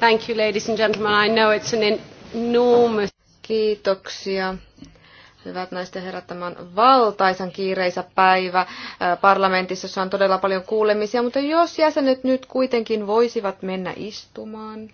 Thank you, ladies and gentlemen. I know it's an enormous... Kiitoksia. Hyvät ja herrat, tämä on valtaisan kiireisä päivä parlamentissa, jossa on todella paljon kuulemisia, mutta jos jäsenet nyt kuitenkin voisivat mennä istumaan.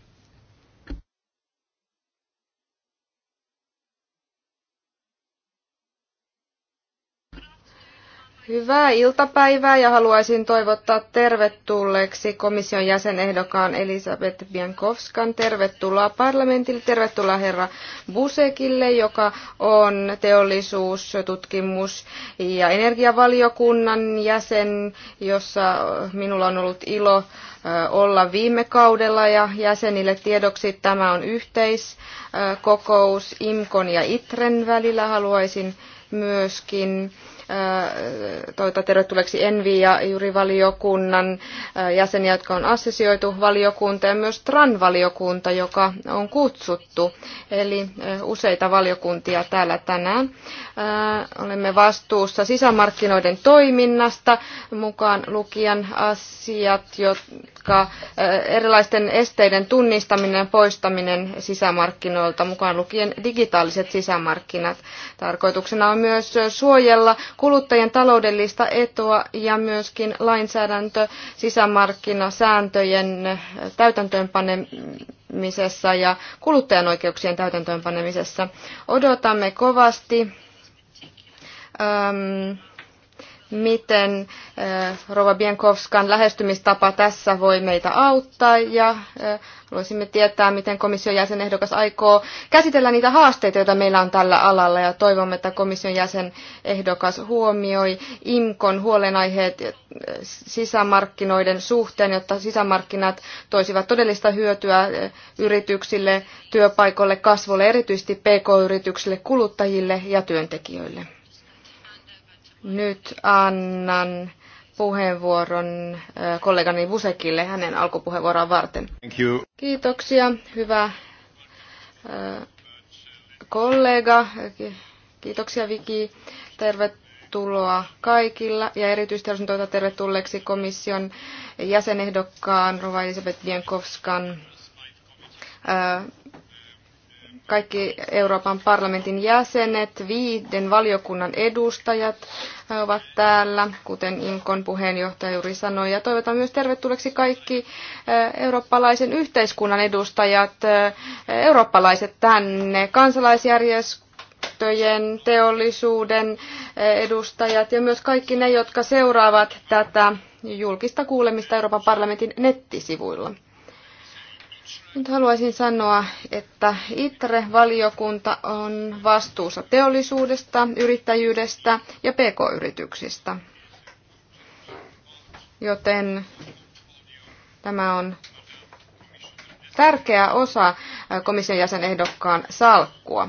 Hyvää iltapäivää ja haluaisin toivottaa tervetulleeksi komission jäsenehdokkaan Elisabeth Biankovskan. Tervetuloa parlamentille, tervetuloa herra Busekille, joka on teollisuus, tutkimus ja energiavaliokunnan jäsen, jossa minulla on ollut ilo olla viime kaudella ja jäsenille tiedoksi tämä on yhteiskokous IMKON ja ITREN välillä. Haluaisin myöskin toivottaa tervetulleeksi Envi- ja Juri-valiokunnan jäseniä, jotka on assesioitu valiokunta ja myös TRAN-valiokunta, joka on kutsuttu. Eli useita valiokuntia täällä tänään. Olemme vastuussa sisämarkkinoiden toiminnasta, mukaan lukijan asiat, jotka erilaisten esteiden tunnistaminen ja poistaminen sisämarkkinoilta, mukaan lukien digitaaliset sisämarkkinat. Tarkoituksena on myös suojella kuluttajien taloudellista etua ja myöskin lainsäädäntö sisämarkkinasääntöjen täytäntöönpanemisessa ja kuluttajan oikeuksien täytäntöönpanemisessa. Odotamme kovasti. Ähm, miten Rova Bienkovskan lähestymistapa tässä voi meitä auttaa ja haluaisimme tietää, miten komission jäsenehdokas aikoo käsitellä niitä haasteita, joita meillä on tällä alalla ja toivomme, että komission jäsenehdokas huomioi IMKON huolenaiheet sisämarkkinoiden suhteen, jotta sisämarkkinat toisivat todellista hyötyä yrityksille, työpaikoille, kasvulle, erityisesti pk-yrityksille, kuluttajille ja työntekijöille. Nyt annan puheenvuoron kollegani Busekille hänen alkupuheenvuoroaan varten. Thank you. Kiitoksia, hyvä kollega. Kiitoksia Viki. Tervetuloa kaikilla ja erityisesti haluaisin toivottaa tervetulleeksi komission jäsenehdokkaan Rova Elisabeth Bienkovskan kaikki Euroopan parlamentin jäsenet, viiden valiokunnan edustajat ovat täällä, kuten Inkon puheenjohtaja juuri sanoi. Ja toivotan myös tervetulleeksi kaikki eurooppalaisen yhteiskunnan edustajat, eurooppalaiset tänne, kansalaisjärjestöjen, teollisuuden edustajat ja myös kaikki ne, jotka seuraavat tätä julkista kuulemista Euroopan parlamentin nettisivuilla. Nyt haluaisin sanoa, että ITRE-valiokunta on vastuussa teollisuudesta, yrittäjyydestä ja pk-yrityksistä. Joten tämä on tärkeä osa komission jäsenehdokkaan salkkua.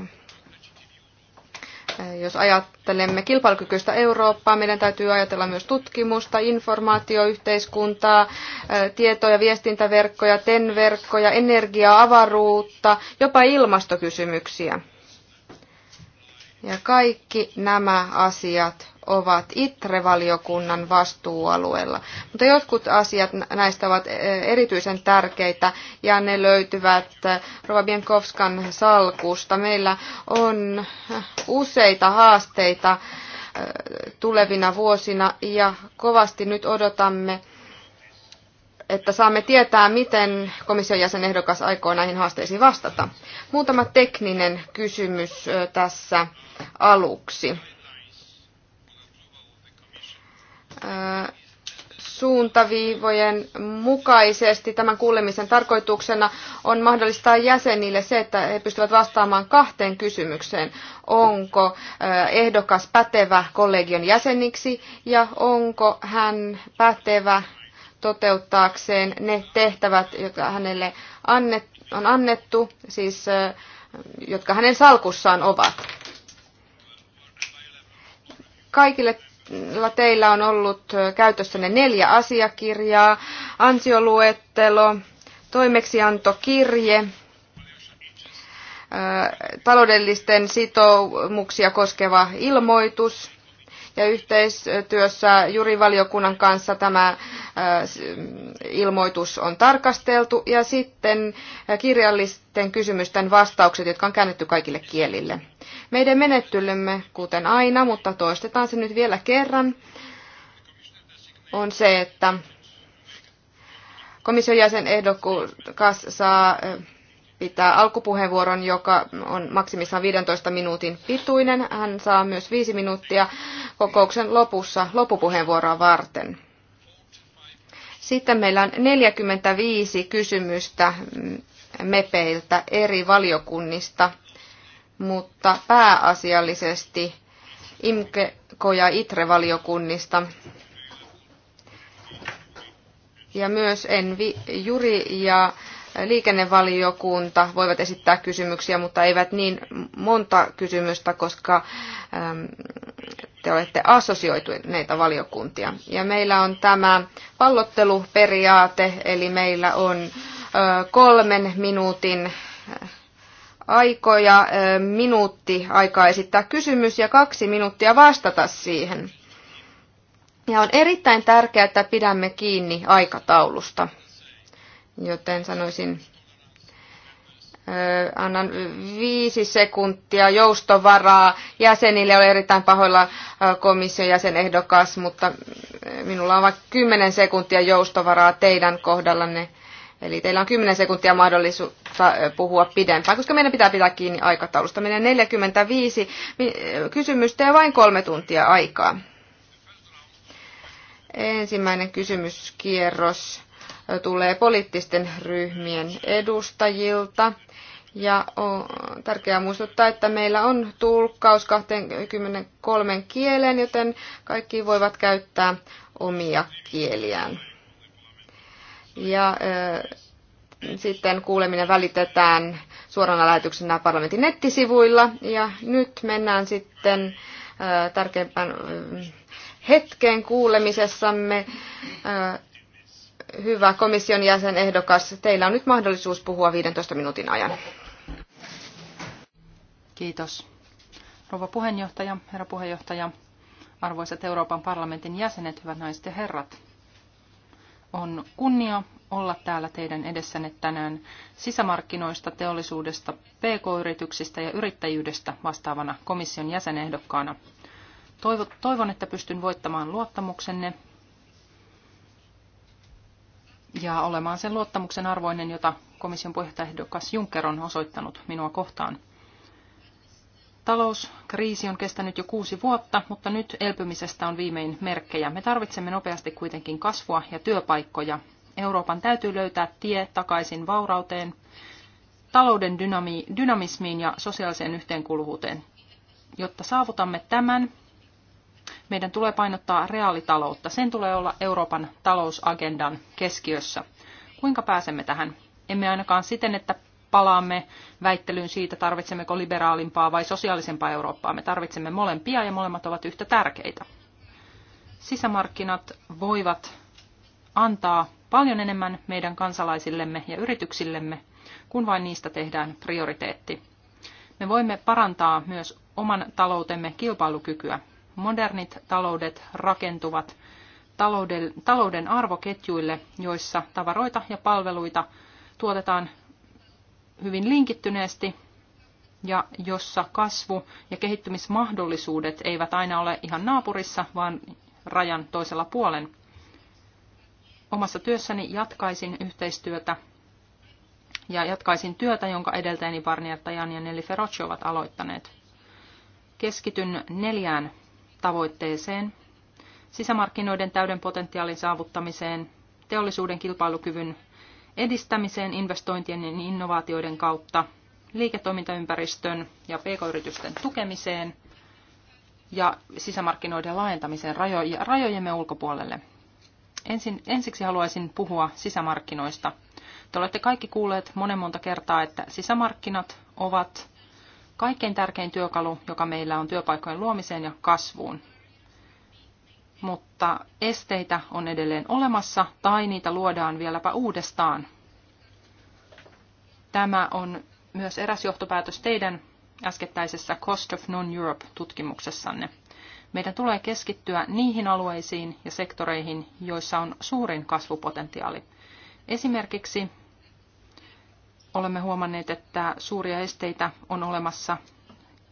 Jos ajattelemme kilpailukykyistä Eurooppaa, meidän täytyy ajatella myös tutkimusta, informaatioyhteiskuntaa, tieto- ja viestintäverkkoja, TEN-verkkoja, energiaa, avaruutta, jopa ilmastokysymyksiä. Ja kaikki nämä asiat ovat ITRE-valiokunnan vastuualueella. Mutta jotkut asiat näistä ovat e, erityisen tärkeitä ja ne löytyvät e, Rova salkusta. Meillä on äh, useita haasteita e, tulevina vuosina ja kovasti nyt odotamme että saamme tietää, miten komission jäsenehdokas aikoo näihin haasteisiin vastata. Muutama tekninen kysymys tässä aluksi. suuntaviivojen mukaisesti tämän kuulemisen tarkoituksena on mahdollistaa jäsenille se, että he pystyvät vastaamaan kahteen kysymykseen. Onko ehdokas pätevä kollegion jäseniksi ja onko hän pätevä toteuttaakseen ne tehtävät, jotka hänelle on annettu, siis jotka hänen salkussaan ovat. Kaikille teillä on ollut käytössänne neljä asiakirjaa, ansioluettelo, toimeksiantokirje, taloudellisten sitoumuksia koskeva ilmoitus ja yhteistyössä jurivaliokunnan kanssa tämä äh, ilmoitus on tarkasteltu ja sitten äh, kirjallisten kysymysten vastaukset, jotka on käännetty kaikille kielille. Meidän menettelymme, kuten aina, mutta toistetaan se nyt vielä kerran, on se, että komission jäsenehdokas saa äh, pitää alkupuheenvuoron, joka on maksimissaan 15 minuutin pituinen. Hän saa myös 5 minuuttia kokouksen lopussa loppupuheenvuoroa varten. Sitten meillä on 45 kysymystä mepeiltä eri valiokunnista, mutta pääasiallisesti IMKO- ja ITRE-valiokunnista ja myös Envi, Juri ja liikennevaliokunta voivat esittää kysymyksiä, mutta eivät niin monta kysymystä, koska te olette assosioituneita valiokuntia. Ja meillä on tämä pallotteluperiaate, eli meillä on kolmen minuutin aikoja, minuutti aikaa esittää kysymys ja kaksi minuuttia vastata siihen. Ja on erittäin tärkeää, että pidämme kiinni aikataulusta. Joten sanoisin, annan viisi sekuntia joustovaraa jäsenille. Olen erittäin pahoilla komission jäsenehdokas, mutta minulla on vain kymmenen sekuntia joustovaraa teidän kohdallanne. Eli teillä on 10 sekuntia mahdollisuutta puhua pidempään, koska meidän pitää pitää kiinni aikataulusta. Meidän 45 kysymystä ja vain kolme tuntia aikaa. Ensimmäinen kysymyskierros tulee poliittisten ryhmien edustajilta. Ja on tärkeää muistuttaa, että meillä on tulkkaus 23 kieleen, joten kaikki voivat käyttää omia kieliään. Ja sitten kuuleminen välitetään suorana lähetyksenä parlamentin nettisivuilla. Ja nyt mennään sitten tärkeimpään hetkeen kuulemisessamme hyvä komission jäsenehdokas, teillä on nyt mahdollisuus puhua 15 minuutin ajan. Kiitos. Rouva puheenjohtaja, herra puheenjohtaja, arvoisat Euroopan parlamentin jäsenet, hyvät naiset ja herrat. On kunnia olla täällä teidän edessänne tänään sisämarkkinoista, teollisuudesta, pk-yrityksistä ja yrittäjyydestä vastaavana komission jäsenehdokkaana. Toivon, että pystyn voittamaan luottamuksenne ja olemaan sen luottamuksen arvoinen, jota komission puheenjohtajaehdokas Juncker on osoittanut minua kohtaan. Talouskriisi on kestänyt jo kuusi vuotta, mutta nyt elpymisestä on viimein merkkejä. Me tarvitsemme nopeasti kuitenkin kasvua ja työpaikkoja. Euroopan täytyy löytää tie takaisin vaurauteen, talouden dynami- dynamismiin ja sosiaaliseen yhteenkuuluvuuteen. Jotta saavutamme tämän, meidän tulee painottaa reaalitaloutta. Sen tulee olla Euroopan talousagendan keskiössä. Kuinka pääsemme tähän? Emme ainakaan siten, että palaamme väittelyyn siitä, tarvitsemmeko liberaalimpaa vai sosiaalisempaa Eurooppaa. Me tarvitsemme molempia ja molemmat ovat yhtä tärkeitä. Sisämarkkinat voivat antaa paljon enemmän meidän kansalaisillemme ja yrityksillemme, kun vain niistä tehdään prioriteetti. Me voimme parantaa myös oman taloutemme kilpailukykyä. Modernit taloudet rakentuvat talouden, talouden arvoketjuille, joissa tavaroita ja palveluita tuotetaan hyvin linkittyneesti ja jossa kasvu- ja kehittymismahdollisuudet eivät aina ole ihan naapurissa, vaan rajan toisella puolen. Omassa työssäni jatkaisin yhteistyötä ja jatkaisin työtä, jonka edeltäjäni Barnier Tajan ja Nelly Ferrocci ovat aloittaneet. Keskityn neljään tavoitteeseen, sisämarkkinoiden täyden potentiaalin saavuttamiseen, teollisuuden kilpailukyvyn edistämiseen investointien ja innovaatioiden kautta, liiketoimintaympäristön ja pk-yritysten tukemiseen ja sisämarkkinoiden laajentamiseen rajojemme ulkopuolelle. Ensin, ensiksi haluaisin puhua sisämarkkinoista. Te olette kaikki kuulleet monen monta kertaa, että sisämarkkinat ovat kaikkein tärkein työkalu, joka meillä on työpaikkojen luomiseen ja kasvuun. Mutta esteitä on edelleen olemassa tai niitä luodaan vieläpä uudestaan. Tämä on myös eräs johtopäätös teidän äskettäisessä Cost of Non-Europe-tutkimuksessanne. Meidän tulee keskittyä niihin alueisiin ja sektoreihin, joissa on suurin kasvupotentiaali. Esimerkiksi olemme huomanneet, että suuria esteitä on olemassa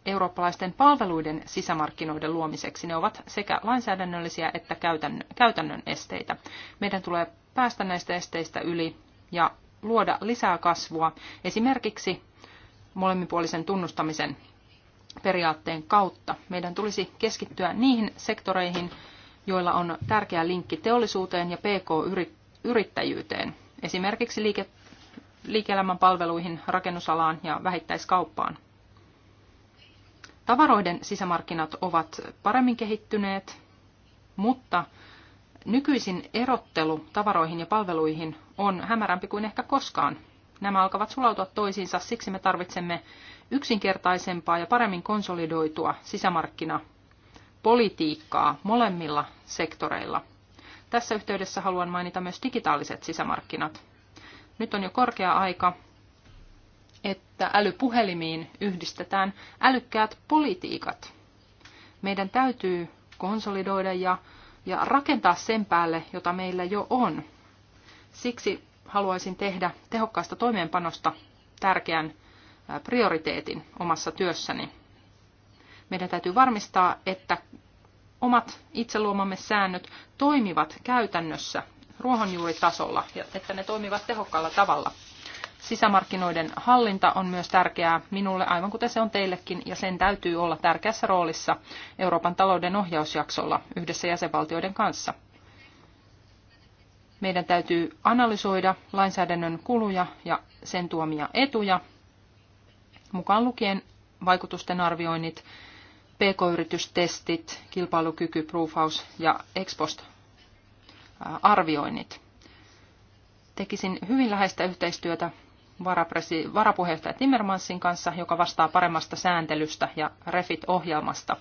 eurooppalaisten palveluiden sisämarkkinoiden luomiseksi. Ne ovat sekä lainsäädännöllisiä että käytännön esteitä. Meidän tulee päästä näistä esteistä yli ja luoda lisää kasvua esimerkiksi molemminpuolisen tunnustamisen periaatteen kautta. Meidän tulisi keskittyä niihin sektoreihin, joilla on tärkeä linkki teollisuuteen ja pk-yrittäjyyteen. Esimerkiksi liike- liike-elämän palveluihin, rakennusalaan ja vähittäiskauppaan. Tavaroiden sisämarkkinat ovat paremmin kehittyneet, mutta nykyisin erottelu tavaroihin ja palveluihin on hämärämpi kuin ehkä koskaan. Nämä alkavat sulautua toisiinsa, siksi me tarvitsemme yksinkertaisempaa ja paremmin konsolidoitua sisämarkkinapolitiikkaa molemmilla sektoreilla. Tässä yhteydessä haluan mainita myös digitaaliset sisämarkkinat. Nyt on jo korkea aika, että älypuhelimiin yhdistetään älykkäät politiikat. Meidän täytyy konsolidoida ja, ja rakentaa sen päälle, jota meillä jo on. Siksi haluaisin tehdä tehokkaasta toimeenpanosta tärkeän prioriteetin omassa työssäni. Meidän täytyy varmistaa, että omat itseluomamme säännöt toimivat käytännössä ruohonjuuritasolla että ne toimivat tehokkaalla tavalla. Sisämarkkinoiden hallinta on myös tärkeää minulle, aivan kuten se on teillekin, ja sen täytyy olla tärkeässä roolissa Euroopan talouden ohjausjaksolla yhdessä jäsenvaltioiden kanssa. Meidän täytyy analysoida lainsäädännön kuluja ja sen tuomia etuja, mukaan lukien vaikutusten arvioinnit, pk-yritystestit, kilpailukyky, proofhouse ja ex post arvioinnit. Tekisin hyvin läheistä yhteistyötä varapuheenjohtaja Timmermansin kanssa, joka vastaa paremmasta sääntelystä ja REFIT-ohjelmasta.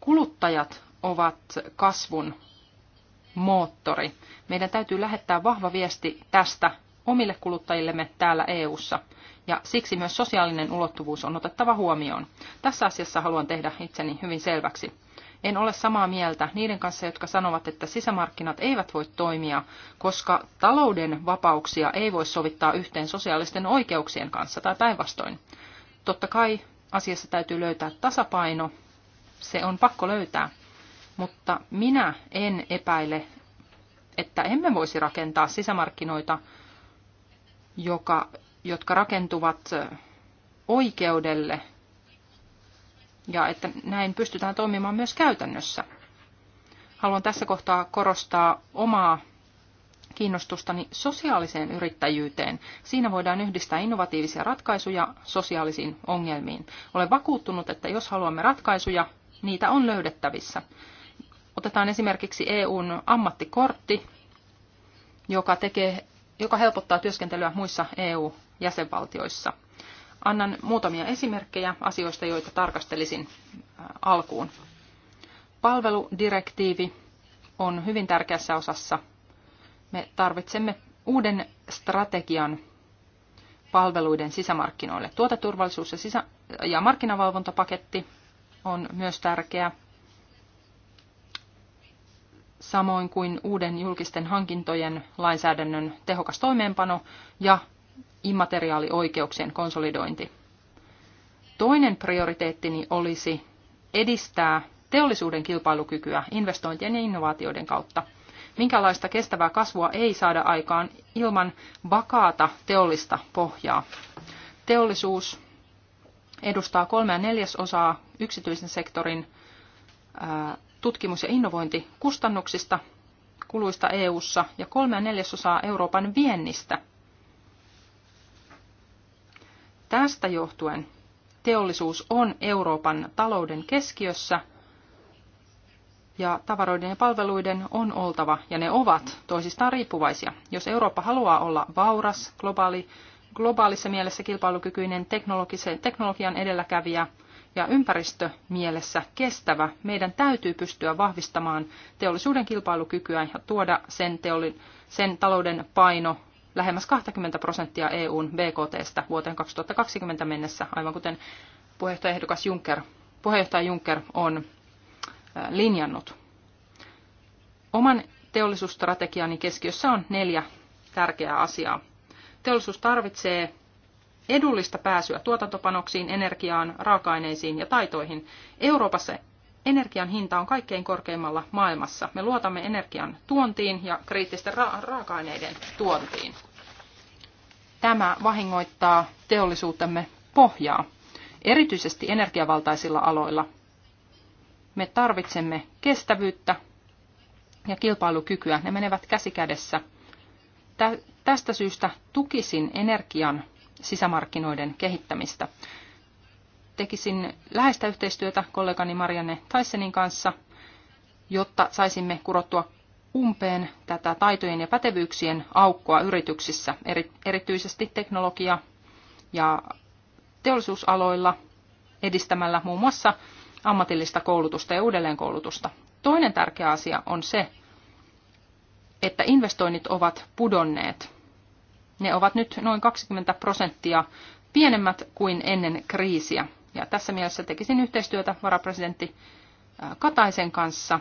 Kuluttajat ovat kasvun moottori. Meidän täytyy lähettää vahva viesti tästä omille kuluttajillemme täällä EU:ssa ja siksi myös sosiaalinen ulottuvuus on otettava huomioon. Tässä asiassa haluan tehdä itseni hyvin selväksi. En ole samaa mieltä niiden kanssa, jotka sanovat, että sisämarkkinat eivät voi toimia, koska talouden vapauksia ei voi sovittaa yhteen sosiaalisten oikeuksien kanssa tai päinvastoin. Totta kai asiassa täytyy löytää tasapaino, se on pakko löytää, mutta minä en epäile, että emme voisi rakentaa sisämarkkinoita, joka, jotka rakentuvat oikeudelle ja että näin pystytään toimimaan myös käytännössä. Haluan tässä kohtaa korostaa omaa kiinnostustani sosiaaliseen yrittäjyyteen. Siinä voidaan yhdistää innovatiivisia ratkaisuja sosiaalisiin ongelmiin. Olen vakuuttunut, että jos haluamme ratkaisuja, niitä on löydettävissä. Otetaan esimerkiksi EUn ammattikortti, joka, tekee, joka helpottaa työskentelyä muissa EU-jäsenvaltioissa – Annan muutamia esimerkkejä asioista, joita tarkastelisin äh, alkuun. Palveludirektiivi on hyvin tärkeässä osassa. Me tarvitsemme uuden strategian palveluiden sisämarkkinoille. Tuoteturvallisuus ja, sisä- ja markkinavalvontapaketti on myös tärkeä, samoin kuin uuden julkisten hankintojen lainsäädännön tehokas toimeenpano ja immateriaalioikeuksien konsolidointi. Toinen prioriteettini olisi edistää teollisuuden kilpailukykyä investointien ja innovaatioiden kautta. Minkälaista kestävää kasvua ei saada aikaan ilman vakaata teollista pohjaa. Teollisuus edustaa ja neljäsosaa yksityisen sektorin tutkimus- ja innovointikustannuksista, kuluista EU-ssa ja kolmea neljäsosaa Euroopan viennistä – Tästä johtuen teollisuus on Euroopan talouden keskiössä ja tavaroiden ja palveluiden on oltava, ja ne ovat toisistaan riippuvaisia. Jos Eurooppa haluaa olla vauras, globaali, globaalissa mielessä kilpailukykyinen, teknologian edelläkävijä ja ympäristömielessä kestävä, meidän täytyy pystyä vahvistamaan teollisuuden kilpailukykyä ja tuoda sen, teoli, sen talouden paino lähemmäs 20 prosenttia EUn BKTstä vuoteen 2020 mennessä, aivan kuten puheenjohtajaehdokas Juncker, puheenjohtaja Juncker on linjannut. Oman teollisuusstrategiani keskiössä on neljä tärkeää asiaa. Teollisuus tarvitsee edullista pääsyä tuotantopanoksiin, energiaan, raaka-aineisiin ja taitoihin. Euroopassa energian hinta on kaikkein korkeimmalla maailmassa. Me luotamme energian tuontiin ja kriittisten ra- raaka-aineiden tuontiin. Tämä vahingoittaa teollisuutemme pohjaa, erityisesti energiavaltaisilla aloilla. Me tarvitsemme kestävyyttä ja kilpailukykyä. Ne menevät käsi kädessä. Tästä syystä tukisin energian sisämarkkinoiden kehittämistä tekisin läheistä yhteistyötä kollegani Marianne Taisenin kanssa, jotta saisimme kurottua umpeen tätä taitojen ja pätevyyksien aukkoa yrityksissä, erityisesti teknologia- ja teollisuusaloilla edistämällä muun muassa ammatillista koulutusta ja uudelleenkoulutusta. Toinen tärkeä asia on se, että investoinnit ovat pudonneet. Ne ovat nyt noin 20 prosenttia pienemmät kuin ennen kriisiä. Ja tässä mielessä tekisin yhteistyötä varapresidentti Kataisen kanssa,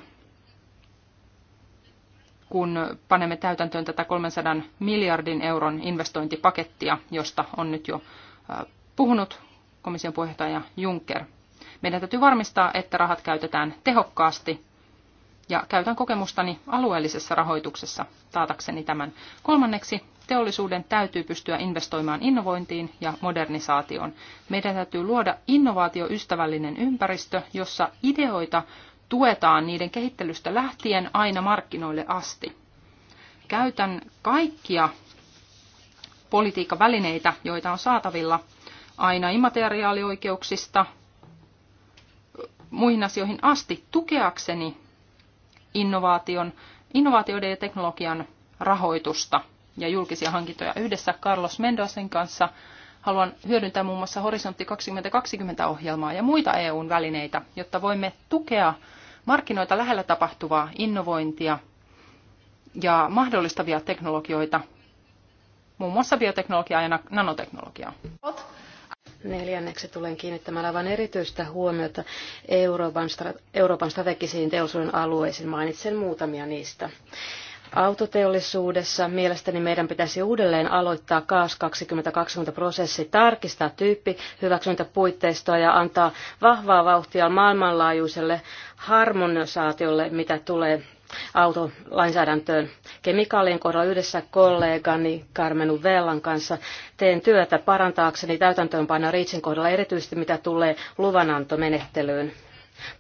kun panemme täytäntöön tätä 300 miljardin euron investointipakettia, josta on nyt jo puhunut komission puheenjohtaja Juncker. Meidän täytyy varmistaa, että rahat käytetään tehokkaasti ja käytän kokemustani alueellisessa rahoituksessa taatakseni tämän. Kolmanneksi teollisuuden täytyy pystyä investoimaan innovointiin ja modernisaatioon. Meidän täytyy luoda innovaatioystävällinen ympäristö, jossa ideoita tuetaan niiden kehittelystä lähtien aina markkinoille asti. Käytän kaikkia politiikkavälineitä, joita on saatavilla, aina immateriaalioikeuksista muihin asioihin asti tukeakseni innovaation, innovaatioiden ja teknologian rahoitusta – ja julkisia hankintoja yhdessä Carlos Mendosen kanssa. Haluan hyödyntää muun muassa Horisontti 2020-ohjelmaa ja muita EUn välineitä, jotta voimme tukea markkinoita lähellä tapahtuvaa innovointia ja mahdollistavia teknologioita, muun muassa bioteknologiaa ja nanoteknologiaa. Neljänneksi tulen kiinnittämään aivan erityistä huomiota Euroopan, Euroopan strategisiin teollisuuden alueisiin. Mainitsen muutamia niistä. Autoteollisuudessa mielestäni meidän pitäisi uudelleen aloittaa KAAS 2020 prosessi, tarkistaa tyyppi hyväksyntäpuitteistoa ja antaa vahvaa vauhtia maailmanlaajuiselle harmonisaatiolle, mitä tulee autolainsäädäntöön. Kemikaalien kohdalla yhdessä kollegani Karmenu Vellan kanssa teen työtä parantaakseni täytäntöönpanoa Riitsin kohdalla erityisesti mitä tulee luvanantomenettelyyn.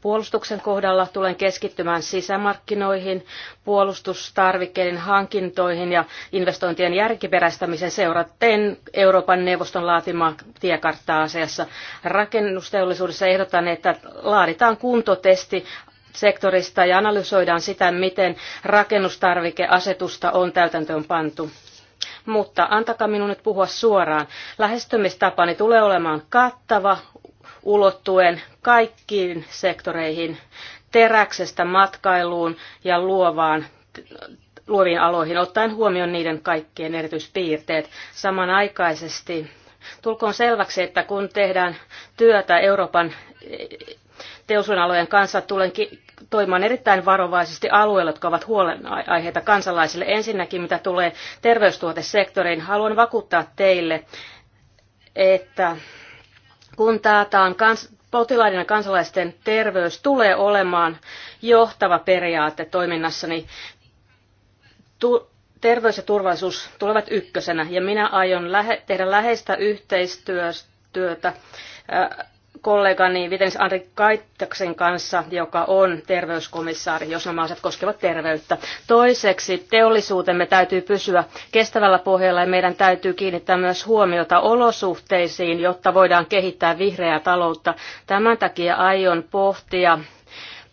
Puolustuksen kohdalla tulen keskittymään sisämarkkinoihin, puolustustarvikkeiden hankintoihin ja investointien järkiperäistämisen seuraten Euroopan neuvoston laatimaa tiekarttaa asiassa. Rakennusteollisuudessa ehdotan, että laaditaan kuntotesti sektorista ja analysoidaan sitä, miten rakennustarvikeasetusta on täytäntöön pantu mutta antakaa minun nyt puhua suoraan. Lähestymistapani tulee olemaan kattava ulottuen kaikkiin sektoreihin, teräksestä matkailuun ja luovaan luoviin aloihin, ottaen huomioon niiden kaikkien erityispiirteet. Samanaikaisesti tulkoon selväksi, että kun tehdään työtä Euroopan teollisuuden alojen kanssa, tulen toimimaan erittäin varovaisesti alueilla, jotka ovat huolenaiheita kansalaisille. Ensinnäkin, mitä tulee terveystuotesektoriin, haluan vakuuttaa teille, että kun taataan kans- potilaiden ja kansalaisten terveys tulee olemaan johtava periaate toiminnassani, tu- terveys ja turvallisuus tulevat ykkösenä ja minä aion lähe- tehdä läheistä yhteistyötä kollegani Vitenis Andri Kaittaksen kanssa, joka on terveyskomissaari, jos nämä asiat koskevat terveyttä. Toiseksi teollisuutemme täytyy pysyä kestävällä pohjalla ja meidän täytyy kiinnittää myös huomiota olosuhteisiin, jotta voidaan kehittää vihreää taloutta. Tämän takia aion pohtia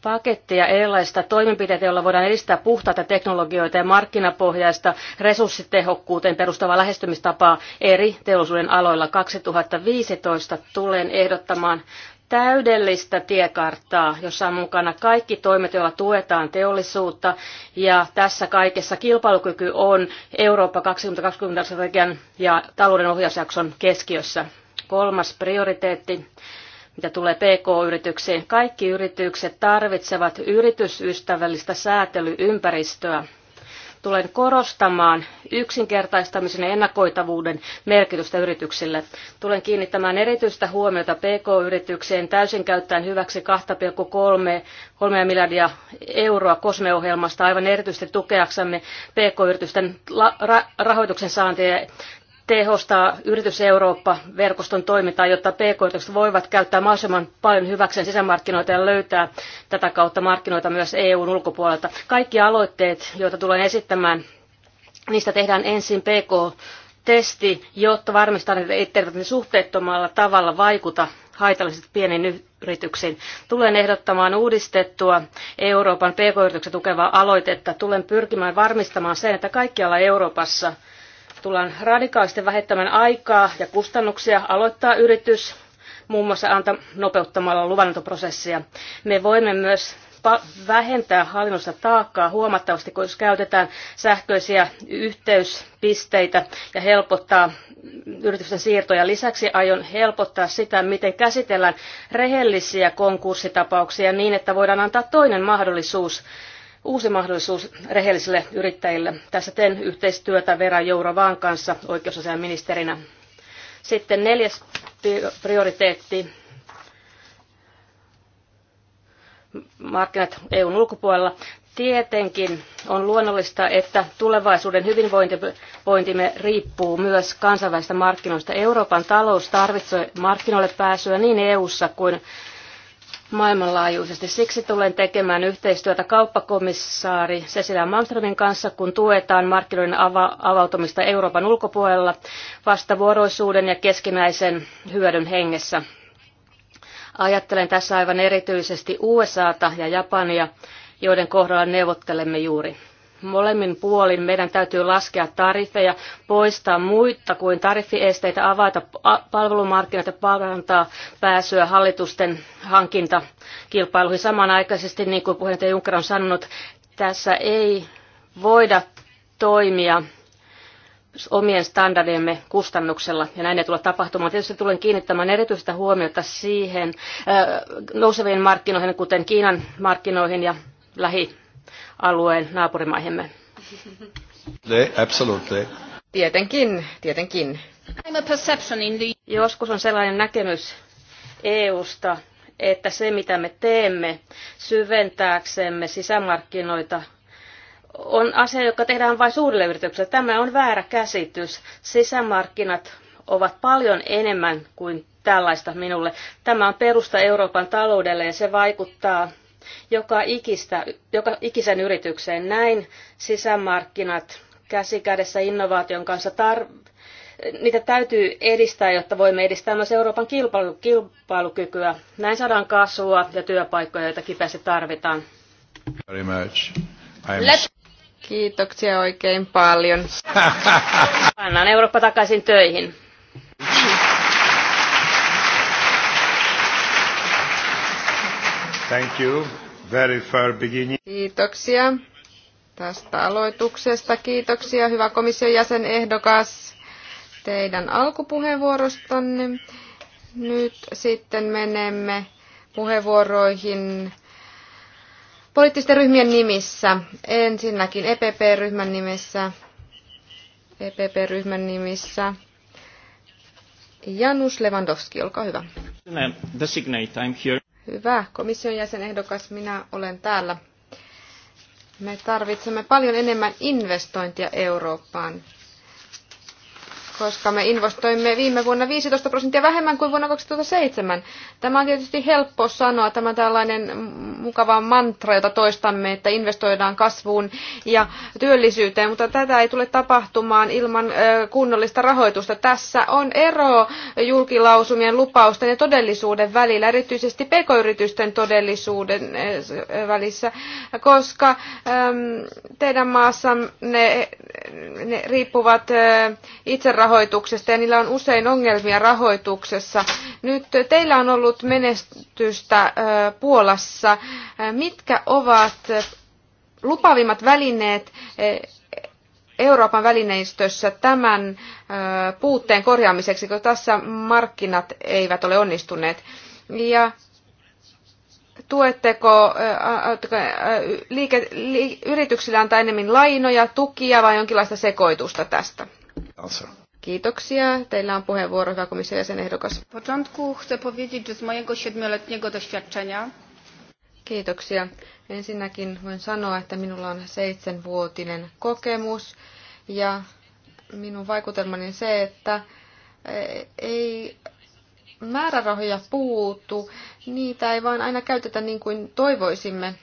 pakettia erilaisista toimenpiteitä, joilla voidaan edistää puhtaita teknologioita ja markkinapohjaista resurssitehokkuuteen perustavaa lähestymistapaa eri teollisuuden aloilla. 2015 tulen ehdottamaan täydellistä tiekarttaa, jossa on mukana kaikki toimet, joilla tuetaan teollisuutta. Ja tässä kaikessa kilpailukyky on Eurooppa 2020 strategian ja talouden ohjausjakson keskiössä. Kolmas prioriteetti mitä tulee PK-yrityksiin. Kaikki yritykset tarvitsevat yritysystävällistä säätelyympäristöä. Tulen korostamaan yksinkertaistamisen ja ennakoitavuuden merkitystä yrityksille. Tulen kiinnittämään erityistä huomiota PK-yritykseen täysin käyttäen hyväksi 2,3 miljardia euroa kosmeohjelmasta aivan erityisesti tukeaksemme PK-yritysten rahoituksen saantia tehostaa Yritys Eurooppa-verkoston toimintaa, jotta pk-yritykset voivat käyttää mahdollisimman paljon hyväkseen sisämarkkinoita ja löytää tätä kautta markkinoita myös EUn ulkopuolelta. Kaikki aloitteet, joita tulen esittämään, niistä tehdään ensin PK-testi, jotta varmistetaan, että etteivät ne suhteettomalla tavalla vaikuta haitallisesti pieniin yrityksiin. Tulen ehdottamaan uudistettua Euroopan pk-yrityksen tukevaa aloitetta. Tulen pyrkimään varmistamaan sen, että kaikkialla Euroopassa – tullaan radikaalisti vähentämään aikaa ja kustannuksia aloittaa yritys, muun muassa anta, nopeuttamalla luvanantoprosessia. Me voimme myös vähentää hallinnosta taakkaa huomattavasti, kun jos käytetään sähköisiä yhteyspisteitä ja helpottaa yritysten siirtoja. Lisäksi aion helpottaa sitä, miten käsitellään rehellisiä konkurssitapauksia niin, että voidaan antaa toinen mahdollisuus uusi mahdollisuus rehellisille yrittäjille. Tässä teen yhteistyötä Vera Jourovaan kanssa oikeusasian ministerinä. Sitten neljäs prioriteetti. Markkinat EUn ulkopuolella. Tietenkin on luonnollista, että tulevaisuuden hyvinvointimme riippuu myös kansainvälistä markkinoista. Euroopan talous tarvitsee markkinoille pääsyä niin EU:ssa kuin maailmanlaajuisesti. Siksi tulen tekemään yhteistyötä kauppakomissaari Cecilia Malmströmin kanssa, kun tuetaan markkinoiden ava- avautumista Euroopan ulkopuolella vastavuoroisuuden ja keskinäisen hyödyn hengessä. Ajattelen tässä aivan erityisesti USAta ja Japania, joiden kohdalla neuvottelemme juuri molemmin puolin meidän täytyy laskea tariffeja, poistaa muita kuin tariffiesteitä, avata palvelumarkkinat ja parantaa pääsyä hallitusten hankintakilpailuihin. Samanaikaisesti, niin kuin puheenjohtaja Juncker on sanonut, tässä ei voida toimia omien standardiemme kustannuksella, ja näin ei tule tapahtumaan. Tietysti tulen kiinnittämään erityistä huomiota siihen nouseviin markkinoihin, kuten Kiinan markkinoihin ja lähi alueen naapurimaihemme? Absolutely. Tietenkin, tietenkin. I'm a perception in the... Joskus on sellainen näkemys EUsta, että se mitä me teemme syventääksemme sisämarkkinoita on asia, joka tehdään vain suurille yrityksille. Tämä on väärä käsitys. Sisämarkkinat ovat paljon enemmän kuin tällaista minulle. Tämä on perusta Euroopan taloudelle ja se vaikuttaa joka, ikistä, joka ikisen yritykseen. Näin sisämarkkinat käsi kädessä innovaation kanssa tar- niitä täytyy edistää, jotta voimme edistää myös Euroopan kilpailu- kilpailukykyä. Näin saadaan kasvua ja työpaikkoja, joita kipeästi tarvitaan. Very much. I'm... Kiitoksia oikein paljon. Annan Eurooppa takaisin töihin. Thank you. Very fair beginning. Kiitoksia tästä aloituksesta. Kiitoksia, hyvä komission jäsenehdokas, teidän alkupuheenvuorostanne. Nyt sitten menemme puheenvuoroihin poliittisten ryhmien nimissä. Ensinnäkin EPP-ryhmän e nimissä. EPP-ryhmän nimissä. Janus Lewandowski, olkaa hyvä. Designate, I'm here. Hyvä komission jäsenehdokas, minä olen täällä. Me tarvitsemme paljon enemmän investointia Eurooppaan koska me investoimme viime vuonna 15 prosenttia vähemmän kuin vuonna 2007. Tämä on tietysti helppo sanoa, tämä tällainen mukava mantra, jota toistamme, että investoidaan kasvuun ja työllisyyteen, mutta tätä ei tule tapahtumaan ilman kunnollista rahoitusta. Tässä on ero julkilausumien lupausten ja todellisuuden välillä, erityisesti pk-yritysten todellisuuden välissä, koska teidän maassanne ne riippuvat itse rahoituksesta ja niillä on usein ongelmia rahoituksessa. Nyt teillä on ollut menestystä Puolassa. Mitkä ovat lupavimmat välineet Euroopan välineistössä tämän puutteen korjaamiseksi, kun tässä markkinat eivät ole onnistuneet? Ja tuetteko liike, yrityksille antaa enemmän lainoja, tukia vai jonkinlaista sekoitusta tästä? Answer. Kiitoksia. Teillä on puheenvuoro, hyvä komission jäsenehdokas. Początku chcę powiedzieć, że z mojego siedmioletniego doświadczenia Kiitoksia. Ensinnäkin voin sanoa, että minulla on seitsemänvuotinen kokemus ja minun vaikutelmani on se, että e, ei määrärahoja puutu, niitä ei vaan aina käytetä niin kuin toivoisimme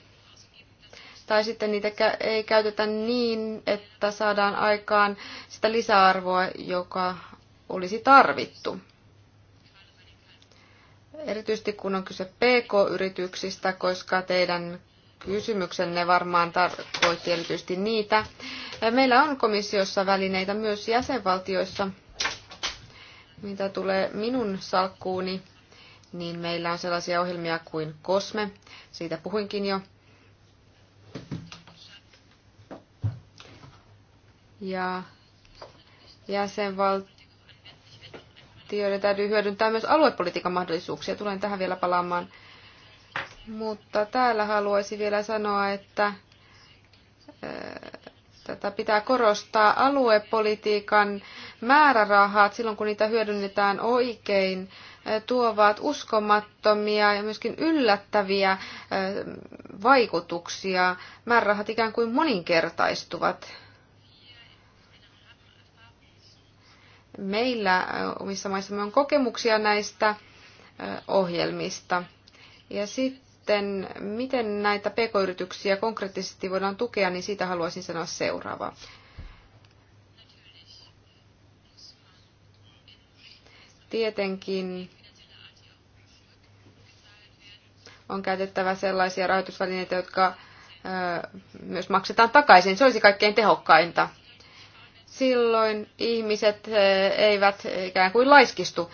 tai sitten niitä ei käytetä niin, että saadaan aikaan sitä lisäarvoa, joka olisi tarvittu. Erityisesti kun on kyse PK-yrityksistä, koska teidän kysymyksenne varmaan tarkoitti erityisesti niitä. Meillä on komissiossa välineitä myös jäsenvaltioissa. Mitä tulee minun salkkuuni, niin meillä on sellaisia ohjelmia kuin COSME, siitä puhuinkin jo, Ja jäsenvaltioiden täytyy hyödyntää myös aluepolitiikan mahdollisuuksia. Tulen tähän vielä palaamaan. Mutta täällä haluaisin vielä sanoa, että äh, tätä pitää korostaa aluepolitiikan määrärahat silloin, kun niitä hyödynnetään oikein, äh, tuovat uskomattomia ja myöskin yllättäviä äh, vaikutuksia. Määrärahat ikään kuin moninkertaistuvat Meillä omissa maissamme on kokemuksia näistä ohjelmista. Ja sitten, miten näitä pk-yrityksiä konkreettisesti voidaan tukea, niin siitä haluaisin sanoa seuraavaa. Tietenkin on käytettävä sellaisia rahoitusvälineitä, jotka myös maksetaan takaisin. Se olisi kaikkein tehokkainta silloin ihmiset eh, eivät ikään kuin laiskistu.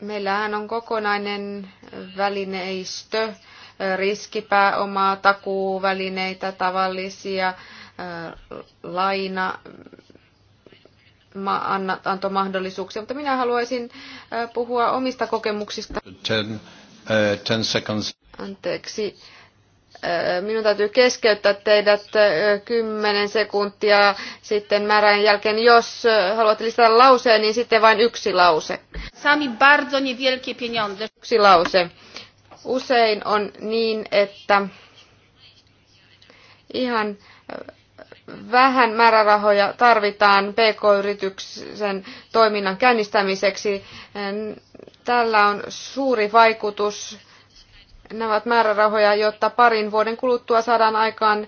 Meillähän on kokonainen välineistö, eh, riskipääomaa, takuuvälineitä, tavallisia, eh, laina, antomahdollisuuksia, mutta minä haluaisin puhua omista kokemuksista. Ten, uh, ten seconds. Anteeksi, minun täytyy keskeyttää teidät kymmenen sekuntia sitten määrän jälkeen. Jos haluat lisätä lauseen, niin sitten vain yksi lause. Sami bardzo niewielkie pieniądze. Yksi lause. Usein on niin, että ihan vähän määrärahoja tarvitaan PK-yrityksen toiminnan käynnistämiseksi. Tällä on suuri vaikutus Nämä ovat määrärahoja, jotta parin vuoden kuluttua saadaan aikaan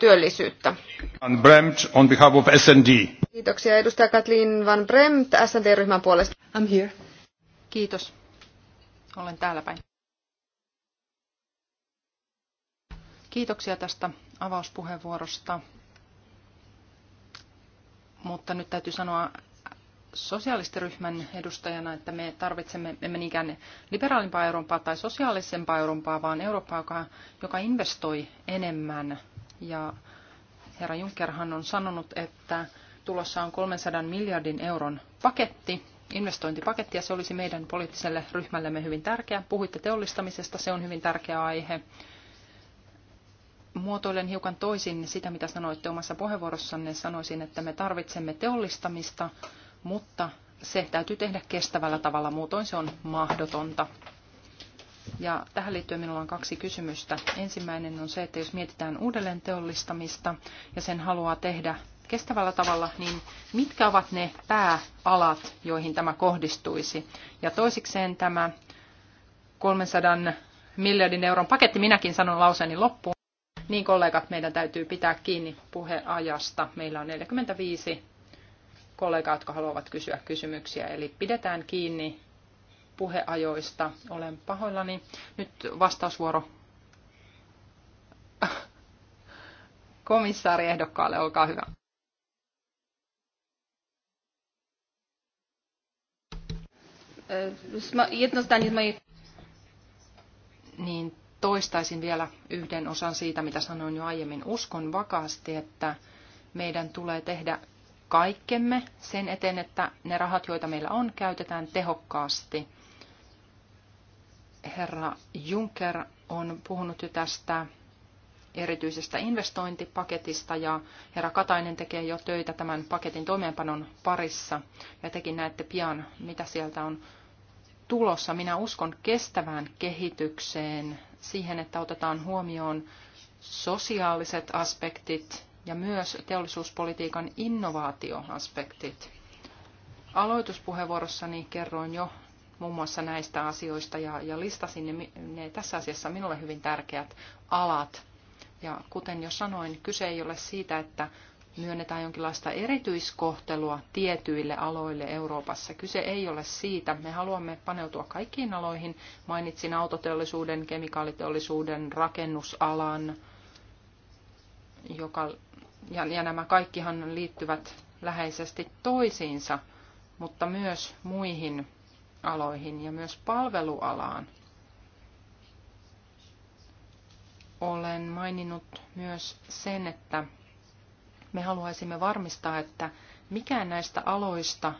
työllisyyttä. Van Bremt on behalf of SND. Kiitoksia edustaja Katlin Van Bremt SND-ryhmän puolesta. I'm here. Kiitos. Olen täällä päin. Kiitoksia tästä avauspuheenvuorosta. Mutta nyt täytyy sanoa Sosialistiryhmän edustajana, että me tarvitsemme emme niinkään liberaalimpaa Eurooppaa tai sosiaalisempaa Eurooppaa, vaan Eurooppaa, joka, joka investoi enemmän. Ja herra Junckerhan on sanonut, että tulossa on 300 miljardin euron paketti, investointipaketti, ja se olisi meidän poliittiselle ryhmällemme hyvin tärkeä. Puhuitte teollistamisesta, se on hyvin tärkeä aihe. Muotoilen hiukan toisin sitä, mitä sanoitte omassa puheenvuorossanne. Sanoisin, että me tarvitsemme teollistamista, mutta se täytyy tehdä kestävällä tavalla, muutoin se on mahdotonta. Ja tähän liittyen minulla on kaksi kysymystä. Ensimmäinen on se, että jos mietitään uudelleen teollistamista ja sen haluaa tehdä kestävällä tavalla, niin mitkä ovat ne pääalat, joihin tämä kohdistuisi? Ja toisikseen tämä 300 miljardin euron paketti, minäkin sanon lauseeni loppuun. Niin kollegat, meidän täytyy pitää kiinni puheajasta. Meillä on 45 kollegaa, jotka haluavat kysyä kysymyksiä. Eli pidetään kiinni puheajoista. Olen pahoillani. Nyt vastausvuoro komissaariehdokkaalle. Olkaa hyvä. Äh, niin toistaisin vielä yhden osan siitä, mitä sanoin jo aiemmin. Uskon vakaasti, että meidän tulee tehdä kaikkemme sen eteen, että ne rahat, joita meillä on, käytetään tehokkaasti. Herra Juncker on puhunut jo tästä erityisestä investointipaketista ja herra Katainen tekee jo töitä tämän paketin toimeenpanon parissa ja tekin näette pian, mitä sieltä on tulossa. Minä uskon kestävään kehitykseen, siihen, että otetaan huomioon sosiaaliset aspektit, ja myös teollisuuspolitiikan innovaatioaspektit. Aloituspuheenvuorossani kerroin jo muun muassa näistä asioista ja, ja listasin ne, ne tässä asiassa minulle hyvin tärkeät alat. Ja kuten jo sanoin, kyse ei ole siitä, että myönnetään jonkinlaista erityiskohtelua tietyille aloille Euroopassa. Kyse ei ole siitä. Me haluamme paneutua kaikkiin aloihin. Mainitsin autoteollisuuden, kemikaaliteollisuuden, rakennusalan, joka ja, ja nämä kaikkihan liittyvät läheisesti toisiinsa, mutta myös muihin aloihin ja myös palvelualaan. Olen maininnut myös sen, että me haluaisimme varmistaa, että mikään näistä aloista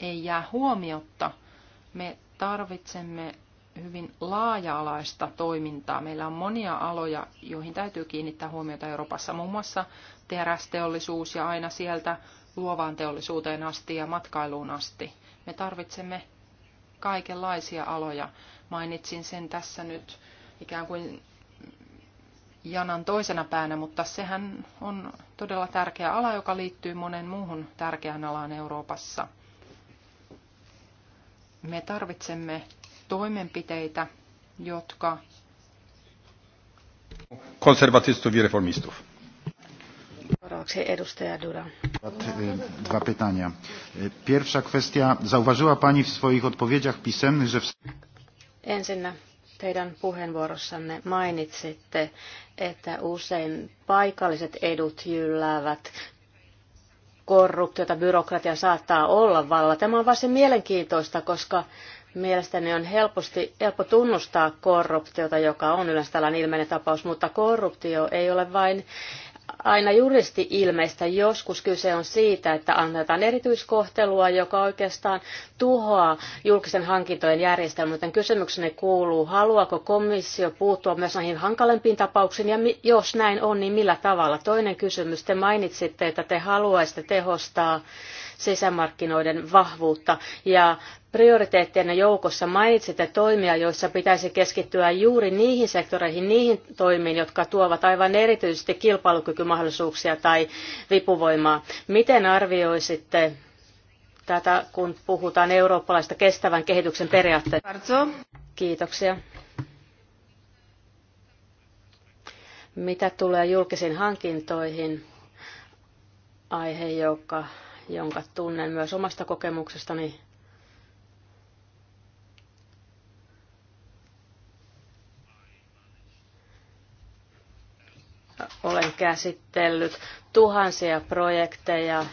ei jää huomiotta. Me tarvitsemme hyvin laaja-alaista toimintaa. Meillä on monia aloja, joihin täytyy kiinnittää huomiota Euroopassa, muun muassa terästeollisuus ja aina sieltä luovaan teollisuuteen asti ja matkailuun asti. Me tarvitsemme kaikenlaisia aloja. Mainitsin sen tässä nyt ikään kuin janan toisena päänä, mutta sehän on todella tärkeä ala, joka liittyy monen muuhun tärkeään alaan Euroopassa. Me tarvitsemme toimenpiteitä, jotka konservatistów i Seuraavaksi edustaja Dura. Dwa e, pytania. E, pierwsza kwestia. Zauważyła Pani w swoich odpowiedziach pisemnych, że... Ensinnä teidän puheenvuorossanne mainitsitte, että usein paikalliset edut jylläävät korruptiota, byrokratia saattaa olla vallalla. Tämä on varsin mielenkiintoista, koska mielestäni on helposti, helppo tunnustaa korruptiota, joka on yleensä tällainen ilmeinen tapaus, mutta korruptio ei ole vain aina juristi ilmeistä. Joskus kyse on siitä, että annetaan erityiskohtelua, joka oikeastaan tuhoaa julkisten hankintojen järjestelmän. Joten kysymykseni kuuluu, haluaako komissio puuttua myös näihin hankalempiin tapauksiin, ja jos näin on, niin millä tavalla? Toinen kysymys, te mainitsitte, että te haluaisitte tehostaa sisämarkkinoiden vahvuutta. Ja prioriteetteina joukossa mainitsitte toimia, joissa pitäisi keskittyä juuri niihin sektoreihin, niihin toimiin, jotka tuovat aivan erityisesti kilpailukykymahdollisuuksia tai vipuvoimaa. Miten arvioisitte tätä, kun puhutaan eurooppalaista kestävän kehityksen periaatteesta? Kiitoksia. Mitä tulee julkisiin hankintoihin, aihe, joka jonka tunnen myös omasta kokemuksestani. Olen käsitellyt tuhansia projekteja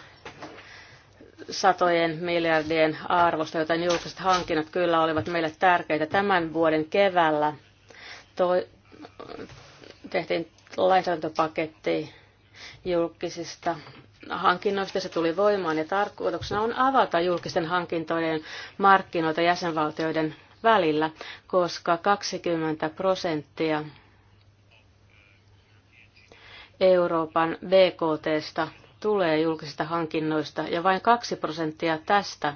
satojen miljardien arvosta, joten julkiset hankinnat kyllä olivat meille tärkeitä. Tämän vuoden keväällä toi, tehtiin lainsäädäntöpaketti julkisista hankinnoista. Se tuli voimaan ja tarkoituksena on avata julkisten hankintojen markkinoita jäsenvaltioiden välillä, koska 20 prosenttia Euroopan BKTstä tulee julkisista hankinnoista ja vain 2 prosenttia tästä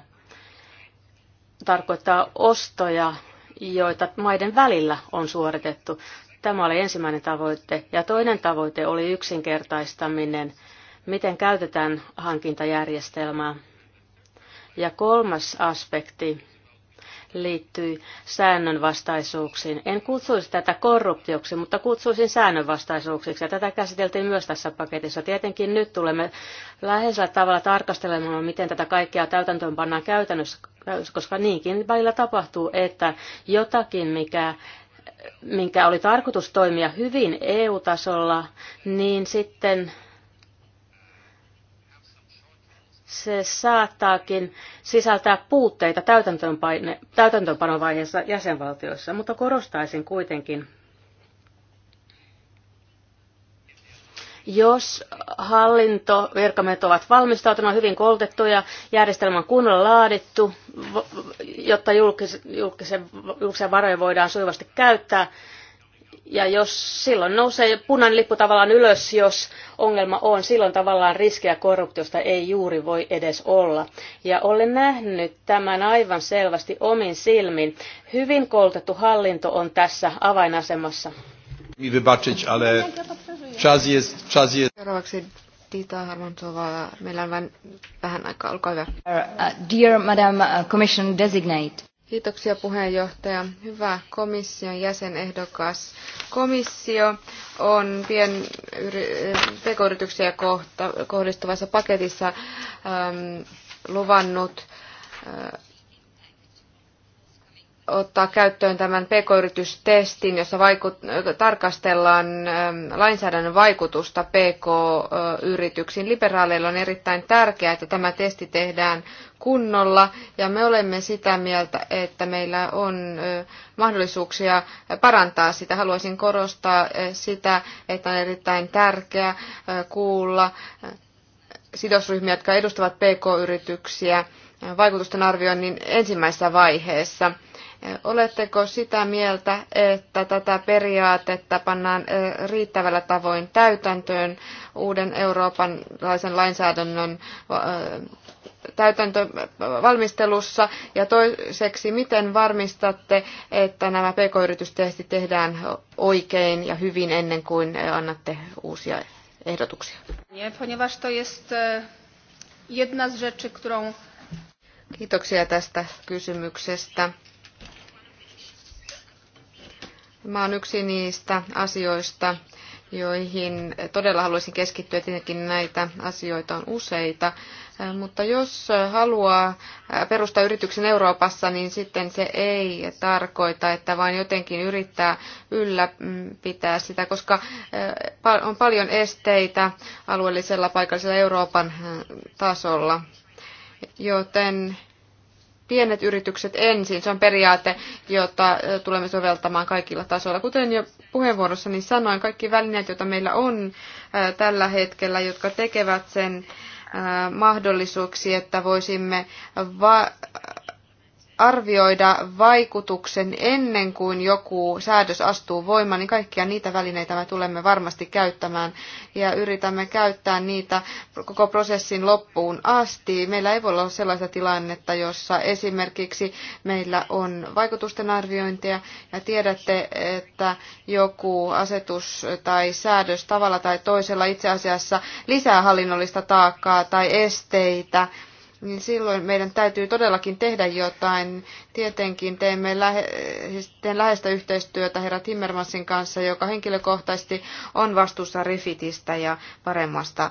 tarkoittaa ostoja, joita maiden välillä on suoritettu. Tämä oli ensimmäinen tavoite. Ja toinen tavoite oli yksinkertaistaminen miten käytetään hankintajärjestelmää. Ja kolmas aspekti liittyy säännönvastaisuuksiin. En kutsuisi tätä korruptioksi, mutta kutsuisin säännönvastaisuuksiksi. Ja tätä käsiteltiin myös tässä paketissa. Tietenkin nyt tulemme läheisellä tavalla tarkastelemaan, miten tätä kaikkea täytäntöön pannaan käytännössä, koska niinkin välillä tapahtuu, että jotakin, mikä minkä oli tarkoitus toimia hyvin EU-tasolla, niin sitten se saattaakin sisältää puutteita täytäntöönpanovaiheessa jäsenvaltioissa, mutta korostaisin kuitenkin, jos hallintovirkamiehet ovat valmistautuneet hyvin koulutettuja, järjestelmä on kunnolla laadittu, jotta julkisen, julkisen varoja voidaan sujuvasti käyttää, ja jos silloin nousee punainen lippu tavallaan ylös, jos ongelma on, silloin tavallaan riskejä korruptiosta ei juuri voi edes olla. Ja olen nähnyt tämän aivan selvästi omin silmin. Hyvin koulutettu hallinto on tässä avainasemassa. Mi wybaczyć, ale czas jest, czas jest. Seuraavaksi Tiita Harmantsova. Meillä on vähän aikaa, olkaa hyvä. Uh, dear Madam uh, Commission Designate. Kiitoksia puheenjohtaja. Hyvä komission jäsenehdokas. Komissio on pien, pk kohta, kohdistuvassa paketissa äm, luvannut äh, ottaa käyttöön tämän pk-yritystestin, jossa vaikut- tarkastellaan ähm, lainsäädännön vaikutusta pk-yrityksiin. Liberaaleilla on erittäin tärkeää, että tämä testi tehdään kunnolla ja me olemme sitä mieltä, että meillä on mahdollisuuksia parantaa sitä. Haluaisin korostaa sitä, että on erittäin tärkeää kuulla sidosryhmiä, jotka edustavat pk-yrityksiä vaikutusten arvioinnin ensimmäisessä vaiheessa – Oletteko sitä mieltä, että tätä periaatetta pannaan riittävällä tavoin täytäntöön uuden eurooppalaisen lainsäädännön täytäntöönvalmistelussa? Ja toiseksi, miten varmistatte, että nämä pk-yritystestit tehdään oikein ja hyvin ennen kuin annatte uusia ehdotuksia? E, Kiitoksia tästä kysymyksestä. Tämä on yksi niistä asioista, joihin todella haluaisin keskittyä. Tietenkin näitä asioita on useita. Mutta jos haluaa perustaa yrityksen Euroopassa, niin sitten se ei tarkoita, että vain jotenkin yrittää ylläpitää sitä, koska eh, on paljon esteitä alueellisella paikallisella Euroopan eh, tasolla. Joten pienet yritykset ensin. Se on periaate, jota tulemme soveltamaan kaikilla tasoilla. Kuten jo puheenvuorossani sanoin, kaikki välineet, joita meillä on tällä hetkellä, jotka tekevät sen mahdollisuuksi, että voisimme arvioida vaikutuksen ennen kuin joku säädös astuu voimaan, niin kaikkia niitä välineitä me tulemme varmasti käyttämään ja yritämme käyttää niitä koko prosessin loppuun asti. Meillä ei voi olla sellaista tilannetta, jossa esimerkiksi meillä on vaikutusten arviointia ja tiedätte, että joku asetus tai säädös tavalla tai toisella itse asiassa lisää hallinnollista taakkaa tai esteitä niin silloin meidän täytyy todellakin tehdä jotain. Tietenkin teemme lähe, siis teen läheistä yhteistyötä herra Timmermansin kanssa, joka henkilökohtaisesti on vastuussa refitistä ja paremmasta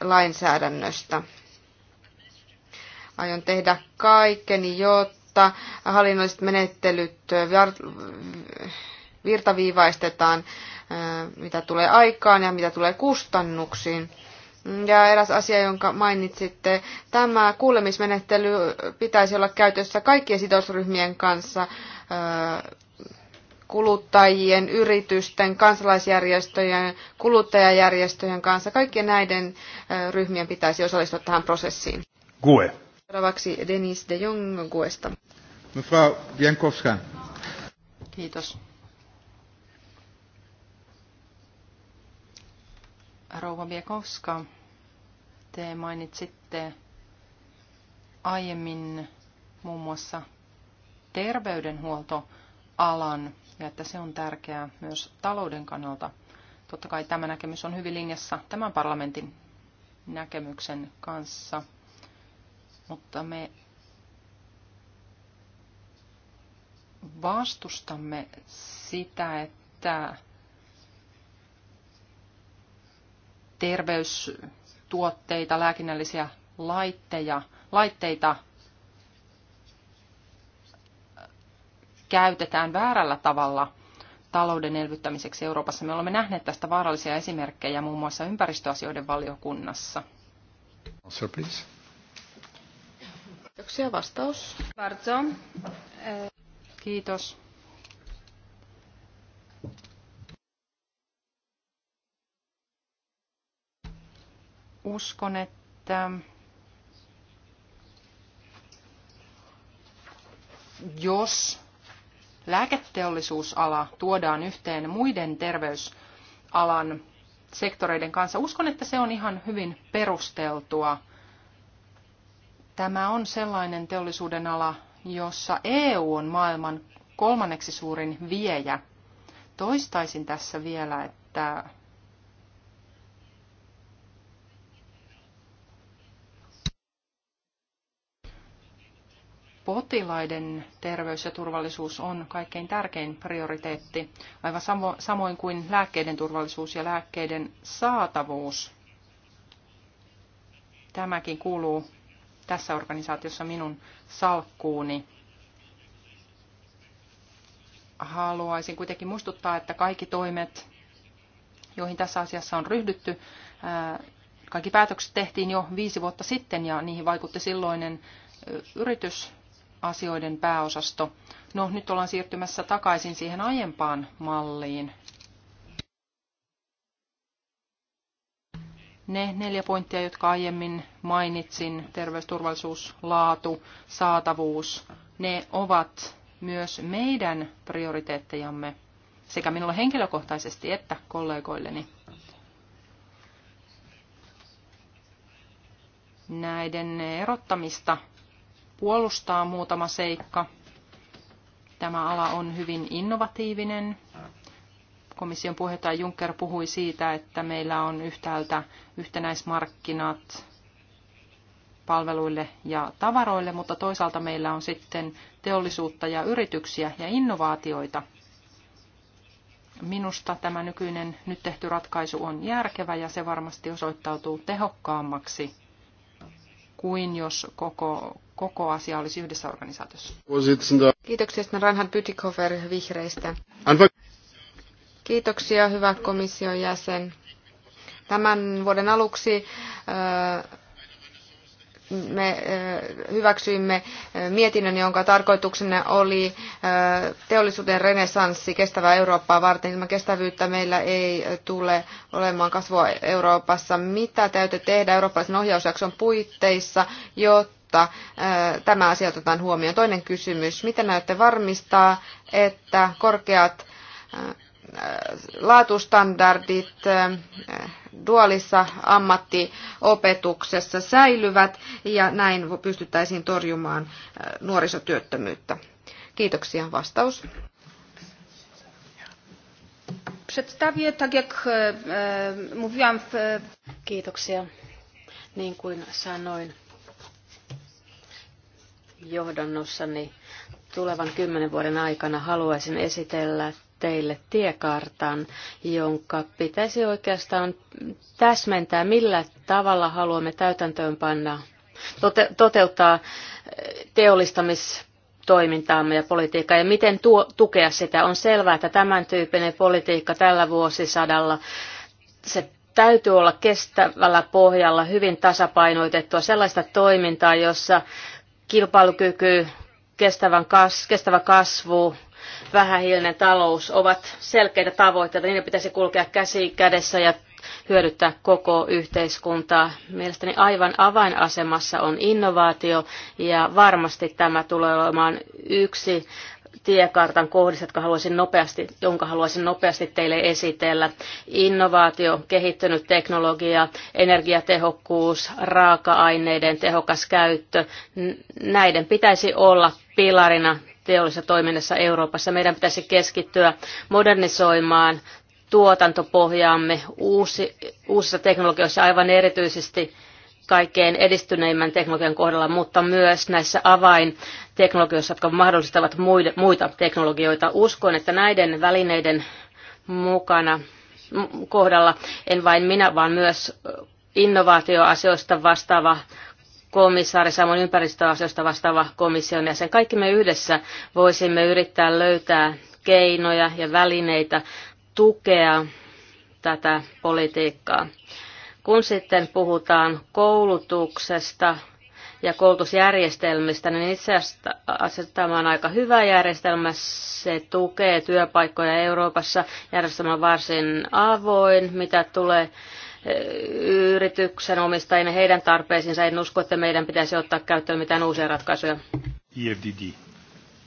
lainsäädännöstä. Aion tehdä kaikkeni, jotta hallinnolliset menettelyt virtaviivaistetaan, mitä tulee aikaan ja mitä tulee kustannuksiin. Ja eräs asia, jonka mainitsitte, tämä kuulemismenettely pitäisi olla käytössä kaikkien sidosryhmien kanssa, kuluttajien, yritysten, kansalaisjärjestöjen, kuluttajajärjestöjen kanssa. Kaikkien näiden ryhmien pitäisi osallistua tähän prosessiin. GUE. Seuraavaksi Denis de Jong GUEsta. Frau Jankowska. Kiitos. Rouva Biekovska, te mainitsitte aiemmin muun muassa terveydenhuoltoalan ja että se on tärkeää myös talouden kannalta. Totta kai tämä näkemys on hyvin linjassa tämän parlamentin näkemyksen kanssa, mutta me vastustamme sitä, että terveystuotteita, lääkinnällisiä laitteja, laitteita käytetään väärällä tavalla talouden elvyttämiseksi Euroopassa. Me olemme nähneet tästä vaarallisia esimerkkejä muun muassa ympäristöasioiden valiokunnassa. Answer, please. Kiitoksia. Vastaus. Kiitos. uskon, että jos lääketeollisuusala tuodaan yhteen muiden terveysalan sektoreiden kanssa, uskon, että se on ihan hyvin perusteltua. Tämä on sellainen teollisuuden ala, jossa EU on maailman kolmanneksi suurin viejä. Toistaisin tässä vielä, että potilaiden terveys ja turvallisuus on kaikkein tärkein prioriteetti, aivan samo, samoin kuin lääkkeiden turvallisuus ja lääkkeiden saatavuus. Tämäkin kuuluu tässä organisaatiossa minun salkkuuni. Haluaisin kuitenkin muistuttaa, että kaikki toimet, joihin tässä asiassa on ryhdytty, kaikki päätökset tehtiin jo viisi vuotta sitten ja niihin vaikutti silloinen yritys asioiden pääosasto. No, nyt ollaan siirtymässä takaisin siihen aiempaan malliin. Ne neljä pointtia, jotka aiemmin mainitsin, terveysturvallisuus, laatu, saatavuus, ne ovat myös meidän prioriteettejamme sekä minulle henkilökohtaisesti että kollegoilleni. Näiden erottamista puolustaa muutama seikka. Tämä ala on hyvin innovatiivinen. Komission puheenjohtaja Juncker puhui siitä, että meillä on yhtäältä yhtenäismarkkinat palveluille ja tavaroille, mutta toisaalta meillä on sitten teollisuutta ja yrityksiä ja innovaatioita. Minusta tämä nykyinen nyt tehty ratkaisu on järkevä ja se varmasti osoittautuu tehokkaammaksi kuin jos koko, koko asia olisi yhdessä organisaatiossa. Kiitoksia sitten Ranhan Pytikofer vihreistä. Kiitoksia hyvä komission jäsen. Tämän vuoden aluksi äh, me hyväksyimme mietinnön, jonka tarkoituksena oli teollisuuden renesanssi kestävää Eurooppaa varten. Ilman kestävyyttä meillä ei tule olemaan kasvua Euroopassa. Mitä täytyy tehdä eurooppalaisen ohjausjakson puitteissa, jotta tämä asia otetaan huomioon? Toinen kysymys. Miten näytte varmistaa, että korkeat laatustandardit äh, dualissa ammattiopetuksessa säilyvät ja näin pystyttäisiin torjumaan äh, nuorisotyöttömyyttä. Kiitoksia. Vastaus. Przedstawię, tak jak e, e, mówiłam w... Kiitoksia. Niin kuin sanoin johdannossani, tulevan kymmenen vuoden aikana haluaisin esitellä teille tiekartan, jonka pitäisi oikeastaan täsmentää, millä tavalla haluamme panna, tote, toteuttaa eh, teollistamis toimintaamme ja politiikkaa ja miten tuo, tukea sitä. On selvää, että tämän tyyppinen politiikka tällä vuosisadalla, se täytyy olla kestävällä pohjalla, hyvin tasapainoitettua, sellaista toimintaa, jossa kilpailukyky, kestävän kas, kestävä kasvu, vähähiilinen talous ovat selkeitä tavoitteita. Niiden pitäisi kulkea käsi kädessä ja hyödyttää koko yhteiskuntaa. Mielestäni aivan avainasemassa on innovaatio ja varmasti tämä tulee olemaan yksi tiekartan kohdista, jotka haluaisin nopeasti, jonka haluaisin nopeasti teille esitellä. Innovaatio, kehittynyt teknologia, energiatehokkuus, raaka-aineiden tehokas käyttö, näiden pitäisi olla pilarina teollisessa toiminnassa Euroopassa. Meidän pitäisi keskittyä modernisoimaan tuotantopohjaamme uusi, uusissa teknologioissa aivan erityisesti kaikkein edistyneimmän teknologian kohdalla, mutta myös näissä avainteknologioissa, jotka mahdollistavat muita teknologioita. Uskon, että näiden välineiden mukana kohdalla en vain minä, vaan myös innovaatioasioista vastaava komissaari, samoin ympäristöasioista vastaava komission ja sen kaikki me yhdessä voisimme yrittää löytää keinoja ja välineitä tukea tätä politiikkaa. Kun sitten puhutaan koulutuksesta ja koulutusjärjestelmistä, niin itse asiassa tämä on aika hyvä järjestelmä. Se tukee työpaikkoja Euroopassa. Järjestelmä on varsin avoin, mitä tulee yrityksen omistajina heidän tarpeisiinsa. En usko, että meidän pitäisi ottaa käyttöön mitään uusia ratkaisuja. IFDD.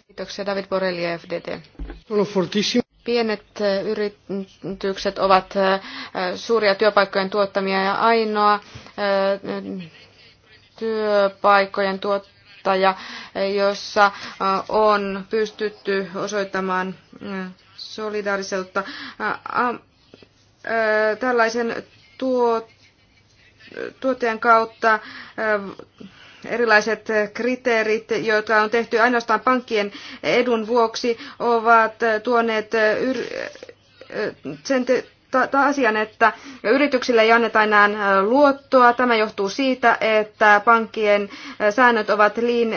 Kiitoksia David Borelli ja FDD. Pienet yritykset ovat suuria työpaikkojen tuottamia ja ainoa työpaikkojen tuottaja, jossa on pystytty osoittamaan solidaarisuutta. Tällaisen tuotteen kautta ähm, erilaiset kriteerit, joita on tehty ainoastaan pankkien edun vuoksi, ovat tuoneet äh, sen asian, että yrityksille ei anneta enää luottoa. Tämä johtuu siitä, että pankkien säännöt ovat liin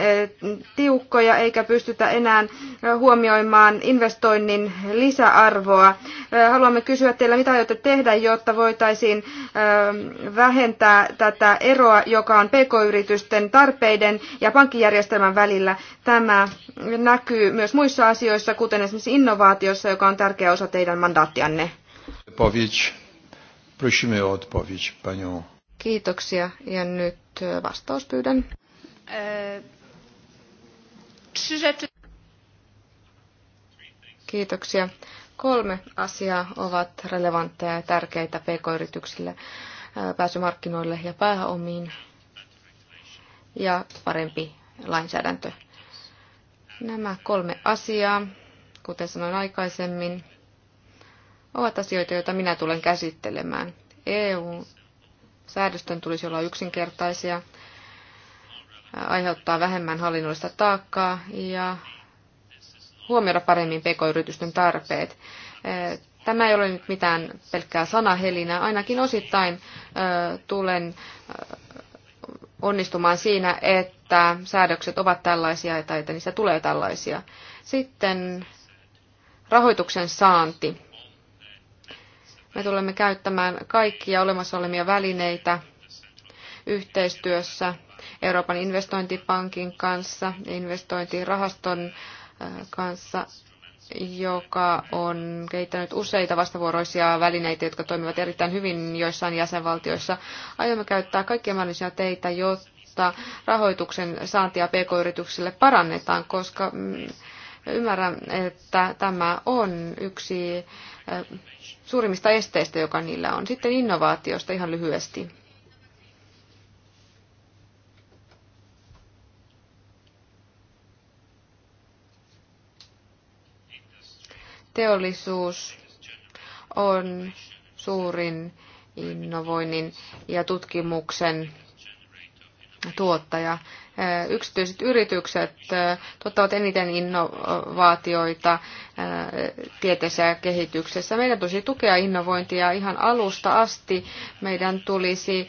tiukkoja eikä pystytä enää huomioimaan investoinnin lisäarvoa. Haluamme kysyä teillä, mitä aiotte tehdä, jotta voitaisiin vähentää tätä eroa, joka on pk-yritysten tarpeiden ja pankkijärjestelmän välillä. Tämä näkyy myös muissa asioissa, kuten esimerkiksi innovaatiossa, joka on tärkeä osa teidän mandaattianne odpowiedź. Prosimy o odpowiedź panią. Kiitoksia. Ja nyt e, vastaus pyydän. E, Kiitoksia. Kolme asiaa ovat relevantteja ja tärkeitä pk-yrityksille, e, pääsy markkinoille ja pääomiin ja parempi lainsäädäntö. Nämä kolme asiaa, kuten sanoin aikaisemmin, ovat asioita, joita minä tulen käsittelemään. EU-säädösten tulisi olla yksinkertaisia, aiheuttaa vähemmän hallinnollista taakkaa ja huomioida paremmin pk-yritysten tarpeet. Tämä ei ole nyt mitään pelkkää sanahelinää. Ainakin osittain tulen onnistumaan siinä, että säädökset ovat tällaisia tai että niistä tulee tällaisia. Sitten rahoituksen saanti. Me tulemme käyttämään kaikkia olemassa olemia välineitä yhteistyössä Euroopan investointipankin kanssa, investointirahaston äh, kanssa, joka on kehittänyt useita vastavuoroisia välineitä, jotka toimivat erittäin hyvin joissain jäsenvaltioissa. Aiomme käyttää kaikkia mahdollisia teitä, jotta rahoituksen saantia pk-yrityksille parannetaan, koska mm, ymmärrän, että tämä on yksi äh, suurimmista esteistä, joka niillä on. Sitten innovaatiosta ihan lyhyesti. Teollisuus on suurin innovoinnin ja tutkimuksen tuottaja yksityiset yritykset tuottavat eniten innovaatioita tieteessä ja kehityksessä. Meidän tulisi tukea innovointia ihan alusta asti. Meidän tulisi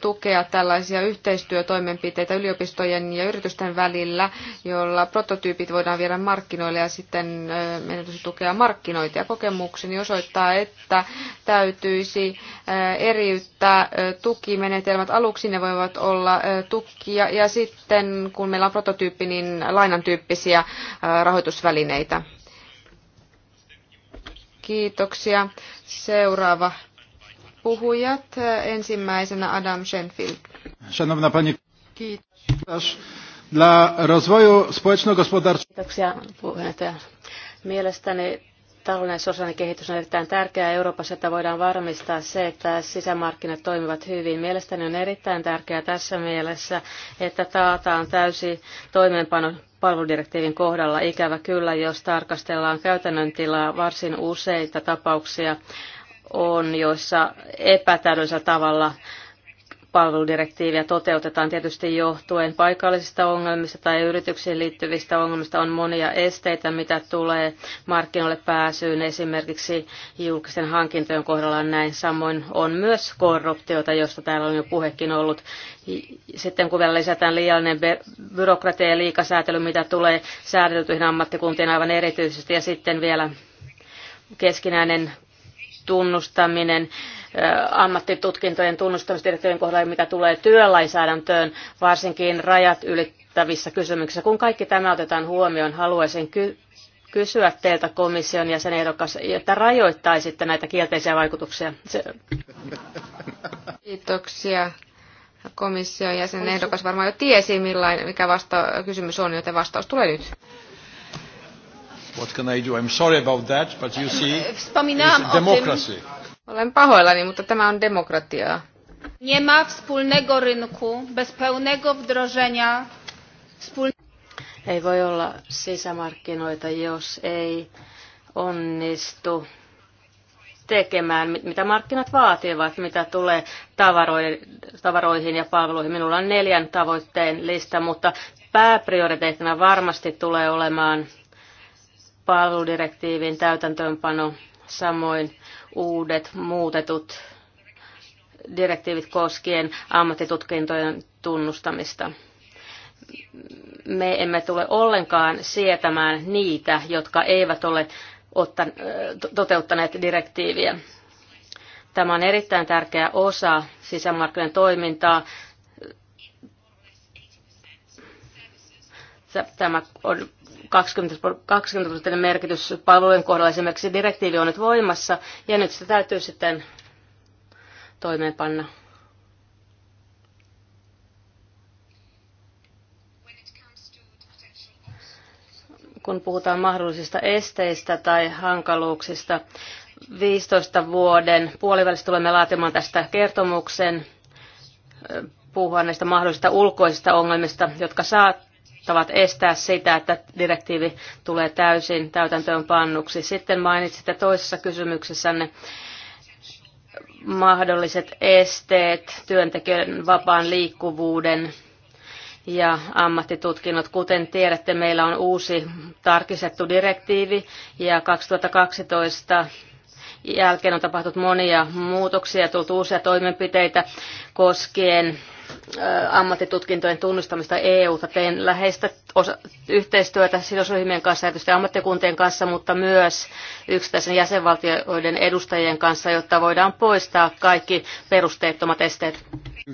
tukea tällaisia yhteistyötoimenpiteitä yliopistojen ja yritysten välillä, joilla prototyypit voidaan viedä markkinoille ja sitten meidän tulisi tukea markkinointia. Kokemukseni osoittaa, että täytyisi eriyttää tukimenetelmät. Aluksi ne voivat olla tukia ja sitten sitten, kun meillä on prototyyppi, niin lainan tyyppisiä äh, rahoitusvälineitä. Kiitoksia. Seuraava puhujat. Ensimmäisenä Adam Schenfield. Szanowna Pani, kiitos. Dla rozwoju społeczno-gospodarczego. Kiitoksia puheenjohtaja. Mielestäni taloudellinen ja sosiaalinen kehitys on erittäin tärkeää Euroopassa, että voidaan varmistaa se, että sisämarkkinat toimivat hyvin. Mielestäni on erittäin tärkeää tässä mielessä, että taataan täysi toimeenpano palveludirektiivin kohdalla. Ikävä kyllä, jos tarkastellaan käytännön tilaa, varsin useita tapauksia on, joissa epätäydellisellä tavalla palveludirektiiviä toteutetaan tietysti johtuen paikallisista ongelmista tai yrityksiin liittyvistä ongelmista. On monia esteitä, mitä tulee markkinoille pääsyyn. Esimerkiksi julkisten hankintojen kohdalla on näin. Samoin on myös korruptiota, josta täällä on jo puhekin ollut. Sitten kun vielä lisätään liiallinen byrokratia ja liikasäätely, mitä tulee säädeltyihin ammattikuntiin aivan erityisesti. Ja sitten vielä keskinäinen tunnustaminen ammattitutkintojen tunnustamistietojen kohdalla, mitä tulee työlainsäädäntöön, varsinkin rajat ylittävissä kysymyksissä. Kun kaikki tämä otetaan huomioon, haluaisin ky- kysyä teiltä komission jäsenehdokas, että rajoittaisitte näitä kielteisiä vaikutuksia. Se... Kiitoksia. Komission jäsenehdokas varmaan jo tiesi, millainen, mikä vasta- kysymys on, joten vastaus tulee nyt. What can I do? I'm sorry about that, but you see, it's democracy. Olen pahoillani, mutta tämä on demokratiaa. Nie ma wspólnego rynku bez pełnego wdrożenia ei voi olla sisämarkkinoita, jos ei onnistu tekemään, mitä markkinat vaativat, mitä tulee tavaroihin ja palveluihin. Minulla on neljän tavoitteen lista, mutta pääprioriteettina varmasti tulee olemaan palveludirektiivin täytäntöönpano, samoin uudet muutetut direktiivit koskien ammattitutkintojen tunnustamista. Me emme tule ollenkaan sietämään niitä, jotka eivät ole ottan, toteuttaneet direktiiviä. Tämä on erittäin tärkeä osa sisämarkkinoiden toimintaa. Tämä on 20 prosenttinen merkitys palvelujen kohdalla esimerkiksi direktiivi on nyt voimassa ja nyt sitä täytyy sitten toimeenpanna. Kun puhutaan mahdollisista esteistä tai hankaluuksista, 15 vuoden puolivälissä tulemme laatimaan tästä kertomuksen puhua näistä mahdollisista ulkoisista ongelmista, jotka saat, Tavat estää sitä, että direktiivi tulee täysin täytäntöön pannuksi. Sitten mainitsitte toisessa kysymyksessänne mahdolliset esteet työntekijän vapaan liikkuvuuden ja ammattitutkinnot. Kuten tiedätte, meillä on uusi tarkistettu direktiivi ja 2012 jälkeen on tapahtunut monia muutoksia ja tullut uusia toimenpiteitä koskien ammattitutkintojen tunnustamista EU-ta. Tein läheistä osa- yhteistyötä sidosryhmien kanssa, tietysti ammattikuntien kanssa, mutta myös yksittäisen jäsenvaltioiden edustajien kanssa, jotta voidaan poistaa kaikki perusteettomat esteet.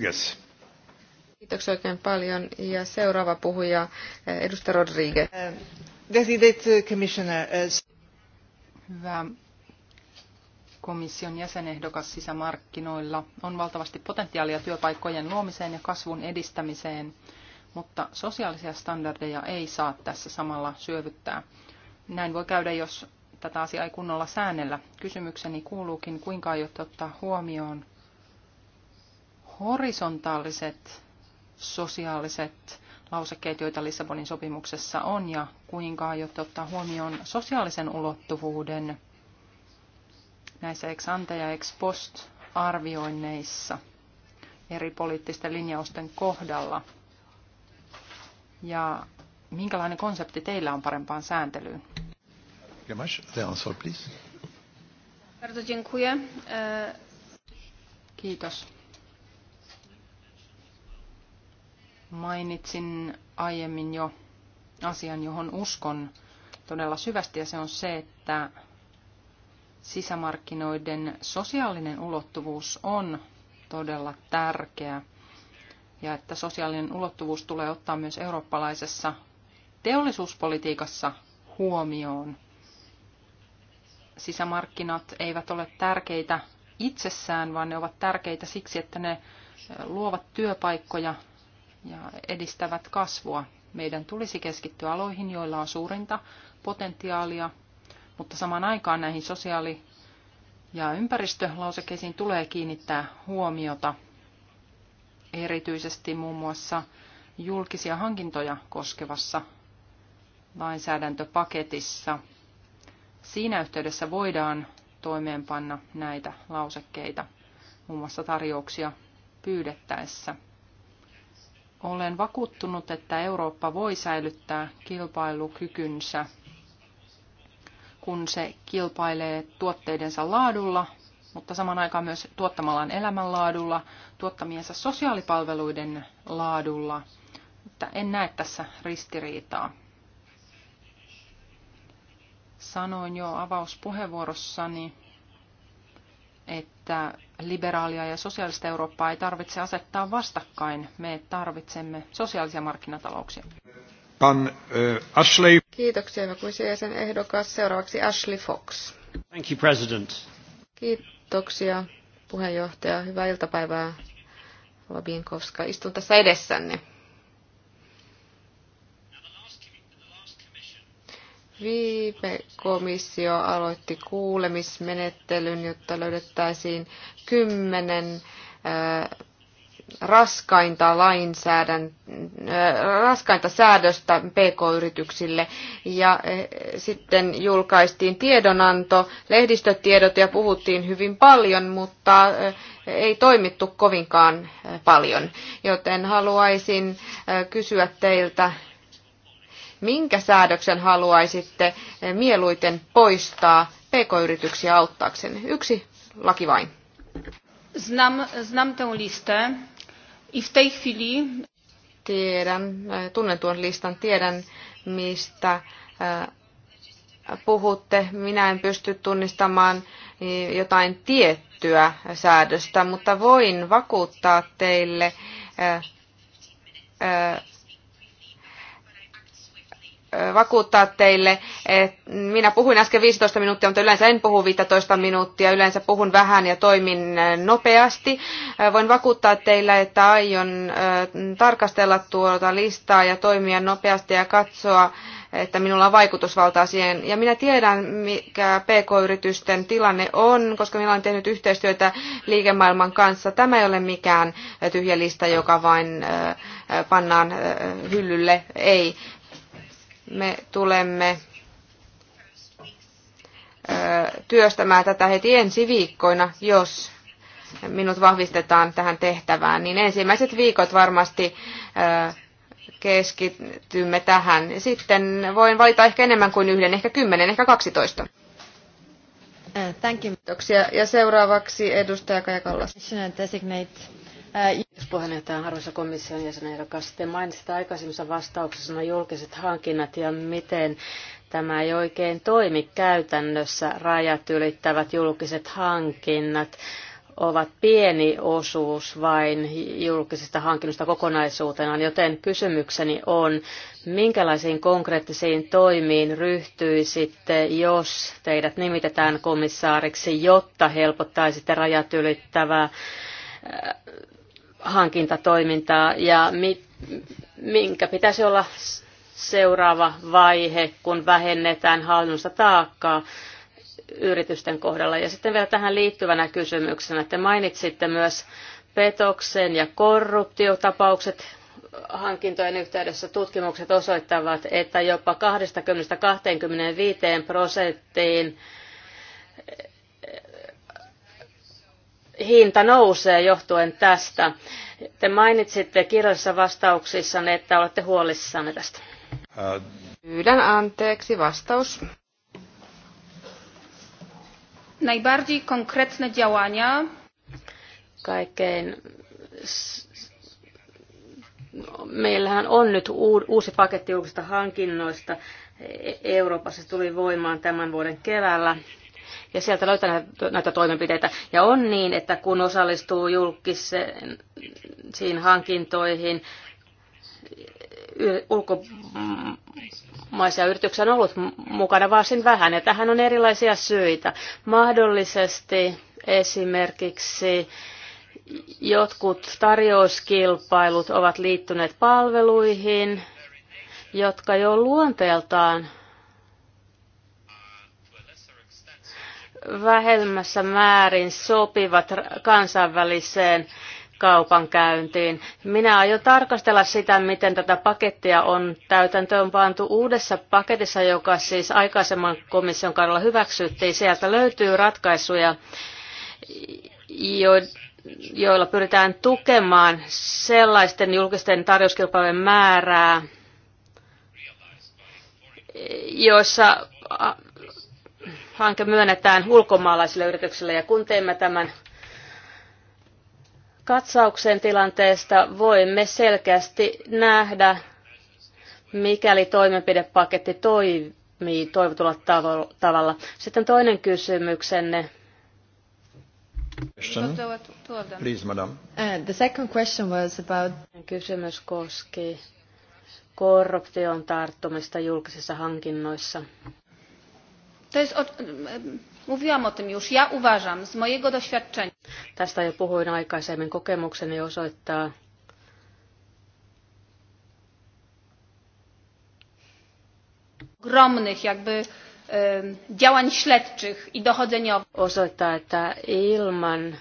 Yes. Kiitoksia oikein paljon. Ja seuraava puhuja, edustaja Rodriguez. Uh, uh, Hyvä komission jäsenehdokas sisämarkkinoilla on valtavasti potentiaalia työpaikkojen luomiseen ja kasvun edistämiseen, mutta sosiaalisia standardeja ei saa tässä samalla syövyttää. Näin voi käydä, jos tätä asiaa ei kunnolla säännellä. Kysymykseni kuuluukin, kuinka aiot ottaa huomioon horisontaaliset sosiaaliset lausekkeet, joita Lissabonin sopimuksessa on, ja kuinka aiot ottaa huomioon sosiaalisen ulottuvuuden – näissä ex ante ja ex post arvioinneissa eri poliittisten linjausten kohdalla. Ja minkälainen konsepti teillä on parempaan sääntelyyn? E, Kiitos. Mainitsin aiemmin jo asian, johon uskon todella syvästi, ja se on se, että sisämarkkinoiden sosiaalinen ulottuvuus on todella tärkeä ja että sosiaalinen ulottuvuus tulee ottaa myös eurooppalaisessa teollisuuspolitiikassa huomioon. Sisämarkkinat eivät ole tärkeitä itsessään, vaan ne ovat tärkeitä siksi, että ne luovat työpaikkoja ja edistävät kasvua. Meidän tulisi keskittyä aloihin, joilla on suurinta potentiaalia mutta samaan aikaan näihin sosiaali- ja ympäristölausekkeisiin tulee kiinnittää huomiota erityisesti muun muassa julkisia hankintoja koskevassa lainsäädäntöpaketissa. Siinä yhteydessä voidaan toimeenpanna näitä lausekkeita, muun muassa tarjouksia pyydettäessä. Olen vakuuttunut, että Eurooppa voi säilyttää kilpailukykynsä kun se kilpailee tuotteidensa laadulla, mutta saman aikaan myös tuottamallaan elämänlaadulla, tuottamiensa sosiaalipalveluiden laadulla. Mutta en näe tässä ristiriitaa. Sanoin jo avauspuheenvuorossani, että liberaalia ja sosiaalista Eurooppaa ei tarvitse asettaa vastakkain. Me tarvitsemme sosiaalisia markkinatalouksia. Pan, uh, Ashley. Kiitoksia, jäsen ehdokas. Seuraavaksi Ashley Fox. Thank you, President. Kiitoksia, puheenjohtaja. Hyvää iltapäivää, Labinkovska. Istun tässä edessänne. Viime komissio aloitti kuulemismenettelyn, jotta löydettäisiin kymmenen äh, raskainta, lainsäädän, äh, raskainta säädöstä PK-yrityksille. Ja äh, sitten julkaistiin tiedonanto, lehdistötiedot ja puhuttiin hyvin paljon, mutta äh, ei toimittu kovinkaan paljon. Joten haluaisin kysyä teiltä, minkä säädöksen haluaisitte mieluiten poistaa PK-yrityksiä auttaakseen Yksi laki vain znam, znam tę listę I w tej chwili... Tiedän, äh, tunnen tuon listan, tiedän mistä äh, puhutte. Minä en pysty tunnistamaan äh, jotain tiettyä säädöstä, mutta voin vakuuttaa teille vakuuttaa teille, että minä puhuin äsken 15 minuuttia, mutta yleensä en puhu 15 minuuttia, yleensä puhun vähän ja toimin äh, nopeasti. Äh, voin vakuuttaa teille, että aion äh, tarkastella tuota listaa ja toimia nopeasti ja katsoa, että minulla on vaikutusvaltaa siihen. Ja minä tiedän, mikä PK-yritysten tilanne on, koska minä olen tehnyt yhteistyötä liikemaailman kanssa. Tämä ei ole mikään tyhjä lista, joka vain pannaan hyllylle. Ei. Me tulemme työstämään tätä heti ensi viikkoina, jos minut vahvistetaan tähän tehtävään, niin ensimmäiset viikot varmasti keskitymme tähän. Sitten voin valita ehkä enemmän kuin yhden, ehkä kymmenen, ehkä kaksitoista. Thank you. Ja seuraavaksi edustaja Kaja Kallas. Jos puheenjohtajan arvoisa komission jäsenehdokas, te mainitsitte aikaisemmissa vastauksissa julkiset hankinnat ja miten tämä ei oikein toimi käytännössä. Rajat ylittävät julkiset hankinnat ovat pieni osuus vain julkisista hankinnoista kokonaisuutena, joten kysymykseni on, minkälaisiin konkreettisiin toimiin ryhtyisitte, jos teidät nimitetään komissaariksi, jotta helpottaisitte rajat ylittävää hankintatoimintaa ja minkä pitäisi olla seuraava vaihe, kun vähennetään hallinnosta taakkaa yritysten kohdalla. Ja sitten vielä tähän liittyvänä kysymyksenä, että mainitsitte myös petoksen ja korruptiotapaukset hankintojen yhteydessä tutkimukset osoittavat, että jopa 20-25 prosenttiin hinta nousee johtuen tästä. Te mainitsitte kirjallisessa vastauksissanne, että olette huolissanne tästä. Pyydän anteeksi vastaus. Najbardziej konkretne działania. Kaikkein meillähän on nyt uusi paketti julkisista hankinnoista. E- Euroopassa tuli voimaan tämän vuoden keväällä ja sieltä löytää näitä toimenpiteitä. Ja on niin, että kun osallistuu julkisiin hankintoihin, ulkomaisia yrityksiä on ollut mukana varsin vähän, ja tähän on erilaisia syitä. Mahdollisesti esimerkiksi jotkut tarjouskilpailut ovat liittyneet palveluihin, jotka jo luonteeltaan vähemmässä määrin sopivat kansainväliseen kaupankäyntiin. Minä aion tarkastella sitä, miten tätä pakettia on täytäntöön pantu uudessa paketissa, joka siis aikaisemman komission kaudella hyväksyttiin. Sieltä löytyy ratkaisuja, joilla pyritään tukemaan sellaisten julkisten tarjouskilpailujen määrää, joissa hanke myönnetään ulkomaalaisille yrityksille ja kun teemme tämän katsauksen tilanteesta, voimme selkeästi nähdä, mikäli toimenpidepaketti toimii toivotulla tavalla. Sitten toinen kysymyksenne. Tuota, tuota. Please, madam. Uh, the second question was about... Kysymys koski korruption tarttumista julkisissa hankinnoissa mówiłam o tym już. Ja uważam z mojego doświadczenia. Tästä jo puhuin aikaisemmin. Kokemukseni osoittaa, Gromnych jakby działań śledczych i dochodzeniowych. Osoittaa, että ilman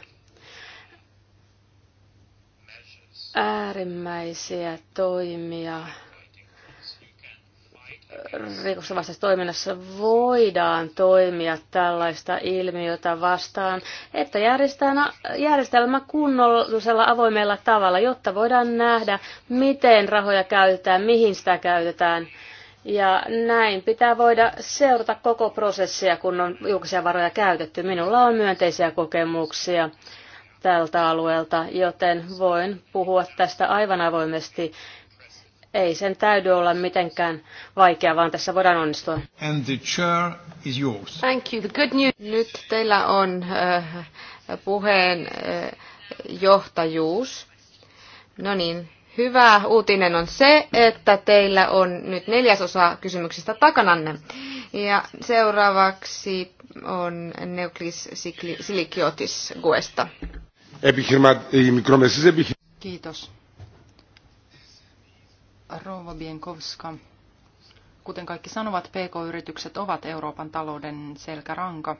äärimmäisiä toimia rikosvastaisessa toiminnassa voidaan toimia tällaista ilmiötä vastaan, että järjestelmä kunnollisella avoimella tavalla, jotta voidaan nähdä, miten rahoja käytetään, mihin sitä käytetään. Ja näin pitää voida seurata koko prosessia, kun on julkisia varoja käytetty. Minulla on myönteisiä kokemuksia tältä alueelta, joten voin puhua tästä aivan avoimesti ei sen täydy olla mitenkään vaikea, vaan tässä voidaan onnistua. And the chair is yours. Thank you. The good news. Nyt teillä on äh, puheen äh, johtajuus. No niin, hyvä uutinen on se, että teillä on nyt neljäsosa kysymyksistä takananne. Ja seuraavaksi on Neuklis Silikiotis Guesta. Kiitos. Rouva Bienkowska. kuten kaikki sanovat, PK-yritykset ovat Euroopan talouden selkäranka.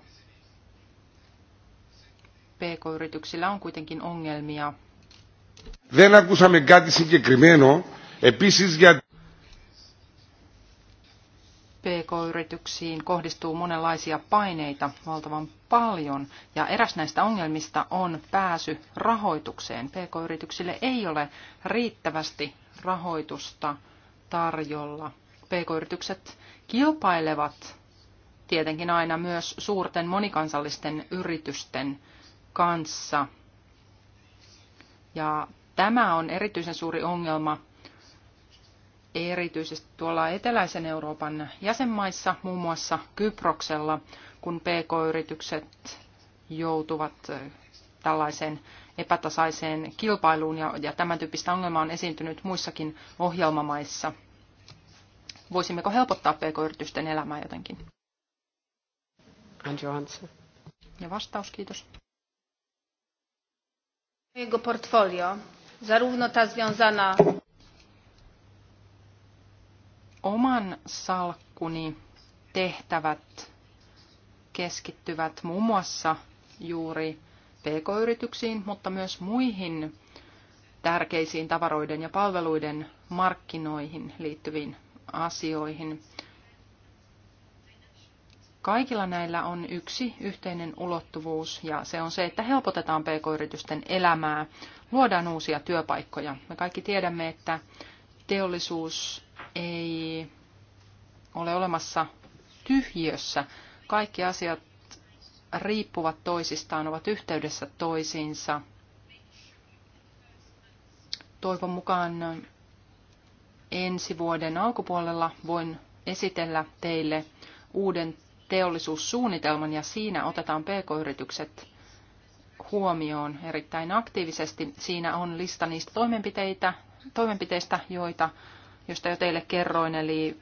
PK-yrityksillä on kuitenkin ongelmia. Δεν ακούσαμε κάτι συγκεκριμένο. Επίσης για... PK-yrityksiin kohdistuu monenlaisia paineita valtavan paljon, ja eräs näistä ongelmista on pääsy rahoitukseen. PK-yrityksille ei ole riittävästi rahoitusta tarjolla. PK-yritykset kilpailevat tietenkin aina myös suurten monikansallisten yritysten kanssa. Ja tämä on erityisen suuri ongelma erityisesti tuolla eteläisen Euroopan jäsenmaissa, muun muassa Kyproksella, kun pk-yritykset joutuvat tällaisen epätasaiseen kilpailuun ja, ja tämän tyyppistä ongelmaa on esiintynyt muissakin ohjelmamaissa. Voisimmeko helpottaa pk-yritysten elämää jotenkin? And your answer. Ja vastaus, kiitos. Jego portfolio, zarówno ta związana... Oman salkkuni tehtävät keskittyvät muun muassa juuri pk-yrityksiin, mutta myös muihin tärkeisiin tavaroiden ja palveluiden markkinoihin liittyviin asioihin. Kaikilla näillä on yksi yhteinen ulottuvuus ja se on se, että helpotetaan pk-yritysten elämää, luodaan uusia työpaikkoja. Me kaikki tiedämme, että teollisuus ei ole olemassa tyhjiössä. Kaikki asiat riippuvat toisistaan, ovat yhteydessä toisiinsa. Toivon mukaan ensi vuoden alkupuolella voin esitellä teille uuden teollisuussuunnitelman ja siinä otetaan pk-yritykset huomioon erittäin aktiivisesti. Siinä on lista niistä toimenpiteitä, toimenpiteistä, joita, joista jo teille kerroin, eli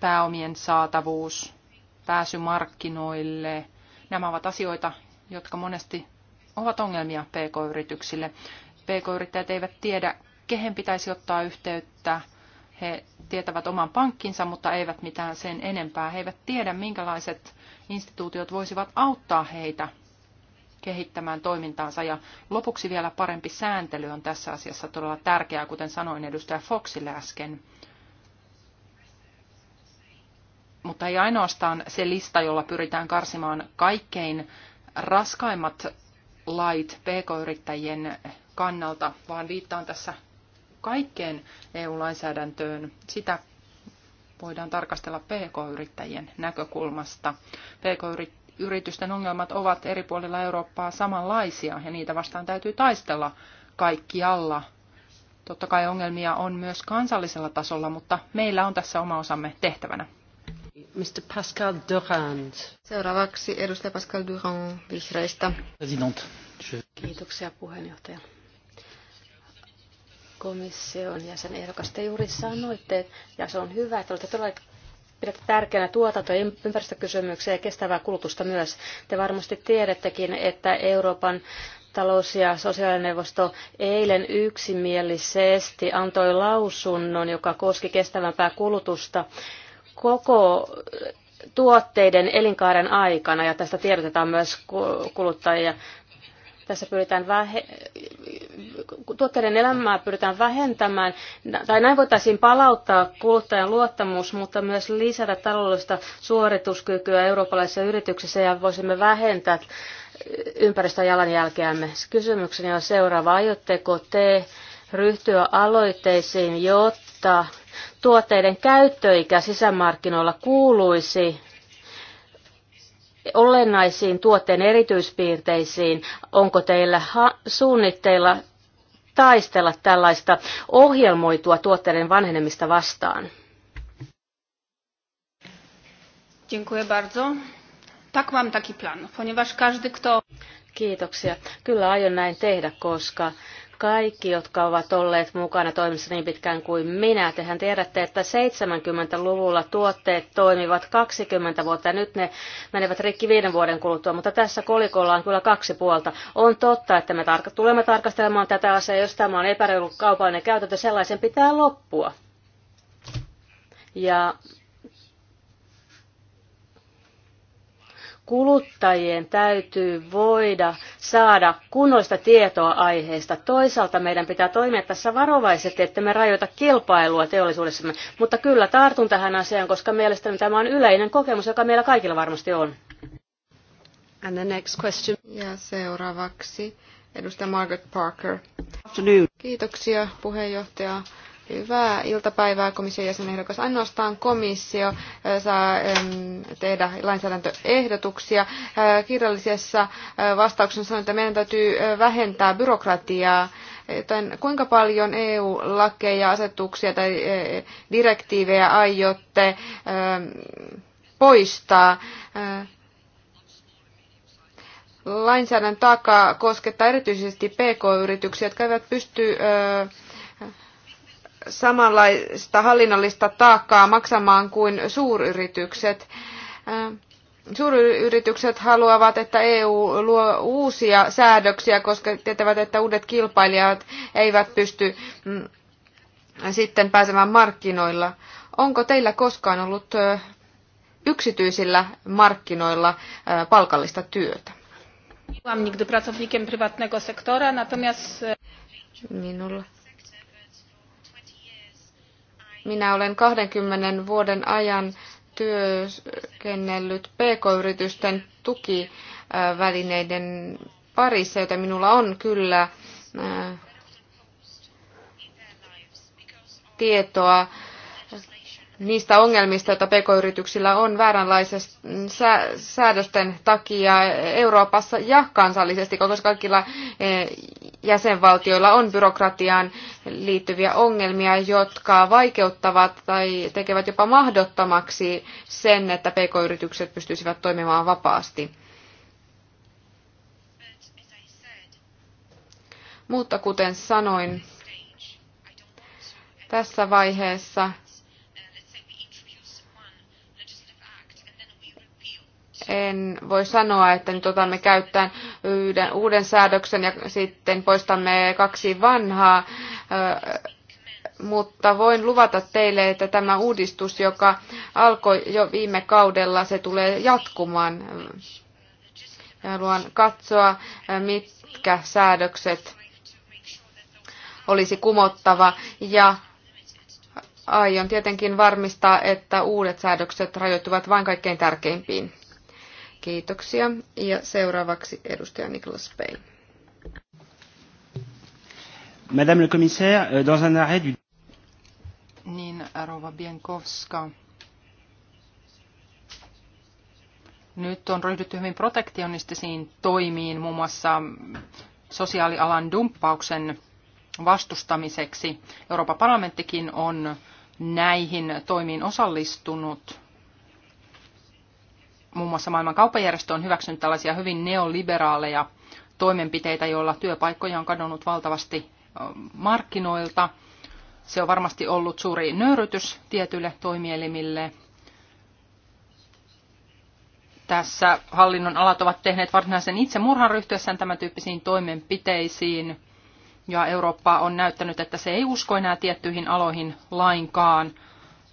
pääomien saatavuus, pääsy markkinoille, Nämä ovat asioita, jotka monesti ovat ongelmia pk-yrityksille. Pk-yrittäjät eivät tiedä, kehen pitäisi ottaa yhteyttä. He tietävät oman pankkinsa, mutta eivät mitään sen enempää. He eivät tiedä, minkälaiset instituutiot voisivat auttaa heitä kehittämään toimintaansa. Ja lopuksi vielä parempi sääntely on tässä asiassa todella tärkeää, kuten sanoin edustaja Foxille äsken mutta ei ainoastaan se lista, jolla pyritään karsimaan kaikkein raskaimmat lait pk-yrittäjien kannalta, vaan viittaan tässä kaikkeen EU-lainsäädäntöön. Sitä voidaan tarkastella pk-yrittäjien näkökulmasta. Pk-yritysten ongelmat ovat eri puolilla Eurooppaa samanlaisia ja niitä vastaan täytyy taistella kaikkialla. Totta kai ongelmia on myös kansallisella tasolla, mutta meillä on tässä oma osamme tehtävänä. Mr. Pascal Durand. Seuraavaksi edustaja Pascal Durand vihreistä. Kiitoksia puheenjohtaja. Komission jäsenehdokas, te juuri sanoitte, ja se on hyvä, että olette todella pidätte tärkeänä tuotanto- ja ympäristökysymyksiä ja kestävää kulutusta myös. Te varmasti tiedättekin, että Euroopan talous- ja sosiaalineuvosto eilen yksimielisesti antoi lausunnon, joka koski kestävämpää kulutusta koko tuotteiden elinkaaren aikana, ja tästä tiedotetaan myös kuluttajia. Tässä pyritään vähe- tuotteiden elämää pyritään vähentämään, tai näin voitaisiin palauttaa kuluttajan luottamus, mutta myös lisätä taloudellista suorituskykyä eurooppalaisissa yrityksissä ja voisimme vähentää jalanjälkeämme. Kysymykseni on seuraava. Aiotteko te ryhtyä aloitteisiin, jotta tuotteiden käyttöikä sisämarkkinoilla kuuluisi olennaisiin tuotteen erityispiirteisiin. Onko teillä suunnitteilla taistella tällaista ohjelmoitua tuotteiden vanhenemista vastaan? Dziękuję bardzo. Tak mam taki plan, ponieważ każdy kto... Kiitoksia. Kyllä aion näin tehdä, koska kaikki, jotka ovat olleet mukana toimissa niin pitkään kuin minä. Tehän tiedätte, että 70-luvulla tuotteet toimivat 20 vuotta ja nyt ne menevät rikki viiden vuoden kuluttua, mutta tässä kolikolla on kyllä kaksi puolta. On totta, että me tarka- tulemme tarkastelemaan tätä asiaa, jos tämä on epäreilu kaupallinen käytäntö, sellaisen pitää loppua. Ja kuluttajien täytyy voida saada kunnoista tietoa aiheesta. Toisaalta meidän pitää toimia tässä varovaisesti, että me rajoita kilpailua teollisuudessamme. Mutta kyllä tartun tähän asiaan, koska mielestäni tämä on yleinen kokemus, joka meillä kaikilla varmasti on. And the next question. Ja seuraavaksi edustaja Margaret Parker. Afternoon. Kiitoksia puheenjohtaja. Hyvää iltapäivää komission jäsenehdokas. Ainoastaan komissio äh, saa tehdä lainsäädäntöehdotuksia. Äh, kirjallisessa äh, vastauksessa sanoin, että meidän täytyy vähentää byrokratiaa. Joten kuinka paljon EU-lakeja, asetuksia tai direktiivejä aiotte ähm, poistaa? Lainsäädännön takaa koskettaa erityisesti PK-yrityksiä, jotka eivät pysty samanlaista hallinnollista taakkaa maksamaan kuin suuryritykset. Äh, suuryritykset haluavat, että EU luo uusia säädöksiä, koska tietävät, että uudet kilpailijat eivät pysty mm, sitten pääsemään markkinoilla. Onko teillä koskaan ollut äh, yksityisillä markkinoilla äh, palkallista työtä? Olen nigdy pracownikiem prywatnego sektora, natomiast... E, Minulla minä olen 20 vuoden ajan työskennellyt pk-yritysten tukivälineiden parissa, joten minulla on kyllä äh, tietoa niistä ongelmista, joita pk-yrityksillä on vääränlaisen säädösten takia Euroopassa ja kansallisesti, koska kaikilla e, jäsenvaltioilla on byrokratiaan liittyviä ongelmia, jotka vaikeuttavat tai tekevät jopa mahdottomaksi sen, että pk-yritykset pystyisivät toimimaan vapaasti. Mutta kuten sanoin, tässä vaiheessa en voi sanoa, että nyt otamme käyttöön yhden, uuden säädöksen ja sitten poistamme kaksi vanhaa, mutta voin luvata teille, että tämä uudistus, joka alkoi jo viime kaudella, se tulee jatkumaan. Ja haluan katsoa, mitkä säädökset olisi kumottava ja aion tietenkin varmistaa, että uudet säädökset rajoittuvat vain kaikkein tärkeimpiin. Kiitoksia. Ja seuraavaksi edustaja Niklas Payne. Madame le commissaire, euh, dans un arrêt du... Niin, Rova Bienkowska. Nyt on ryhdytty hyvin protektionistisiin toimiin, muun muassa sosiaalialan dumppauksen vastustamiseksi. Euroopan parlamenttikin on näihin toimiin osallistunut muun muassa maailman kauppajärjestö on hyväksynyt tällaisia hyvin neoliberaaleja toimenpiteitä, joilla työpaikkoja on kadonnut valtavasti markkinoilta. Se on varmasti ollut suuri nöyrytys tietyille toimielimille. Tässä hallinnon alat ovat tehneet varsinaisen itsemurhan ryhtyessään tämän tyyppisiin toimenpiteisiin. Ja Eurooppa on näyttänyt, että se ei usko enää tiettyihin aloihin lainkaan,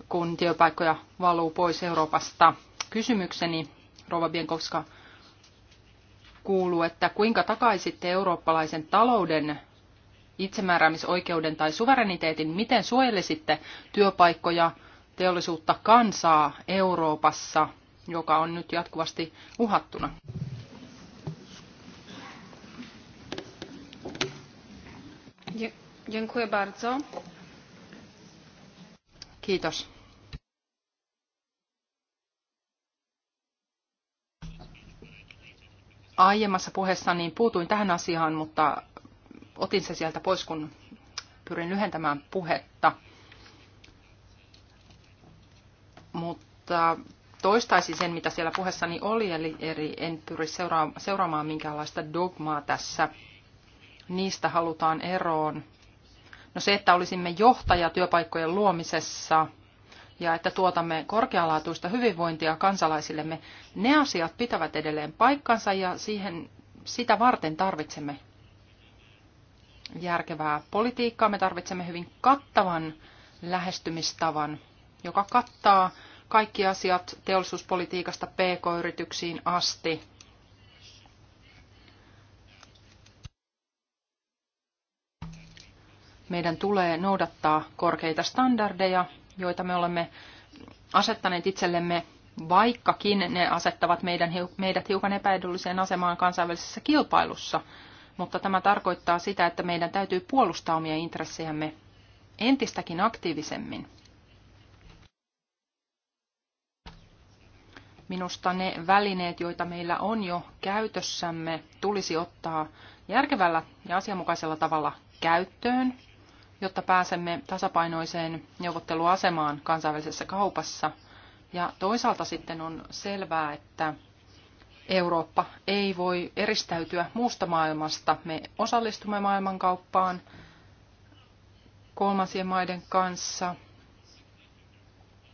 kun työpaikkoja valuu pois Euroopasta. Kysymykseni, Rova Bienkowska, kuuluu, että kuinka takaisitte eurooppalaisen talouden itsemääräämisoikeuden tai suvereniteetin, miten suojelisitte työpaikkoja, teollisuutta, kansaa Euroopassa, joka on nyt jatkuvasti uhattuna? Dziękuję bardzo. Kiitos. aiemmassa puheessa niin puutuin tähän asiaan, mutta otin se sieltä pois, kun pyrin lyhentämään puhetta. Mutta toistaisin sen, mitä siellä puheessani oli, eli en pyri seuraa, seuraamaan minkäänlaista dogmaa tässä. Niistä halutaan eroon. No se, että olisimme johtaja työpaikkojen luomisessa – ja että tuotamme korkealaatuista hyvinvointia kansalaisillemme, ne asiat pitävät edelleen paikkansa ja siihen, sitä varten tarvitsemme järkevää politiikkaa. Me tarvitsemme hyvin kattavan lähestymistavan, joka kattaa kaikki asiat teollisuuspolitiikasta pk-yrityksiin asti. Meidän tulee noudattaa korkeita standardeja joita me olemme asettaneet itsellemme, vaikkakin ne asettavat meidän, meidät hiukan epäedulliseen asemaan kansainvälisessä kilpailussa. Mutta tämä tarkoittaa sitä, että meidän täytyy puolustaa omia intressejämme entistäkin aktiivisemmin. Minusta ne välineet, joita meillä on jo käytössämme, tulisi ottaa järkevällä ja asianmukaisella tavalla käyttöön jotta pääsemme tasapainoiseen neuvotteluasemaan kansainvälisessä kaupassa. Ja toisaalta sitten on selvää, että Eurooppa ei voi eristäytyä muusta maailmasta. Me osallistumme maailmankauppaan kolmansien maiden kanssa.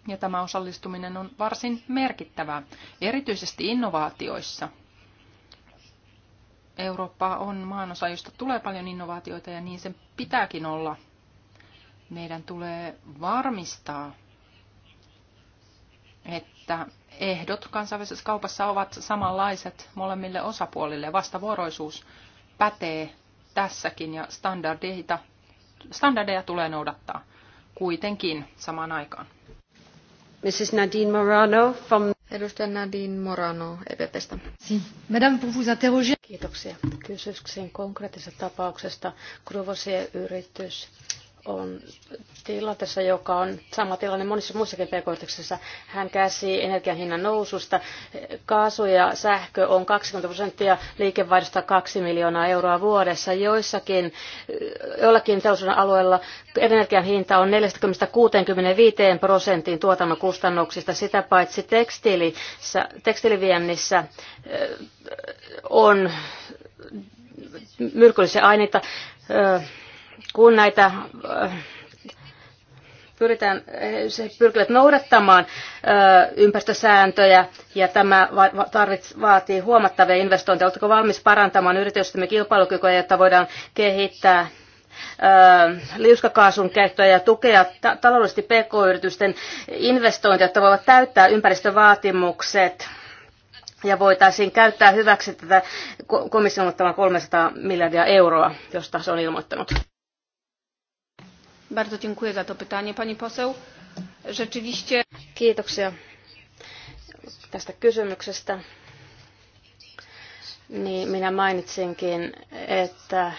Ja tämä osallistuminen on varsin merkittävää, erityisesti innovaatioissa. Eurooppa on maanosa, josta tulee paljon innovaatioita ja niin sen pitääkin olla – meidän tulee varmistaa, että ehdot kansainvälisessä kaupassa ovat samanlaiset molemmille osapuolille. Vastavuoroisuus pätee tässäkin ja standardeita, standardeja tulee noudattaa kuitenkin samaan aikaan. Mrs. Nadine Morano from Edustaja Nadine Morano EPPstä. Si. Madame, pour vous interroger. Kiitoksia. Kysyisin konkreettisesta tapauksesta. Kruvosien yritys on tilanteessa, joka on sama tilanne monissa muissakin pk Hän käsi energian hinnan noususta. Kaasu ja sähkö on 20 prosenttia liikevaihdosta 2 miljoonaa euroa vuodessa. Joissakin, joillakin teollisuuden alueella energian hinta on 40-65 prosentin tuotannon kustannuksista. Sitä paitsi tekstiilissä, tekstiiliviennissä on myrkyllisiä aineita kun näitä äh, pyritään, se pyrkivät noudattamaan äh, ympäristösääntöjä ja tämä tarvits, vaatii huomattavia investointeja. Oletteko valmis parantamaan yritystemme kilpailukykyä, jotta voidaan kehittää äh, liuskakaasun käyttöä ja tukea ta- taloudellisesti pk-yritysten investointeja, jotta voivat täyttää ympäristövaatimukset ja voitaisiin käyttää hyväksi tätä komission ottamaa 300 miljardia euroa, josta se on ilmoittanut. Bardzo dziękuję za to pytanie, pani poseł. Rzeczywiście... Kiitoksia tästä kysymyksestä. Niin, minä mainitsinkin, että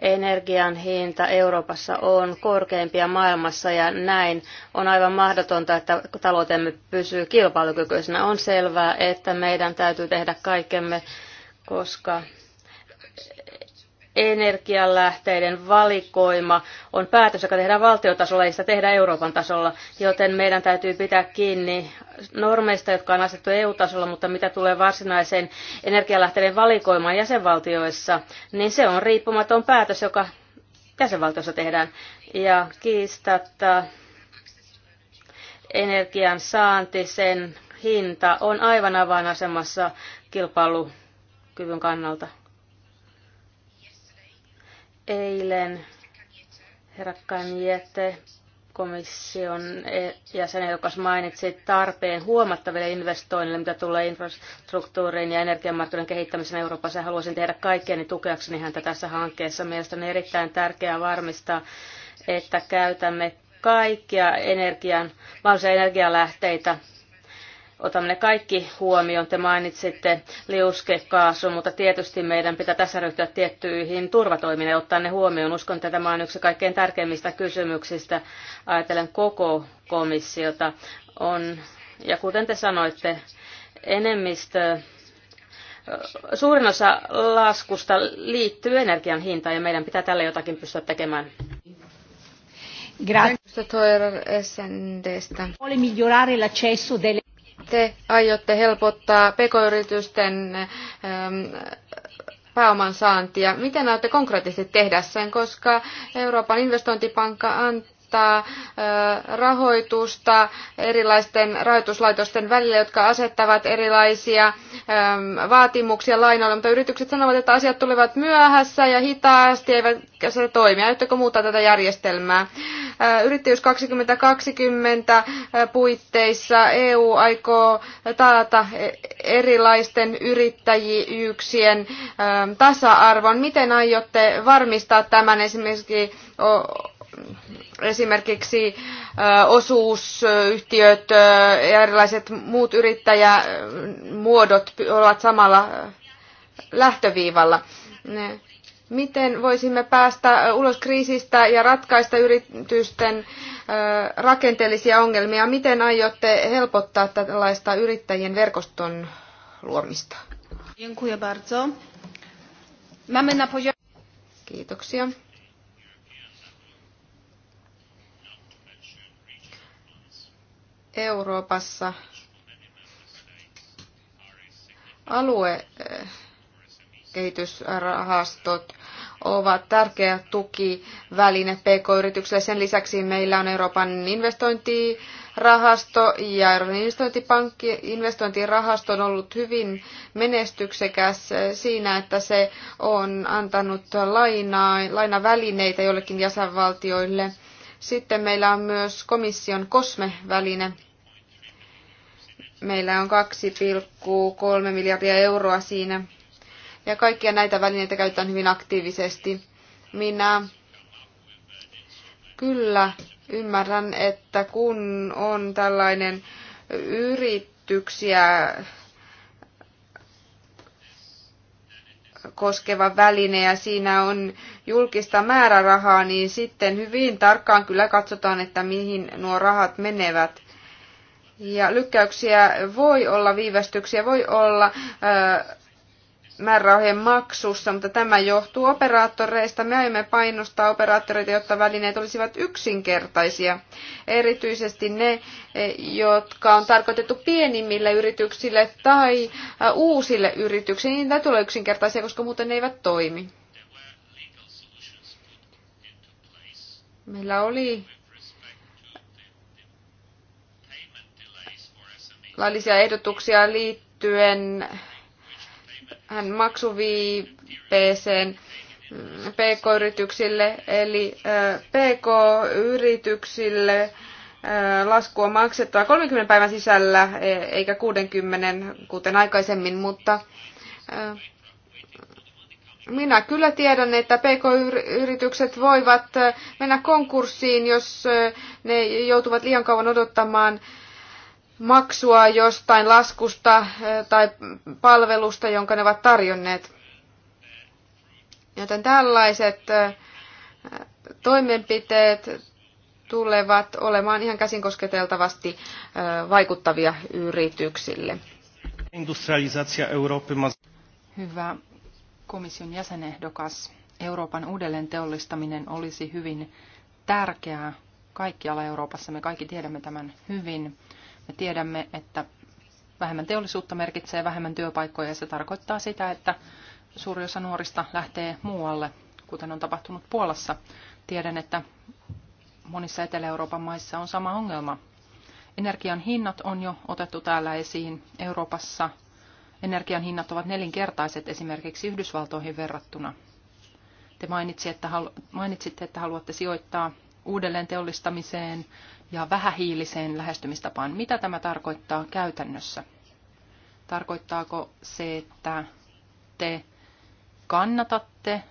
energian hinta Euroopassa on korkeimpia maailmassa ja näin on aivan mahdotonta, että taloutemme pysyy kilpailukykyisenä. On selvää, että meidän täytyy tehdä kaikkemme, koska energialähteiden valikoima on päätös, joka tehdään valtiotasolla, ei sitä tehdä Euroopan tasolla, joten meidän täytyy pitää kiinni normeista, jotka on asetettu EU-tasolla, mutta mitä tulee varsinaiseen energialähteiden valikoimaan jäsenvaltioissa, niin se on riippumaton päätös, joka jäsenvaltiossa tehdään. Ja kiistatta energian saanti, sen hinta on aivan avainasemassa kilpailukyvyn kannalta. Eilen herra Kanjete, komission e- joka mainitsi tarpeen huomattaville investoinnille, mitä tulee infrastruktuuriin ja energiamarkkinoiden kehittämisen Euroopassa. Haluaisin tehdä kaikkeni tukeakseni häntä tässä hankkeessa. Mielestäni on erittäin tärkeää varmistaa, että käytämme kaikkia energian, mahdollisia energialähteitä otamme ne kaikki huomioon. Te mainitsitte liuskekaasun, mutta tietysti meidän pitää tässä ryhtyä tiettyihin turvatoimiin ja ottaa ne huomioon. Uskon, että tämä on yksi kaikkein tärkeimmistä kysymyksistä. Ajatellen koko komissiota on, ja kuten te sanoitte, enemmistö Suurin osa laskusta liittyy energian hintaan ja meidän pitää tälle jotakin pystyä tekemään. Grazie. Oli migliorare l'accesso delle te aiotte helpottaa pk-yritysten ähm, pääoman saantia. Miten aiotte konkreettisesti tehdä sen, koska Euroopan investointipankka antaa äh, rahoitusta erilaisten rahoituslaitosten välille, jotka asettavat erilaisia ähm, vaatimuksia lainoille, mutta yritykset sanovat, että asiat tulevat myöhässä ja hitaasti, eivätkä se toimi. Aiotteko muuttaa tätä järjestelmää? Yrittäjyys 2020 puitteissa EU aikoo taata e- erilaisten yrittäjyyksien tasa-arvon. Miten aiotte varmistaa tämän esimerkiksi esimerkiksi osuusyhtiöt ja erilaiset muut yrittäjämuodot ovat samalla lähtöviivalla miten voisimme päästä ulos kriisistä ja ratkaista yritysten rakenteellisia ongelmia. Miten aiotte helpottaa tällaista yrittäjien verkoston luomista? Kiitoksia. Euroopassa alue kehitysrahastot ovat tärkeä tukiväline PK-yrityksille. Sen lisäksi meillä on Euroopan investointirahasto ja Euroopan investointipankki. Investointirahasto on ollut hyvin menestyksekäs siinä, että se on antanut lainaa, lainavälineitä jollekin jäsenvaltioille. Sitten meillä on myös komission kosmeväline. Meillä on 2,3 miljardia euroa siinä ja kaikkia näitä välineitä käytetään hyvin aktiivisesti. Minä kyllä ymmärrän, että kun on tällainen yrityksiä koskeva väline ja siinä on julkista määrärahaa, niin sitten hyvin tarkkaan kyllä katsotaan, että mihin nuo rahat menevät. Ja lykkäyksiä voi olla, viivästyksiä voi olla, määrärahojen maksussa, mutta tämä johtuu operaattoreista. Me aiomme painostaa operaattoreita, jotta välineet olisivat yksinkertaisia. Erityisesti ne, e, jotka on tarkoitettu pienimmille yrityksille tai e, uusille yrityksille, niin ne tulee yksinkertaisia, koska muuten ne eivät toimi. Meillä oli laillisia ehdotuksia liittyen hän PCn PK-yrityksille, eli PK-yrityksille laskua maksettua 30 päivän sisällä, e, eikä 60, kuten aikaisemmin, mutta minä kyllä tiedän, että pk-yritykset voivat mennä konkurssiin, jos ne joutuvat liian kauan odottamaan maksua jostain laskusta eh, tai palvelusta, jonka ne ovat tarjonneet. Joten tällaiset eh, toimenpiteet tulevat olemaan ihan käsin kosketeltavasti eh, vaikuttavia yrityksille. Industrialisaatio Hyvä komission jäsenehdokas. Euroopan uudelleen teollistaminen olisi hyvin tärkeää kaikkialla Euroopassa. Me kaikki tiedämme tämän hyvin. Me tiedämme, että vähemmän teollisuutta merkitsee vähemmän työpaikkoja ja se tarkoittaa sitä, että suuri osa nuorista lähtee muualle, kuten on tapahtunut Puolassa. Tiedän, että monissa Etelä-Euroopan maissa on sama ongelma. Energian hinnat on jo otettu täällä esiin. Euroopassa energian hinnat ovat nelinkertaiset esimerkiksi Yhdysvaltoihin verrattuna. Te mainitsitte, että haluatte sijoittaa uudelleen teollistamiseen, ja vähähiiliseen lähestymistapaan. Mitä tämä tarkoittaa käytännössä? Tarkoittaako se, että te kannatatte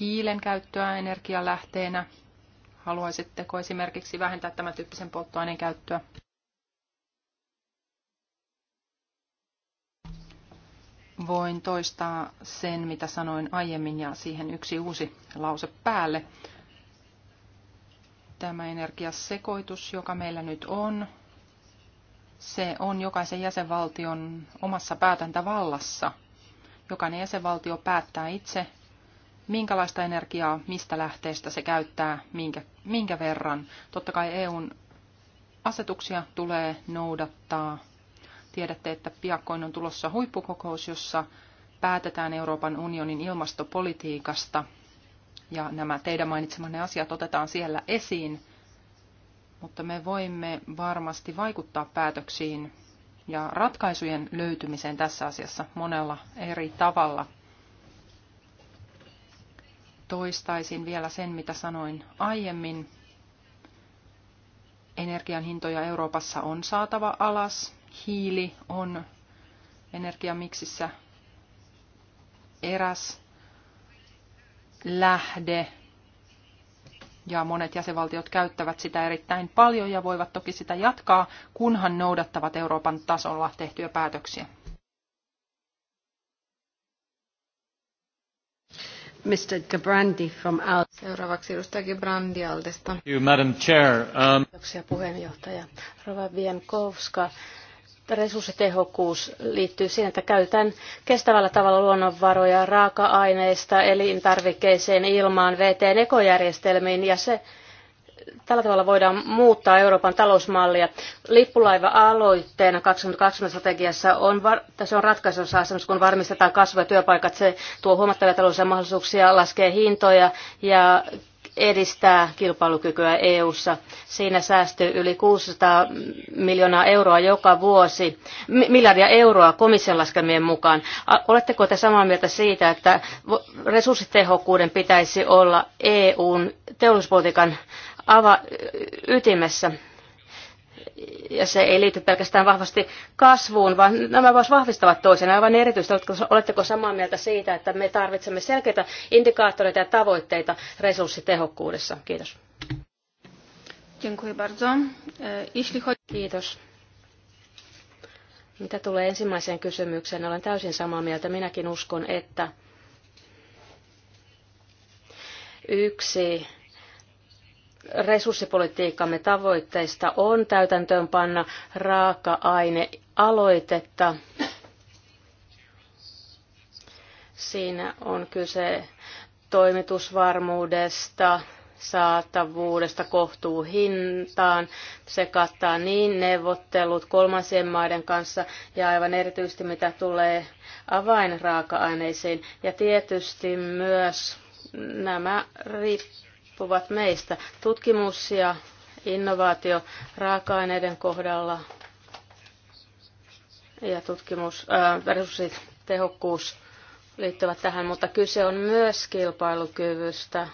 hiilen käyttöä energialähteenä? Haluaisitteko esimerkiksi vähentää tämän tyyppisen polttoaineen käyttöä? Voin toistaa sen, mitä sanoin aiemmin, ja siihen yksi uusi lause päälle tämä energiasekoitus, joka meillä nyt on, se on jokaisen jäsenvaltion omassa päätäntävallassa. Jokainen jäsenvaltio päättää itse, minkälaista energiaa, mistä lähteestä se käyttää, minkä, minkä verran. Totta kai EUn asetuksia tulee noudattaa. Tiedätte, että piakkoin on tulossa huippukokous, jossa päätetään Euroopan unionin ilmastopolitiikasta – ja nämä teidän mainitsemanne asiat otetaan siellä esiin, mutta me voimme varmasti vaikuttaa päätöksiin ja ratkaisujen löytymiseen tässä asiassa monella eri tavalla. Toistaisin vielä sen, mitä sanoin aiemmin. Energian hintoja Euroopassa on saatava alas. Hiili on energiamiksissä eräs lähde. Ja monet jäsenvaltiot käyttävät sitä erittäin paljon ja voivat toki sitä jatkaa, kunhan noudattavat Euroopan tasolla tehtyjä päätöksiä. Mr. Gabrandi from Al- Seuraavaksi edustaja Gabrandi Aldesta. You, Madam Chair. Um... Kiitoksia puheenjohtaja. Rova Vienkovska resurssitehokkuus liittyy siihen, että käytetään kestävällä tavalla luonnonvaroja raaka-aineista, elintarvikkeeseen, ilmaan, veteen, ekojärjestelmiin ja se, tällä tavalla voidaan muuttaa Euroopan talousmallia. Lippulaiva-aloitteena 2020 strategiassa on, tässä on ratkaisussa asemassa, kun varmistetaan kasvu- ja työpaikat. Se tuo huomattavia taloudellisia mahdollisuuksia, laskee hintoja ja edistää kilpailukykyä EU:ssa. Siinä säästyy yli 600 miljoonaa euroa joka vuosi, miljardia euroa komission laskelmien mukaan. Oletteko te samaa mieltä siitä, että resurssitehokkuuden pitäisi olla EUn teollisuuspolitiikan ava- ytimessä? ja se ei liity pelkästään vahvasti kasvuun, vaan nämä myös vahvistavat toisen. Aivan erityisesti, oletteko samaa mieltä siitä, että me tarvitsemme selkeitä indikaattoreita ja tavoitteita resurssitehokkuudessa? Kiitos. E, Kiitos. Mitä tulee ensimmäiseen kysymykseen, olen täysin samaa mieltä. Minäkin uskon, että yksi resurssipolitiikkamme tavoitteista on täytäntöönpanna raaka-ainealoitetta. Siinä on kyse toimitusvarmuudesta, saatavuudesta kohtuuhintaan. Se kattaa niin neuvottelut kolmansien maiden kanssa ja aivan erityisesti mitä tulee avainraaka-aineisiin. Ja tietysti myös nämä riippuu riippuvat meistä. Tutkimus ja innovaatio raaka-aineiden kohdalla ja tutkimus, ää, äh, tehokkuus liittyvät tähän, mutta kyse on myös kilpailukyvystä.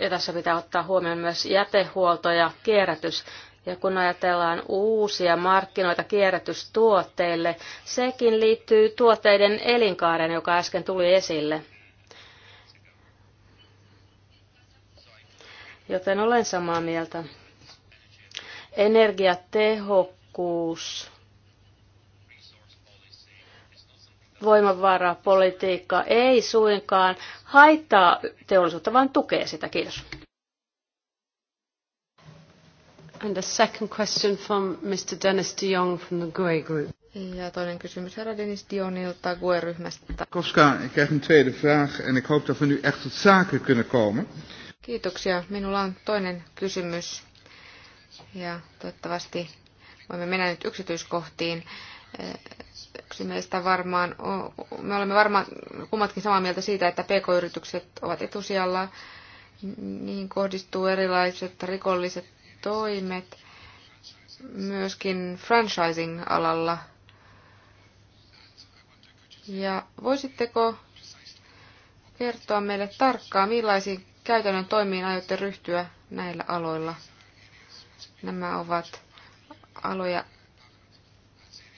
Ja tässä pitää ottaa huomioon myös jätehuolto ja kierrätys. Ja kun ajatellaan uusia markkinoita kierrätystuotteille, sekin liittyy tuotteiden elinkaaren, joka äsken tuli esille. joten olen samaa mieltä. Energiatehokkuus, voimavarapolitiikka ei suinkaan haittaa teollisuutta, vaan tukee sitä. Kiitos. And a second question from Mr. Dennis de Jong from the GUE Group. Ja toinen kysymys herra Dennis Dionilta GUE-ryhmästä. Koska, ik heb een tweede vraag en ik hoop dat we nu echt tot zaken kunnen komen. Kiitoksia. Minulla on toinen kysymys ja toivottavasti voimme mennä nyt yksityiskohtiin. Yksi eh, meistä varmaan, me olemme varmaan kummatkin samaa mieltä siitä, että pk-yritykset ovat etusijalla. Niihin kohdistuu erilaiset rikolliset toimet myöskin franchising-alalla. Ja voisitteko kertoa meille tarkkaan, millaisiin käytännön toimiin aiotte ryhtyä näillä aloilla? Nämä ovat aloja,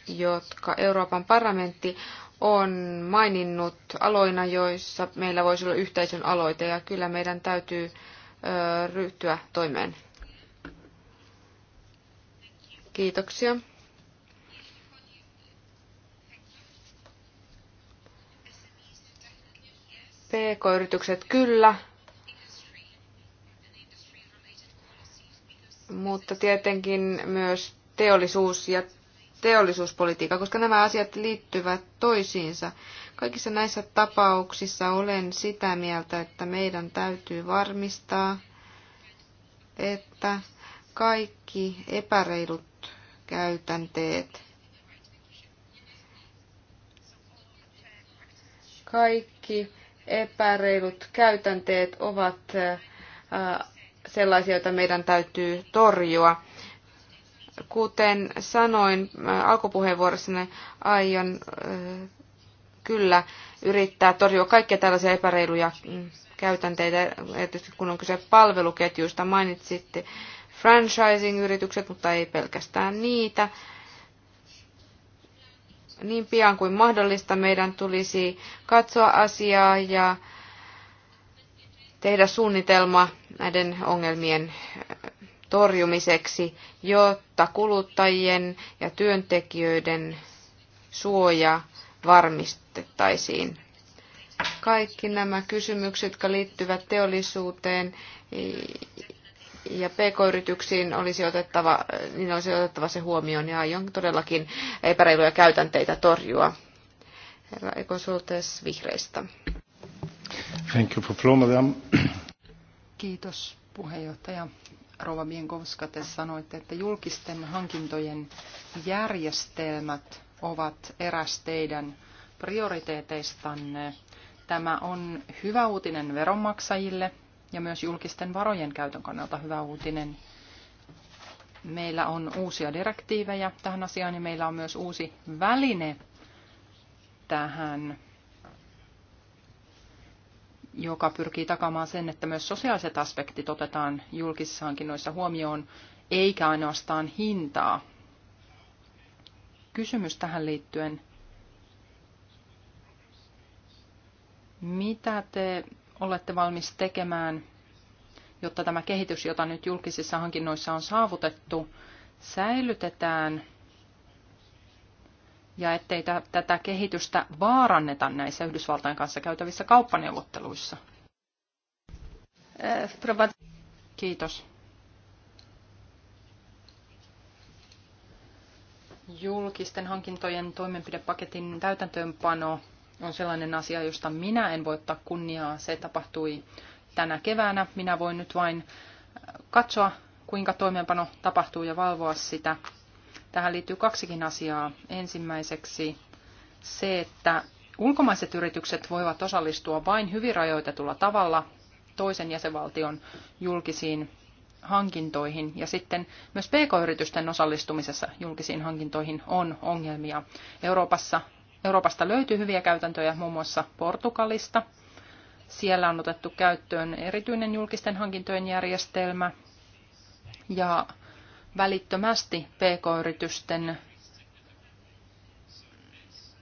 jotka Euroopan parlamentti on maininnut aloina, joissa meillä voisi olla yhteisön aloite, ja kyllä meidän täytyy ryhtyä toimeen. Kiitoksia. PK-yritykset kyllä, mutta tietenkin myös teollisuus ja teollisuuspolitiikka, koska nämä asiat liittyvät toisiinsa. Kaikissa näissä tapauksissa olen sitä mieltä, että meidän täytyy varmistaa, että kaikki epäreilut käytänteet, kaikki epäreilut käytänteet ovat äh, sellaisia, joita meidän täytyy torjua. Kuten sanoin äh, alkupuheenvuorossani, aion äh, kyllä yrittää torjua kaikkia tällaisia epäreiluja mm, käytänteitä, erityisesti kun on kyse palveluketjuista. Mainitsitte franchising-yritykset, mutta ei pelkästään niitä. Niin pian kuin mahdollista meidän tulisi katsoa asiaa ja tehdä suunnitelma näiden ongelmien äh, torjumiseksi, jotta kuluttajien ja työntekijöiden suoja varmistettaisiin. Kaikki nämä kysymykset, jotka liittyvät teollisuuteen ja pk-yrityksiin, olisi otettava, niin olisi otettava se huomioon ja aion todellakin epäreiluja käytänteitä torjua. Herra Ekosultes vihreistä. Thank you for floor, madam. Kiitos puheenjohtaja. Rova Bienkowska, te sanoitte, että julkisten hankintojen järjestelmät ovat eräs teidän prioriteeteistanne. Tämä on hyvä uutinen veronmaksajille ja myös julkisten varojen käytön kannalta hyvä uutinen. Meillä on uusia direktiivejä tähän asiaan ja meillä on myös uusi väline tähän joka pyrkii takamaan sen, että myös sosiaaliset aspektit otetaan julkisissa hankinnoissa huomioon, eikä ainoastaan hintaa. Kysymys tähän liittyen. Mitä te olette valmis tekemään, jotta tämä kehitys, jota nyt julkisissa hankinnoissa on saavutettu, säilytetään – ja ettei tätä kehitystä vaaranneta näissä Yhdysvaltain kanssa käytävissä kauppaneuvotteluissa? Kiitos. Julkisten hankintojen toimenpidepaketin täytäntöönpano on sellainen asia, josta minä en voi ottaa kunniaa. Se tapahtui tänä keväänä. Minä voin nyt vain katsoa, kuinka toimeenpano tapahtuu ja valvoa sitä. Tähän liittyy kaksikin asiaa. Ensimmäiseksi se, että ulkomaiset yritykset voivat osallistua vain hyvin rajoitetulla tavalla toisen jäsenvaltion julkisiin hankintoihin ja sitten myös pk-yritysten osallistumisessa julkisiin hankintoihin on ongelmia. Euroopassa, Euroopasta löytyy hyviä käytäntöjä muun muassa Portugalista. Siellä on otettu käyttöön erityinen julkisten hankintojen järjestelmä ja välittömästi PK-yritysten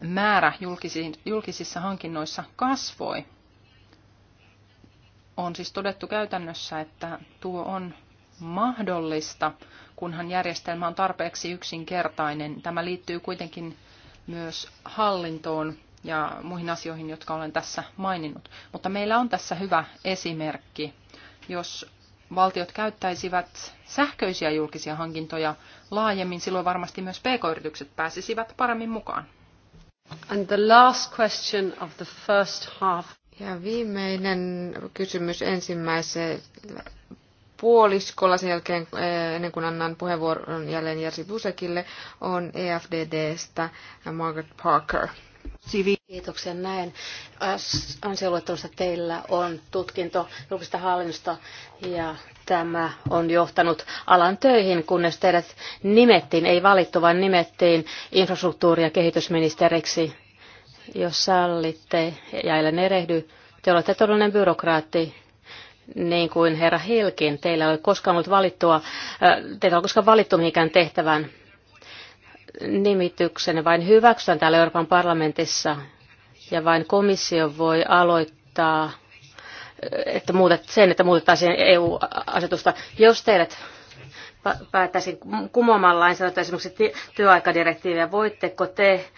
määrä julkisissa hankinnoissa kasvoi. On siis todettu käytännössä, että tuo on mahdollista, kunhan järjestelmä on tarpeeksi yksinkertainen. Tämä liittyy kuitenkin myös hallintoon ja muihin asioihin, jotka olen tässä maininnut. Mutta meillä on tässä hyvä esimerkki. Jos valtiot käyttäisivät sähköisiä julkisia hankintoja laajemmin, silloin varmasti myös pk-yritykset pääsisivät paremmin mukaan. And the last question of the first half. Ja viimeinen kysymys ensimmäisellä puoliskolla sen jälkeen, eh, ennen kuin annan puheenvuoron jälleen Jerzy Busekille, on EFDDstä Margaret Parker. Kiitoksia näin. että teillä on tutkinto julkista hallinnosta ja tämä on johtanut alan töihin, kunnes teidät nimettiin, ei valittu, vaan nimettiin infrastruktuuri- ja kehitysministeriksi. Jos sallitte ja eilen erehdy, te olette todellinen byrokraatti, niin kuin herra Hilkin. Teillä ei ole koskaan ollut valittua, äh, teillä ei ole koskaan valittu mihinkään tehtävään nimityksenne vain hyväksytään täällä Euroopan parlamentissa ja vain komissio voi aloittaa että muutet, sen, että muutettaisiin EU-asetusta. Jos teidät päättäisiin kumoamaan lainsäädäntöä esimerkiksi työaikadirektiiviä, voitteko te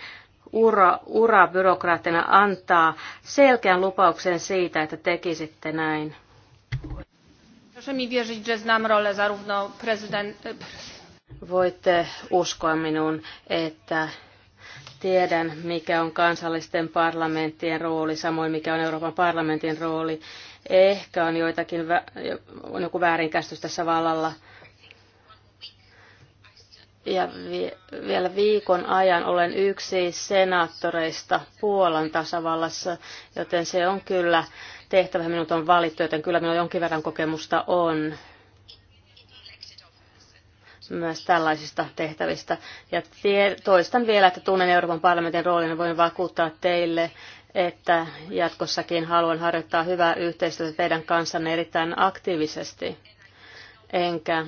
ura, ura byrokraattina antaa selkeän lupauksen siitä, että tekisitte näin? Proszę mi wierzyć, że znam rolę zarówno prezydent, Voitte uskoa minuun, että tiedän, mikä on kansallisten parlamenttien rooli, samoin mikä on Euroopan parlamentin rooli. Ehkä on joitakin, on joku väärinkäsitys tässä vallalla. Ja vielä viikon ajan olen yksi senaattoreista Puolan tasavallassa, joten se on kyllä tehtävä, minut on valittu, joten kyllä minulla jonkin verran kokemusta on myös tällaisista tehtävistä. Ja tie, toistan vielä, että tunnen Euroopan parlamentin roolin ja voin vakuuttaa teille, että jatkossakin haluan harjoittaa hyvää yhteistyötä teidän kanssanne erittäin aktiivisesti, enkä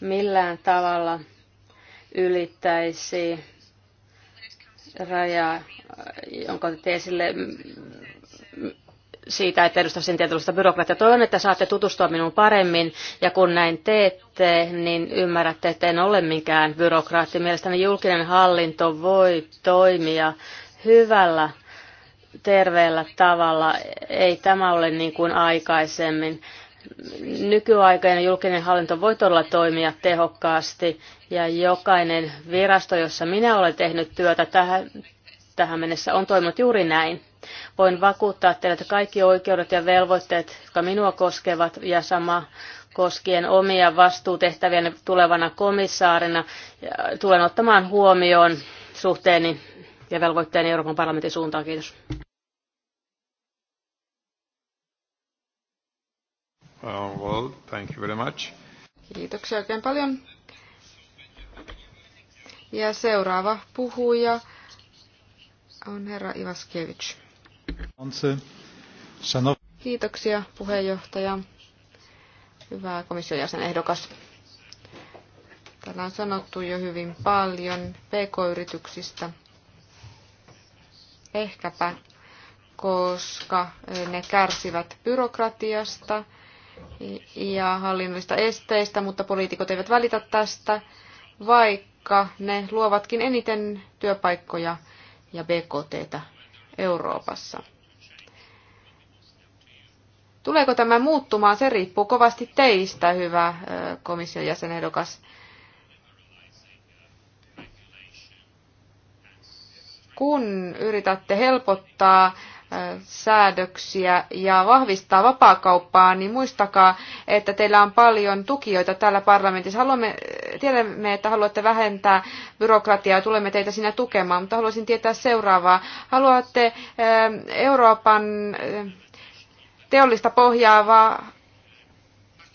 millään tavalla ylittäisi rajaa, jonka otitte esille siitä, että edustan sen tietynlaista byrokratiaa. Toivon, että saatte tutustua minuun paremmin, ja kun näin teette, niin ymmärrätte, että en ole mikään byrokraatti. Mielestäni julkinen hallinto voi toimia hyvällä, terveellä tavalla. Ei tämä ole niin kuin aikaisemmin. Nykyaikainen julkinen hallinto voi todella toimia tehokkaasti, ja jokainen virasto, jossa minä olen tehnyt työtä tähän, tähän mennessä, on toiminut juuri näin Voin vakuuttaa teille, että kaikki oikeudet ja velvoitteet, jotka minua koskevat ja sama koskien omia vastuutehtäviäni tulevana komissaarina, tulen ottamaan huomioon suhteeni ja velvoitteeni Euroopan parlamentin suuntaan. Kiitos. Uh, well, thank you very much. Kiitoksia oikein paljon. Ja seuraava puhuja on herra Ivaskevich. Kiitoksia puheenjohtaja. Hyvä komission jäsenehdokas. Täällä on sanottu jo hyvin paljon pk-yrityksistä. Ehkäpä, koska ne kärsivät byrokratiasta ja hallinnollista esteistä, mutta poliitikot eivät välitä tästä, vaikka ne luovatkin eniten työpaikkoja ja BKTtä Euroopassa. Tuleeko tämä muuttumaan? Se riippuu kovasti teistä, hyvä komission jäsenehdokas. Kun yritätte helpottaa säädöksiä ja vahvistaa vapaakauppaa, niin muistakaa, että teillä on paljon tukijoita täällä parlamentissa. Haluamme, tiedämme, että haluatte vähentää byrokratiaa ja tulemme teitä siinä tukemaan, mutta haluaisin tietää seuraavaa. Haluatte Euroopan teollista pohjaa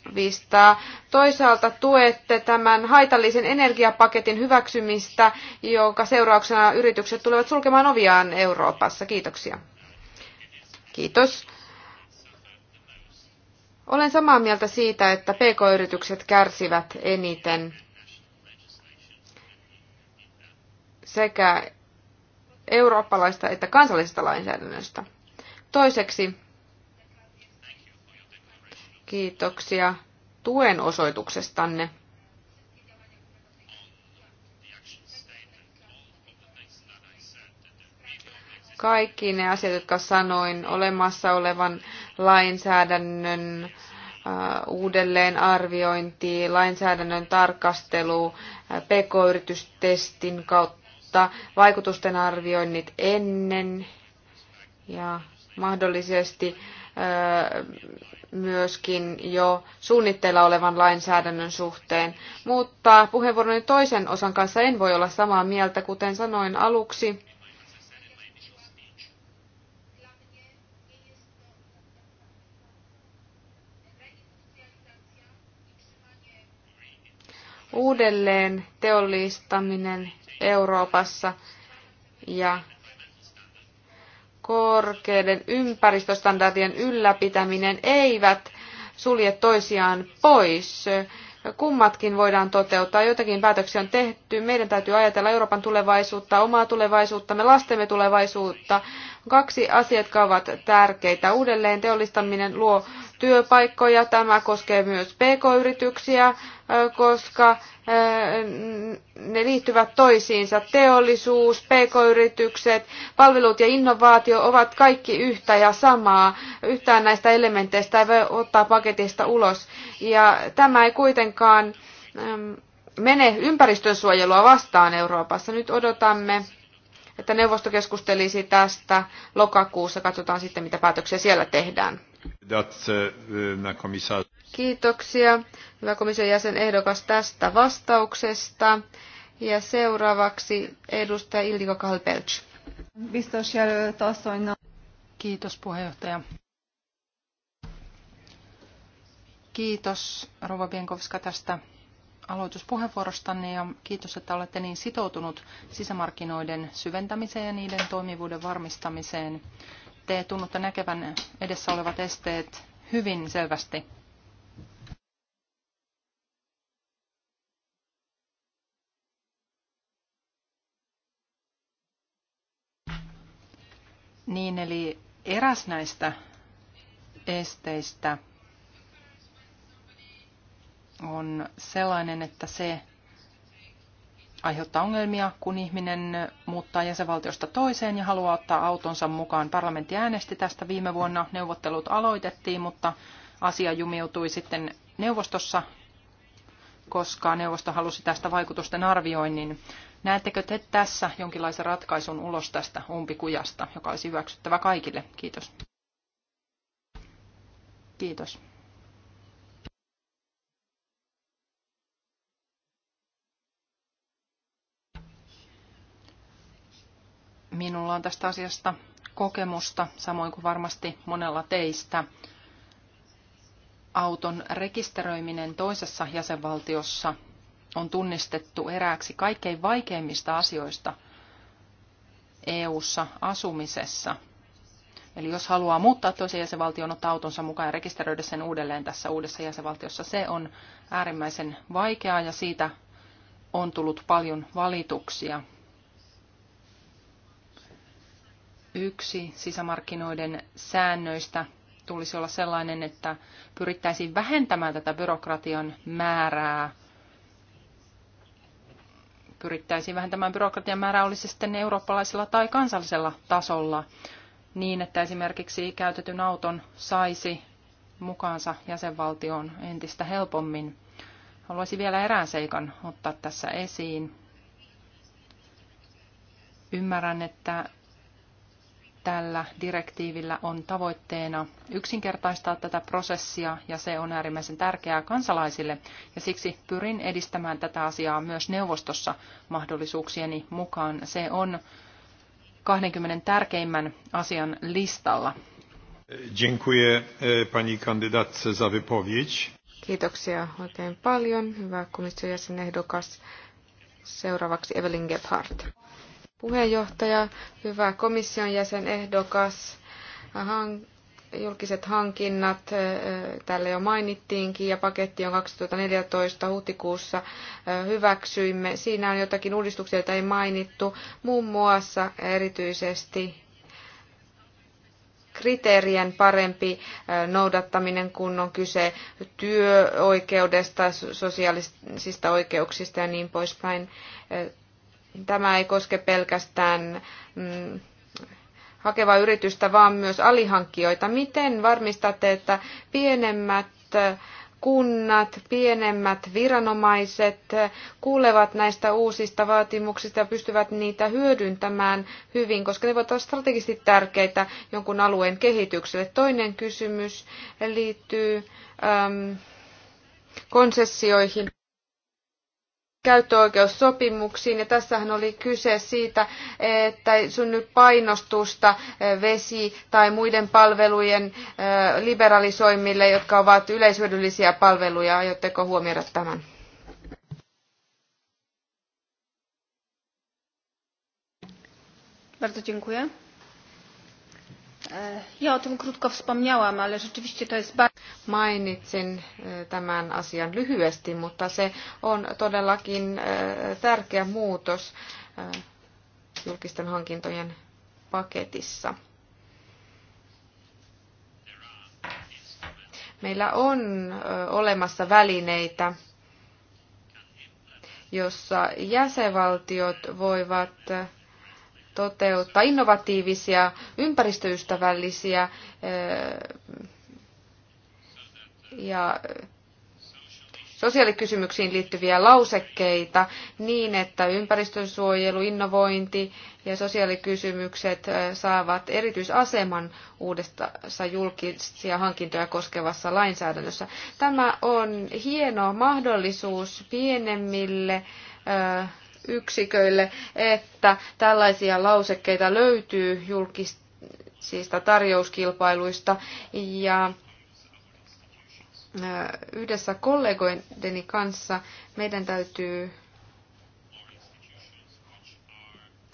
vahvistaa. Toisaalta tuette tämän haitallisen energiapaketin hyväksymistä, jonka seurauksena yritykset tulevat sulkemaan oviaan Euroopassa. Kiitoksia. Kiitos. Olen samaa mieltä siitä, että pk-yritykset kärsivät eniten sekä eurooppalaista että kansallisesta lainsäädännöstä. Toiseksi kiitoksia tuen osoituksestanne. kaikki ne asiat, jotka sanoin olemassa olevan lainsäädännön äh, arviointi, lainsäädännön tarkastelu, äh, pk-yritystestin kautta, vaikutusten arvioinnit ennen ja mahdollisesti äh, myöskin jo suunnitteilla olevan lainsäädännön suhteen. Mutta puheenvuoroni toisen osan kanssa en voi olla samaa mieltä, kuten sanoin aluksi uudelleen teollistaminen Euroopassa ja korkeiden ympäristöstandardien ylläpitäminen eivät sulje toisiaan pois. Kummatkin voidaan toteuttaa, Jotakin päätöksiä on tehty. Meidän täytyy ajatella Euroopan tulevaisuutta, omaa me lastemme tulevaisuutta. Kaksi asiaa, jotka ovat tärkeitä. Uudelleen teollistaminen luo työpaikkoja. Tämä koskee myös pk-yrityksiä koska ne liittyvät toisiinsa. Teollisuus, pk-yritykset, palvelut ja innovaatio ovat kaikki yhtä ja samaa. Yhtään näistä elementeistä ei voi ottaa paketista ulos. Ja tämä ei kuitenkaan mene ympäristönsuojelua vastaan Euroopassa. Nyt odotamme, että neuvosto keskustelisi tästä lokakuussa. Katsotaan sitten, mitä päätöksiä siellä tehdään. Eh, eh, Kiitoksia, hyvä komission jäsen ehdokas tästä vastauksesta. Ja seuraavaksi edustaja Ildiko Kalpelch. Kiitos puheenjohtaja. Kiitos Rova Bienkovska tästä aloituspuheenvuorostanne ja kiitos, että olette niin sitoutunut sisämarkkinoiden syventämiseen ja niiden toimivuuden varmistamiseen te tunnutte näkevän edessä olevat esteet hyvin selvästi. Niin, eli eräs näistä esteistä on sellainen, että se aiheuttaa ongelmia, kun ihminen muuttaa jäsenvaltiosta toiseen ja haluaa ottaa autonsa mukaan. Parlamentti äänesti tästä viime vuonna, neuvottelut aloitettiin, mutta asia jumiutui sitten neuvostossa, koska neuvosto halusi tästä vaikutusten arvioinnin. Näettekö te tässä jonkinlaisen ratkaisun ulos tästä umpikujasta, joka olisi hyväksyttävä kaikille? Kiitos. Kiitos. Minulla on tästä asiasta kokemusta, samoin kuin varmasti monella teistä. Auton rekisteröiminen toisessa jäsenvaltiossa on tunnistettu erääksi kaikkein vaikeimmista asioista EU-ssa asumisessa. Eli jos haluaa muuttaa toisen jäsenvaltion, ottaa autonsa mukaan ja rekisteröidä sen uudelleen tässä uudessa jäsenvaltiossa, se on äärimmäisen vaikeaa ja siitä on tullut paljon valituksia. Yksi sisämarkkinoiden säännöistä tulisi olla sellainen, että pyrittäisiin vähentämään tätä byrokratian määrää. Pyrittäisiin vähentämään byrokratian määrää, olisi se sitten eurooppalaisella tai kansallisella tasolla, niin että esimerkiksi käytetyn auton saisi mukaansa jäsenvaltioon entistä helpommin. Haluaisin vielä erään seikan ottaa tässä esiin. Ymmärrän, että tällä direktiivillä on tavoitteena yksinkertaistaa tätä prosessia ja se on äärimmäisen tärkeää kansalaisille ja siksi pyrin edistämään tätä asiaa myös neuvostossa mahdollisuuksieni mukaan. Se on 20 tärkeimmän asian listalla. Dziękuję e, pani kandydatce za wypowiedź. Kiitoksia oikein paljon, hyvä komission jäsenehdokas. Seuraavaksi Evelyn Gebhardt puheenjohtaja, hyvä komission jäsen ehdokas, julkiset hankinnat, tälle jo mainittiinkin, ja paketti on 2014 huhtikuussa hyväksyimme. Siinä on jotakin uudistuksia, joita ei mainittu, muun muassa erityisesti kriteerien parempi noudattaminen, kun on kyse työoikeudesta, sosiaalisista oikeuksista ja niin poispäin. Tämä ei koske pelkästään mm, hakevaa yritystä, vaan myös alihankkijoita. Miten varmistatte, että pienemmät kunnat, pienemmät viranomaiset kuulevat näistä uusista vaatimuksista ja pystyvät niitä hyödyntämään hyvin, koska ne voivat olla strategisesti tärkeitä jonkun alueen kehitykselle. Toinen kysymys liittyy äm, konsessioihin käyttöoikeussopimuksiin. Ja tässähän oli kyse siitä, että synny painostusta eh, vesi- tai muiden palvelujen eh, liberalisoimille, jotka ovat yleishyödyllisiä palveluja. Aiotteko huomioida tämän? Bardzo dziękuję. E, ja o tym krótko wspomniałam, ale rzeczywiście to jest bardzo... Mainitsin e, tämän asian lyhyesti, mutta se on todellakin e, tärkeä muutos julkisten hankintojen paketissa. Meillä on olemassa välineitä, jossa jäsenvaltiot voivat toteuttaa innovatiivisia, ympäristöystävällisiä ja sosiaalikysymyksiin liittyviä lausekkeita niin, että ympäristönsuojelu, innovointi ja sosiaalikysymykset saavat erityisaseman uudessa julkisia hankintoja koskevassa lainsäädännössä. Tämä on hieno mahdollisuus pienemmille yksiköille, että tällaisia lausekkeita löytyy julkisista tarjouskilpailuista ja yhdessä kollegoideni kanssa meidän täytyy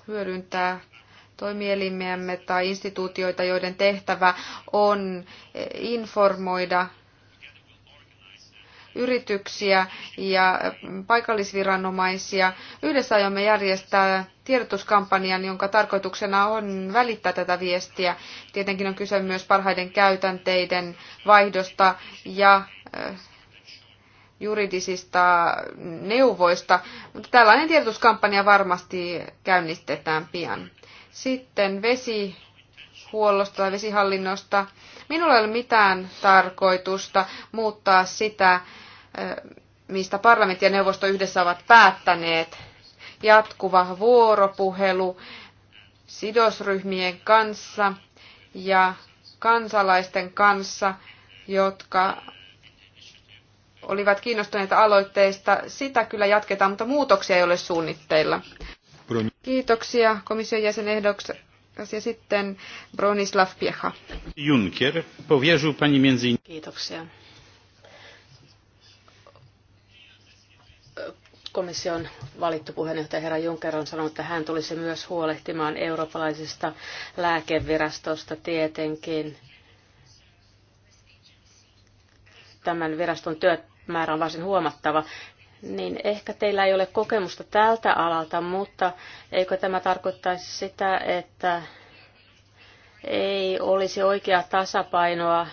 hyödyntää toimielimiämme tai instituutioita, joiden tehtävä on informoida yrityksiä ja paikallisviranomaisia. Yhdessä aiomme järjestää tiedotuskampanjan, jonka tarkoituksena on välittää tätä viestiä. Tietenkin on kyse myös parhaiden käytänteiden vaihdosta ja eh, juridisista neuvoista, mutta tällainen tiedotuskampanja varmasti käynnistetään pian. Sitten vesihuollosta tai vesihallinnosta. Minulla ei ole mitään tarkoitusta muuttaa sitä, mistä parlamentti ja neuvosto yhdessä ovat päättäneet. Jatkuva vuoropuhelu sidosryhmien kanssa ja kansalaisten kanssa, jotka olivat kiinnostuneita aloitteista. Sitä kyllä jatketaan, mutta muutoksia ei ole suunnitteilla. Kiitoksia komission jäsenehdoksi. Ja sitten Bronislav Piecha. Juncker pani między Kiitoksia. komission valittu puheenjohtaja herra Juncker on sanonut, että hän tulisi myös huolehtimaan eurooppalaisesta lääkevirastosta tietenkin. Tämän viraston työmäärä on varsin huomattava. Niin ehkä teillä ei ole kokemusta tältä alalta, mutta eikö tämä tarkoittaisi sitä, että ei olisi oikeaa tasapainoa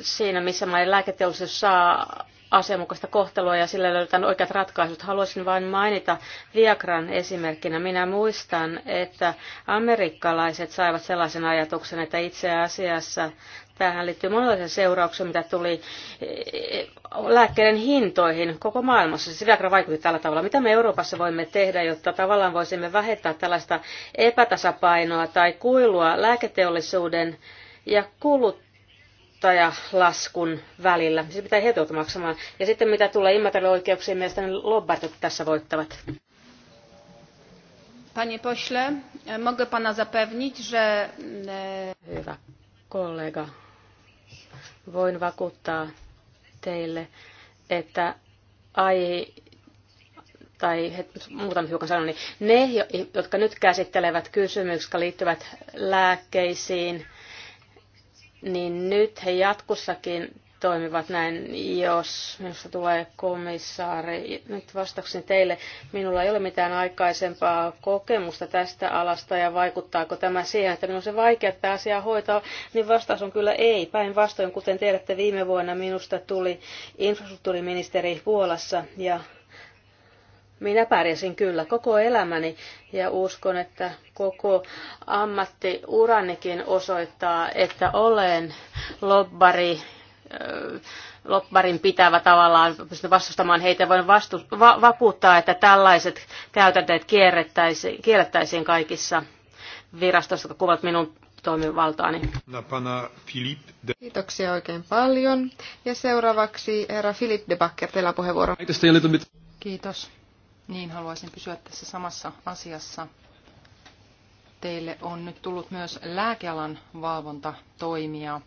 siinä, missä maiden lääketeollisuus saa asianmukaista kohtelua ja sillä löydetään oikeat ratkaisut. Haluaisin vain mainita Viagran esimerkkinä. Minä muistan, että amerikkalaiset saivat sellaisen ajatuksen, että itse asiassa tähän liittyy monenlaisia seurauksia, mitä tuli e, e, lääkkeiden hintoihin koko maailmassa. Siis Viagra vaikutti tällä tavalla. Mitä me Euroopassa voimme tehdä, jotta tavallaan voisimme vähentää tällaista epätasapainoa tai kuilua lääketeollisuuden ja kuluttajien kuluttajalaskun välillä. Se pitää heti joutua maksamaan. Ja sitten mitä tulee immateriaalioikeuksiin, mielestäni niin lobbarit tässä voittavat. Panie pośle, mogę pana zapewnić, że... E, Hyvä kollega, voin vakuuttaa teille, että ai, tai muutaman hiukan sanon, niin ne, jotka nyt käsittelevät kysymyksiä, jotka liittyvät lääkkeisiin, niin nyt he jatkossakin toimivat näin, jos minusta tulee komissaari. Nyt vastaukseni teille, minulla ei ole mitään aikaisempaa kokemusta tästä alasta ja vaikuttaako tämä siihen, että minun on se vaikea tämä asia hoitaa, niin vastaus on kyllä ei. Päinvastoin, kuten tiedätte, viime vuonna minusta tuli infrastruktuuriministeri Puolassa ja minä pärjäsin kyllä koko elämäni ja uskon, että koko ammattiuranikin osoittaa, että olen lobbari lopparin pitävä tavallaan, pystyn vastustamaan heitä, voin vastu, va, vakuuttaa, että tällaiset käytänteet kiellettäisiin, kaikissa virastossa, jotka kuvat minun toimivaltaani. Kiitoksia oikein paljon. Ja seuraavaksi herra Philip de Bakker teillä on puheenvuoro. Kiitos. Niin, haluaisin pysyä tässä samassa asiassa. Teille on nyt tullut myös lääkealan valvontatoimia.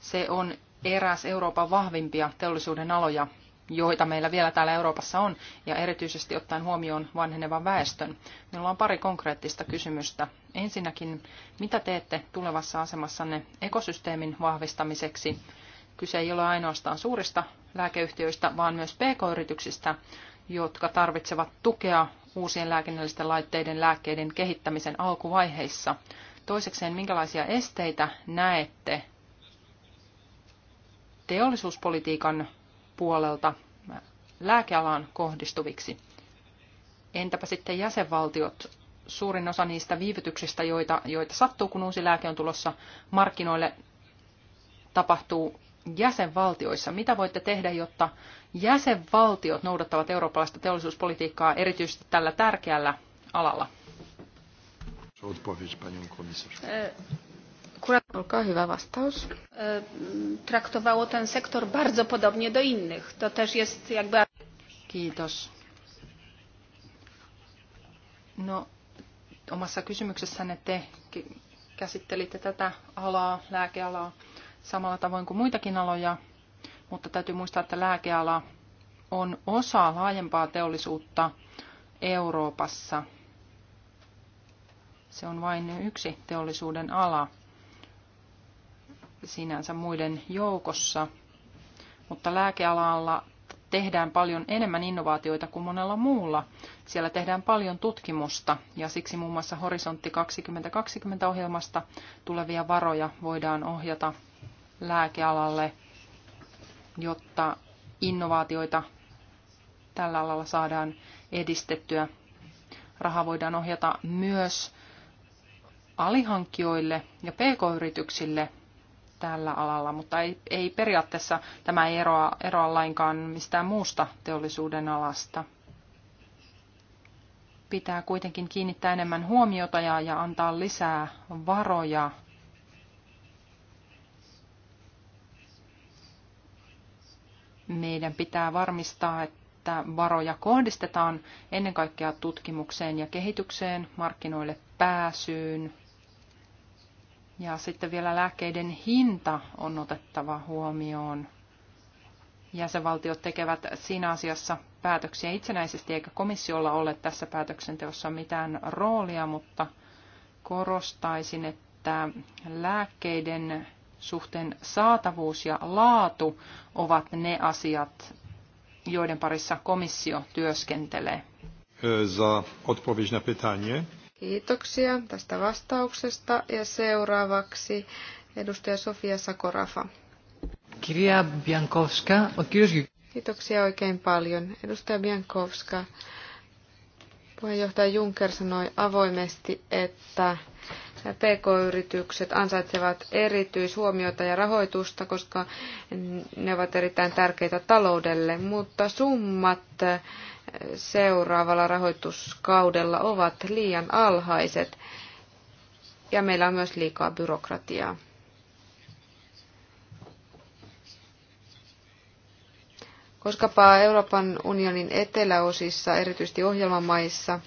Se on eräs Euroopan vahvimpia teollisuuden aloja, joita meillä vielä täällä Euroopassa on, ja erityisesti ottaen huomioon vanhenevan väestön. Minulla on pari konkreettista kysymystä. Ensinnäkin, mitä teette tulevassa asemassanne ekosysteemin vahvistamiseksi? Kyse ei ole ainoastaan suurista lääkeyhtiöistä, vaan myös pk-yrityksistä, jotka tarvitsevat tukea uusien lääkinnällisten laitteiden lääkkeiden kehittämisen alkuvaiheissa. Toisekseen, minkälaisia esteitä näette teollisuuspolitiikan puolelta lääkealaan kohdistuviksi? Entäpä sitten jäsenvaltiot? Suurin osa niistä viivytyksistä, joita, joita sattuu, kun uusi lääke on tulossa markkinoille, tapahtuu jäsenvaltioissa. Mitä voitte tehdä, jotta jäsenvaltiot noudattavat eurooppalaista teollisuuspolitiikkaa erityisesti tällä tärkeällä alalla? Äh, Olkaa hyvä vastaus. Äh, traktowało ten sektor bardzo podobnie do innych. To też jest jakby... Kiitos. No, omassa kysymyksessänne te käsittelitte tätä alaa, lääkealaa, samalla tavoin kuin muitakin aloja, mutta täytyy muistaa, että lääkeala on osa laajempaa teollisuutta Euroopassa. Se on vain yksi teollisuuden ala sinänsä muiden joukossa, mutta lääkealalla tehdään paljon enemmän innovaatioita kuin monella muulla. Siellä tehdään paljon tutkimusta ja siksi muun muassa Horisontti 2020-ohjelmasta tulevia varoja voidaan ohjata lääkealalle – jotta innovaatioita tällä alalla saadaan edistettyä. Raha voidaan ohjata myös alihankkijoille ja pk-yrityksille tällä alalla, mutta ei, ei periaatteessa tämä ei eroa, eroa lainkaan mistään muusta teollisuuden alasta. Pitää kuitenkin kiinnittää enemmän huomiota ja, ja antaa lisää varoja Meidän pitää varmistaa, että varoja kohdistetaan ennen kaikkea tutkimukseen ja kehitykseen, markkinoille pääsyyn. Ja sitten vielä lääkkeiden hinta on otettava huomioon. Jäsenvaltiot tekevät siinä asiassa päätöksiä itsenäisesti, eikä komissiolla ole tässä päätöksenteossa mitään roolia, mutta korostaisin, että lääkkeiden suhteen saatavuus ja laatu ovat ne asiat, joiden parissa komissio työskentelee. Za odpowiedź na pytanie. Kiitoksia tästä vastauksesta ja seuraavaksi edustaja Sofia Sakorafa. Kirja Biankowska, Kiitoksia oikein paljon. Edustaja Biankowska, puheenjohtaja Juncker sanoi avoimesti, että PK-yritykset ansaitsevat erityishuomiota ja rahoitusta, koska ne ovat erittäin tärkeitä taloudelle, mutta summat eh, seuraavalla rahoituskaudella ovat liian alhaiset ja meillä on myös liikaa byrokratiaa. Koskapa Euroopan unionin eteläosissa, erityisesti ohjelmamaissa,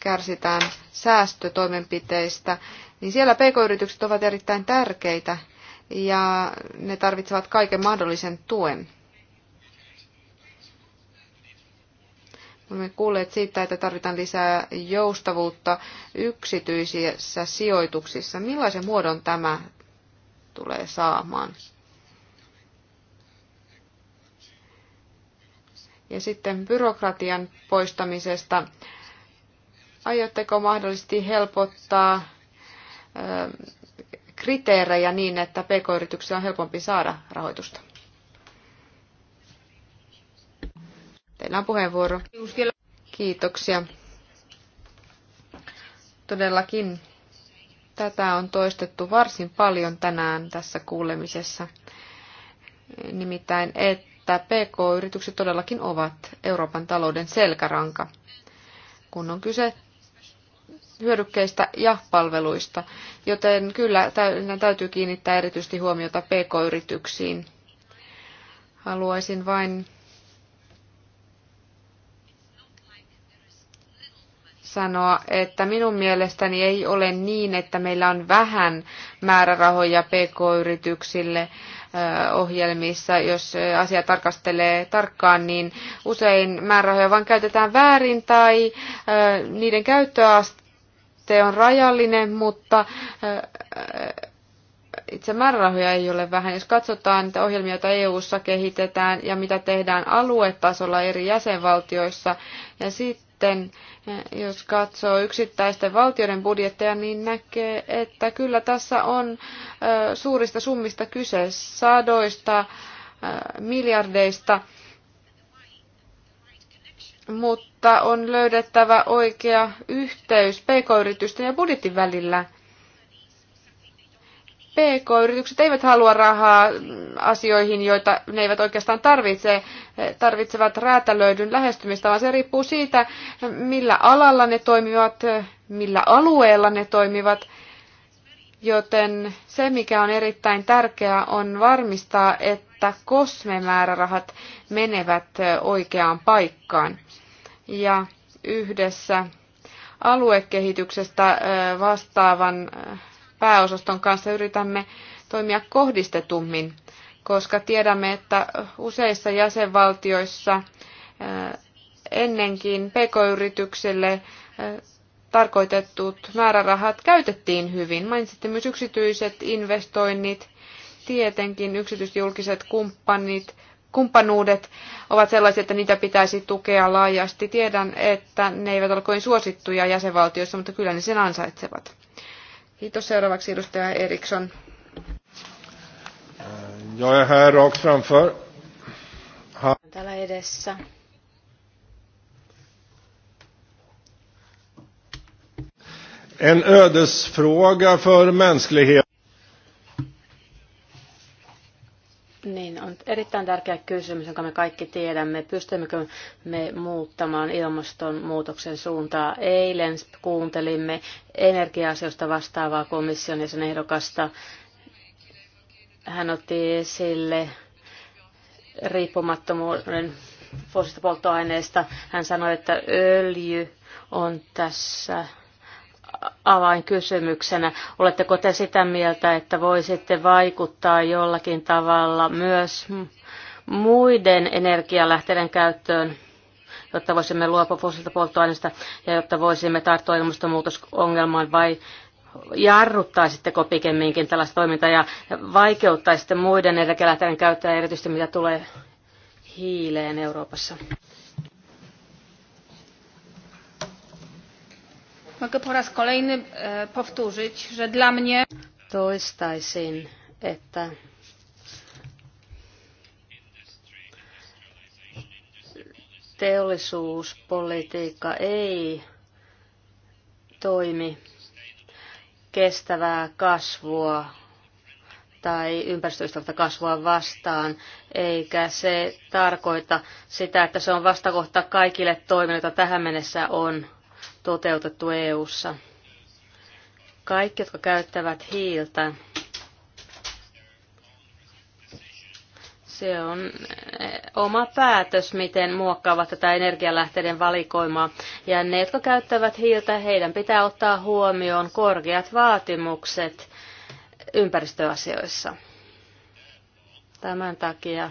kärsitään säästötoimenpiteistä, niin siellä pk-yritykset ovat erittäin tärkeitä ja ne tarvitsevat kaiken mahdollisen tuen. Olemme kuulleet siitä, että tarvitaan lisää joustavuutta yksityisissä sijoituksissa. Millaisen muodon tämä tulee saamaan? Ja sitten byrokratian poistamisesta Aiotteko mahdollisesti helpottaa kriteerejä niin, että pk-yrityksiä on helpompi saada rahoitusta? Teillä on puheenvuoro. Kiitoksia. Todellakin tätä on toistettu varsin paljon tänään tässä kuulemisessa. Nimittäin, että PK-yritykset todellakin ovat Euroopan talouden selkäranka. Kun on kyse hyödykkeistä ja palveluista, joten kyllä täytyy kiinnittää erityisesti huomiota pk-yrityksiin. Haluaisin vain sanoa, että minun mielestäni ei ole niin, että meillä on vähän määrärahoja pk-yrityksille ohjelmissa, jos asia tarkastelee tarkkaan, niin usein määrärahoja vain käytetään väärin tai niiden käyttöaste se on rajallinen, mutta äh, äh, itse määrärahoja ei ole vähän. Jos katsotaan niitä ohjelmia, joita EU-ssa kehitetään ja mitä tehdään aluetasolla eri jäsenvaltioissa, ja sitten äh, jos katsoo yksittäisten valtioiden budjetteja, niin näkee, että kyllä tässä on suurista summista kyse, sadoista miljardeista mutta on löydettävä oikea yhteys pk-yritysten ja budjetin välillä. PK-yritykset eivät halua rahaa asioihin, joita ne eivät oikeastaan tarvitse, tarvitsevat räätälöidyn lähestymistä, vaan se riippuu siitä, millä alalla ne toimivat, millä alueella ne toimivat. Joten se, mikä on erittäin tärkeää, on varmistaa, että että kosmemäärärahat menevät oikeaan paikkaan. Ja yhdessä aluekehityksestä vastaavan pääosaston kanssa yritämme toimia kohdistetummin, koska tiedämme, että useissa jäsenvaltioissa ennenkin pk-yrityksille tarkoitetut määrärahat käytettiin hyvin. Mainitsitte myös yksityiset investoinnit Tietenkin yksityisjulkiset kumppanit, kumppanuudet ovat sellaisia, että niitä pitäisi tukea laajasti. Tiedän, että ne eivät ole kovin suosittuja jäsenvaltioissa, mutta kyllä ne sen ansaitsevat. Kiitos seuraavaksi edustaja Eriksson. Eh, jag är här rakt framför. Täällä edessä. En ödesfråga för mänskligheten. Niin, on erittäin tärkeä kysymys, jonka me kaikki tiedämme. Pystymmekö me muuttamaan ilmastonmuutoksen suuntaa? Eilen kuuntelimme energia-asioista vastaavaa komission ja sen ehdokasta. Hän otti esille riippumattomuuden fossiilista polttoaineista. Hän sanoi, että öljy on tässä avainkysymyksenä. Oletteko te sitä mieltä, että voisitte vaikuttaa jollakin tavalla myös muiden energialähteiden käyttöön, jotta voisimme luopua fossiilista polttoaineista ja jotta voisimme tarttua ilmastonmuutosongelmaan vai jarruttaisitteko pikemminkin tällaista toimintaa ja vaikeuttaisitte muiden energialähteiden käyttöä, erityisesti mitä tulee hiileen Euroopassa? Mogę po raz kolejny e, powtórzyć, że dla mnie... Toistaisin, että teollisuuspolitiikka ei toimi kestävää kasvua tai ympäristöystävältä kasvua vastaan, eikä se tarkoita sitä, että se on vastakohta kaikille toimille, joita tähän mennessä on toteutettu EU:ssa. Kaikki, jotka käyttävät hiiltä, se on eh, oma päätös, miten muokkaavat tätä energialähteiden valikoimaa. Ja ne, jotka käyttävät hiiltä, heidän pitää ottaa huomioon korkeat vaatimukset ympäristöasioissa. Tämän takia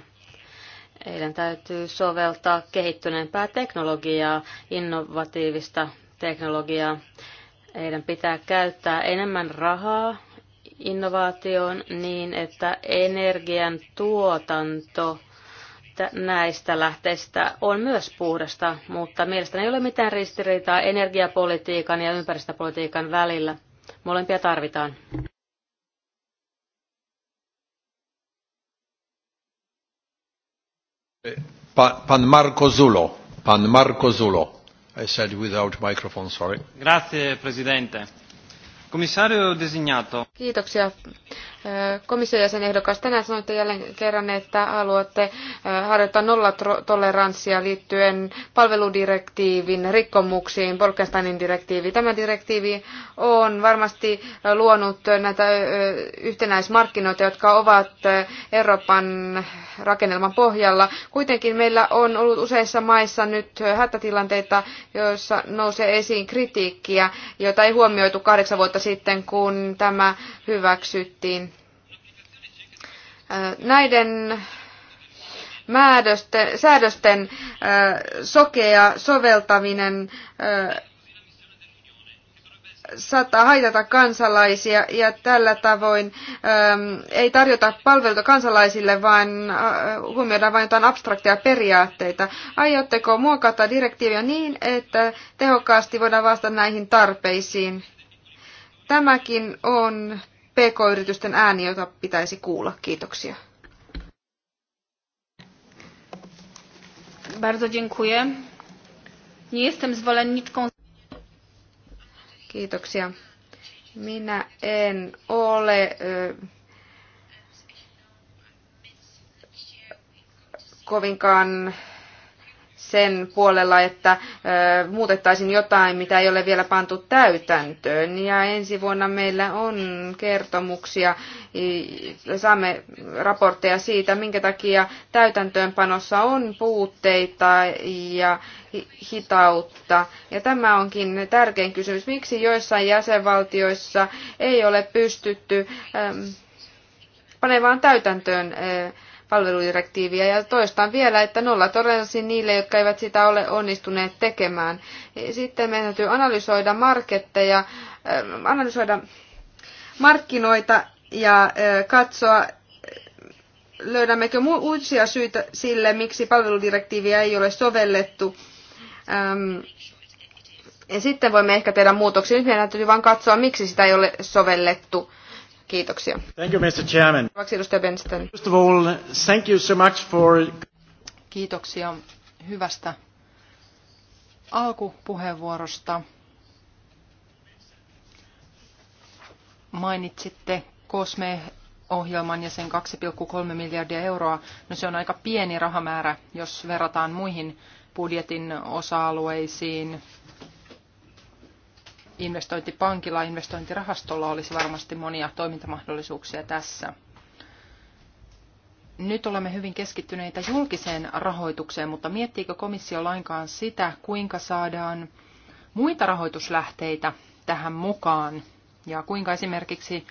heidän täytyy soveltaa kehittyneempää teknologiaa, innovatiivista teknologiaa. Heidän pitää käyttää enemmän rahaa innovaatioon niin, että energian tuotanto näistä lähteistä on myös puhdasta, mutta mielestäni ei ole mitään ristiriitaa energiapolitiikan ja ympäristöpolitiikan välillä. Molempia tarvitaan. Pan Marco Zulo. Pan Marco Zulo. I said Komissaario, designato. Kiitoksia komission jäsenehdokas, tänään sanoitte jälleen kerran, että haluatte harjoittaa nollatoleranssia liittyen palveludirektiivin rikkomuksiin, Bolkestainin direktiivi. Tämä direktiivi on varmasti luonut näitä yhtenäismarkkinoita, jotka ovat Euroopan rakennelman pohjalla. Kuitenkin meillä on ollut useissa maissa nyt hätätilanteita, joissa nousee esiin kritiikkiä, jota ei huomioitu kahdeksan vuotta sitten, kun tämä hyväksyttiin Näiden määdösten, säädösten sokea soveltaminen saattaa haitata kansalaisia ja tällä tavoin äm, ei tarjota palveluita kansalaisille, vaan äh, huomioidaan vain jotain abstrakteja periaatteita. Aiotteko muokata direktiiviä niin, että tehokkaasti voidaan vastata näihin tarpeisiin? Tämäkin on PK-yritysten ääni, jota pitäisi kuulla. Kiitoksia. Bardzo dziękuję. Nie jestem zwolenniczką. Kiitoksia. Minä en ole ö, e, kovinkaan sen puolella, että muutettaisiin jotain, mitä ei ole vielä pantu täytäntöön. Ja ensi vuonna meillä on kertomuksia, saamme raportteja siitä, minkä takia täytäntöönpanossa on puutteita ja hitautta. Ja tämä onkin tärkein kysymys. Miksi joissain jäsenvaltioissa ei ole pystytty panemaan täytäntöön palveludirektiiviä. Ja toistan vielä, että nolla toleranssi niille, jotka eivät sitä ole onnistuneet tekemään. Sitten meidän täytyy analysoida marketteja, ähm, analysoida markkinoita ja äh, katsoa, äh, löydämmekö uusia syitä sille, miksi palveludirektiiviä ei ole sovellettu. Ähm, ja sitten voimme ehkä tehdä muutoksia. Nyt meidän täytyy vain katsoa, miksi sitä ei ole sovellettu. Kiitoksia. Thank you, Mr. Chairman. Benston. First of all, thank you so much for... Kiitoksia hyvästä alkupuheenvuorosta. Mainitsitte COSME-ohjelman ja sen 2,3 miljardia euroa. No se on aika pieni rahamäärä, jos verrataan muihin budjetin osa-alueisiin, investointipankilla, investointirahastolla olisi varmasti monia toimintamahdollisuuksia tässä. Nyt olemme hyvin keskittyneitä julkiseen rahoitukseen, mutta miettiikö komissio lainkaan sitä, kuinka saadaan muita rahoituslähteitä tähän mukaan ja kuinka esimerkiksi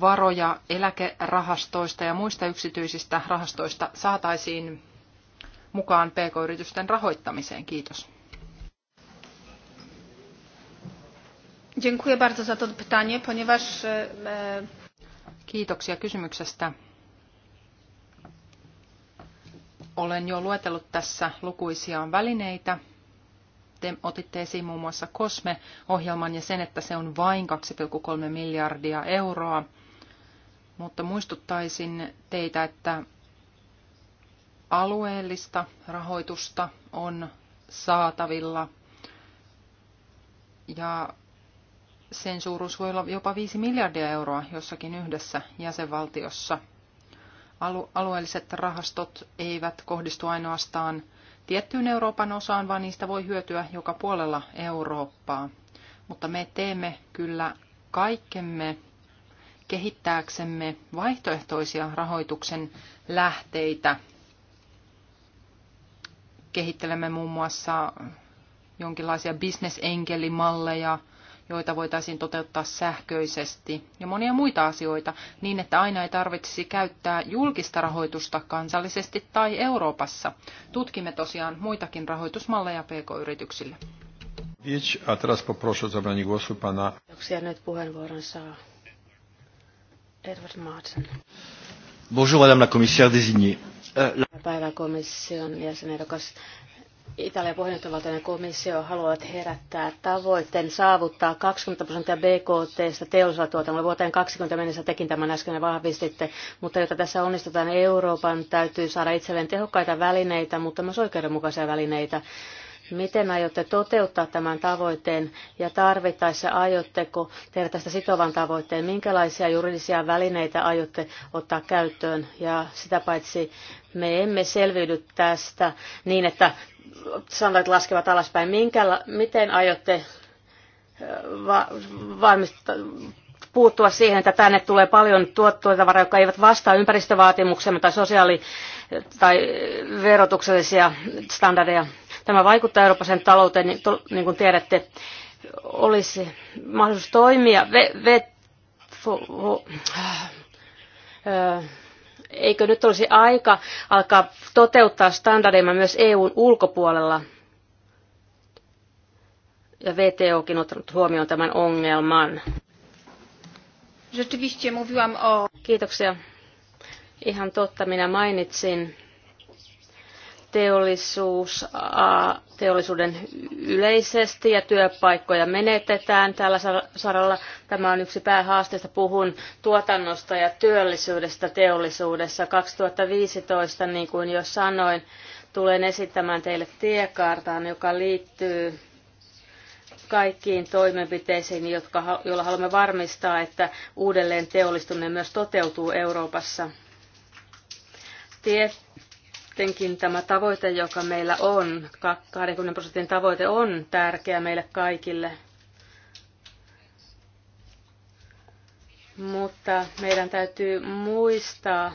varoja eläkerahastoista ja muista yksityisistä rahastoista saataisiin mukaan pk-yritysten rahoittamiseen. Kiitos. Dziękuję bardzo za to pytanie, ponieważ... E, Kiitoksia kysymyksestä. Olen jo luetellut tässä lukuisia välineitä. Te otitte esiin muun muassa COSME-ohjelman ja sen, että se on vain 2,3 miljardia euroa. Mutta muistuttaisin teitä, että alueellista rahoitusta on saatavilla ja sen suuruus voi olla jopa 5 miljardia euroa jossakin yhdessä jäsenvaltiossa. Alueelliset rahastot eivät kohdistu ainoastaan tiettyyn Euroopan osaan, vaan niistä voi hyötyä joka puolella Eurooppaa. Mutta me teemme kyllä kaikkemme kehittääksemme vaihtoehtoisia rahoituksen lähteitä. Kehittelemme muun muassa jonkinlaisia bisnesenkelimalleja – joita voitaisiin toteuttaa sähköisesti ja monia muita asioita niin, että aina ei tarvitsisi käyttää julkista rahoitusta kansallisesti tai Euroopassa. Tutkimme tosiaan muitakin rahoitusmalleja pk-yrityksille. Kiitoksia nyt puheenvuoron saa Edward Martin. Bonjour madame la commissaire désignée. Euh, Päiväkomission jäsenehdokas Italian puheenjohtajavaltainen komissio haluavat herättää tavoitteen saavuttaa 20 prosenttia BKT teollisella tuotannolla vuoteen 20 mennessä. Tekin tämän äsken vahvistitte, mutta jotta tässä onnistutaan, Euroopan täytyy saada itselleen tehokkaita välineitä, mutta myös oikeudenmukaisia välineitä Miten aiotte toteuttaa tämän tavoitteen ja tarvittaessa aiotteko tehdä tästä sitovan tavoitteen? Minkälaisia juridisia välineitä aiotte ottaa käyttöön? Ja sitä paitsi me emme selviydy tästä niin, että standardit laskevat alaspäin. Minkäla- miten aiotte va- varmistaa, puuttua siihen, että tänne tulee paljon tuottotavaraa, jotka eivät vastaa ympäristövaatimuksemme tai sosiaali- tai verotuksellisia standardeja. Tämä vaikuttaa Euroopan talouteen, niin, niin kuin tiedätte, olisi mahdollisuus toimia. Ve, ve, fu, fu, äh, eikö nyt olisi aika alkaa toteuttaa standardeja myös EUn ulkopuolella? Ja VTOkin ottanut huomioon tämän ongelman. Kiitoksia. Ihan totta, minä mainitsin teollisuus, teollisuuden yleisesti ja työpaikkoja menetetään tällä saralla. Tämä on yksi päähaasteista. Puhun tuotannosta ja työllisyydestä teollisuudessa. 2015, niin kuin jo sanoin, tulen esittämään teille tiekartan, joka liittyy kaikkiin toimenpiteisiin, jotka, joilla haluamme varmistaa, että uudelleen teollistuminen myös toteutuu Euroopassa. Tiet Tietenkin tämä tavoite, joka meillä on, 20 prosentin tavoite on tärkeä meille kaikille. Mutta meidän täytyy muistaa,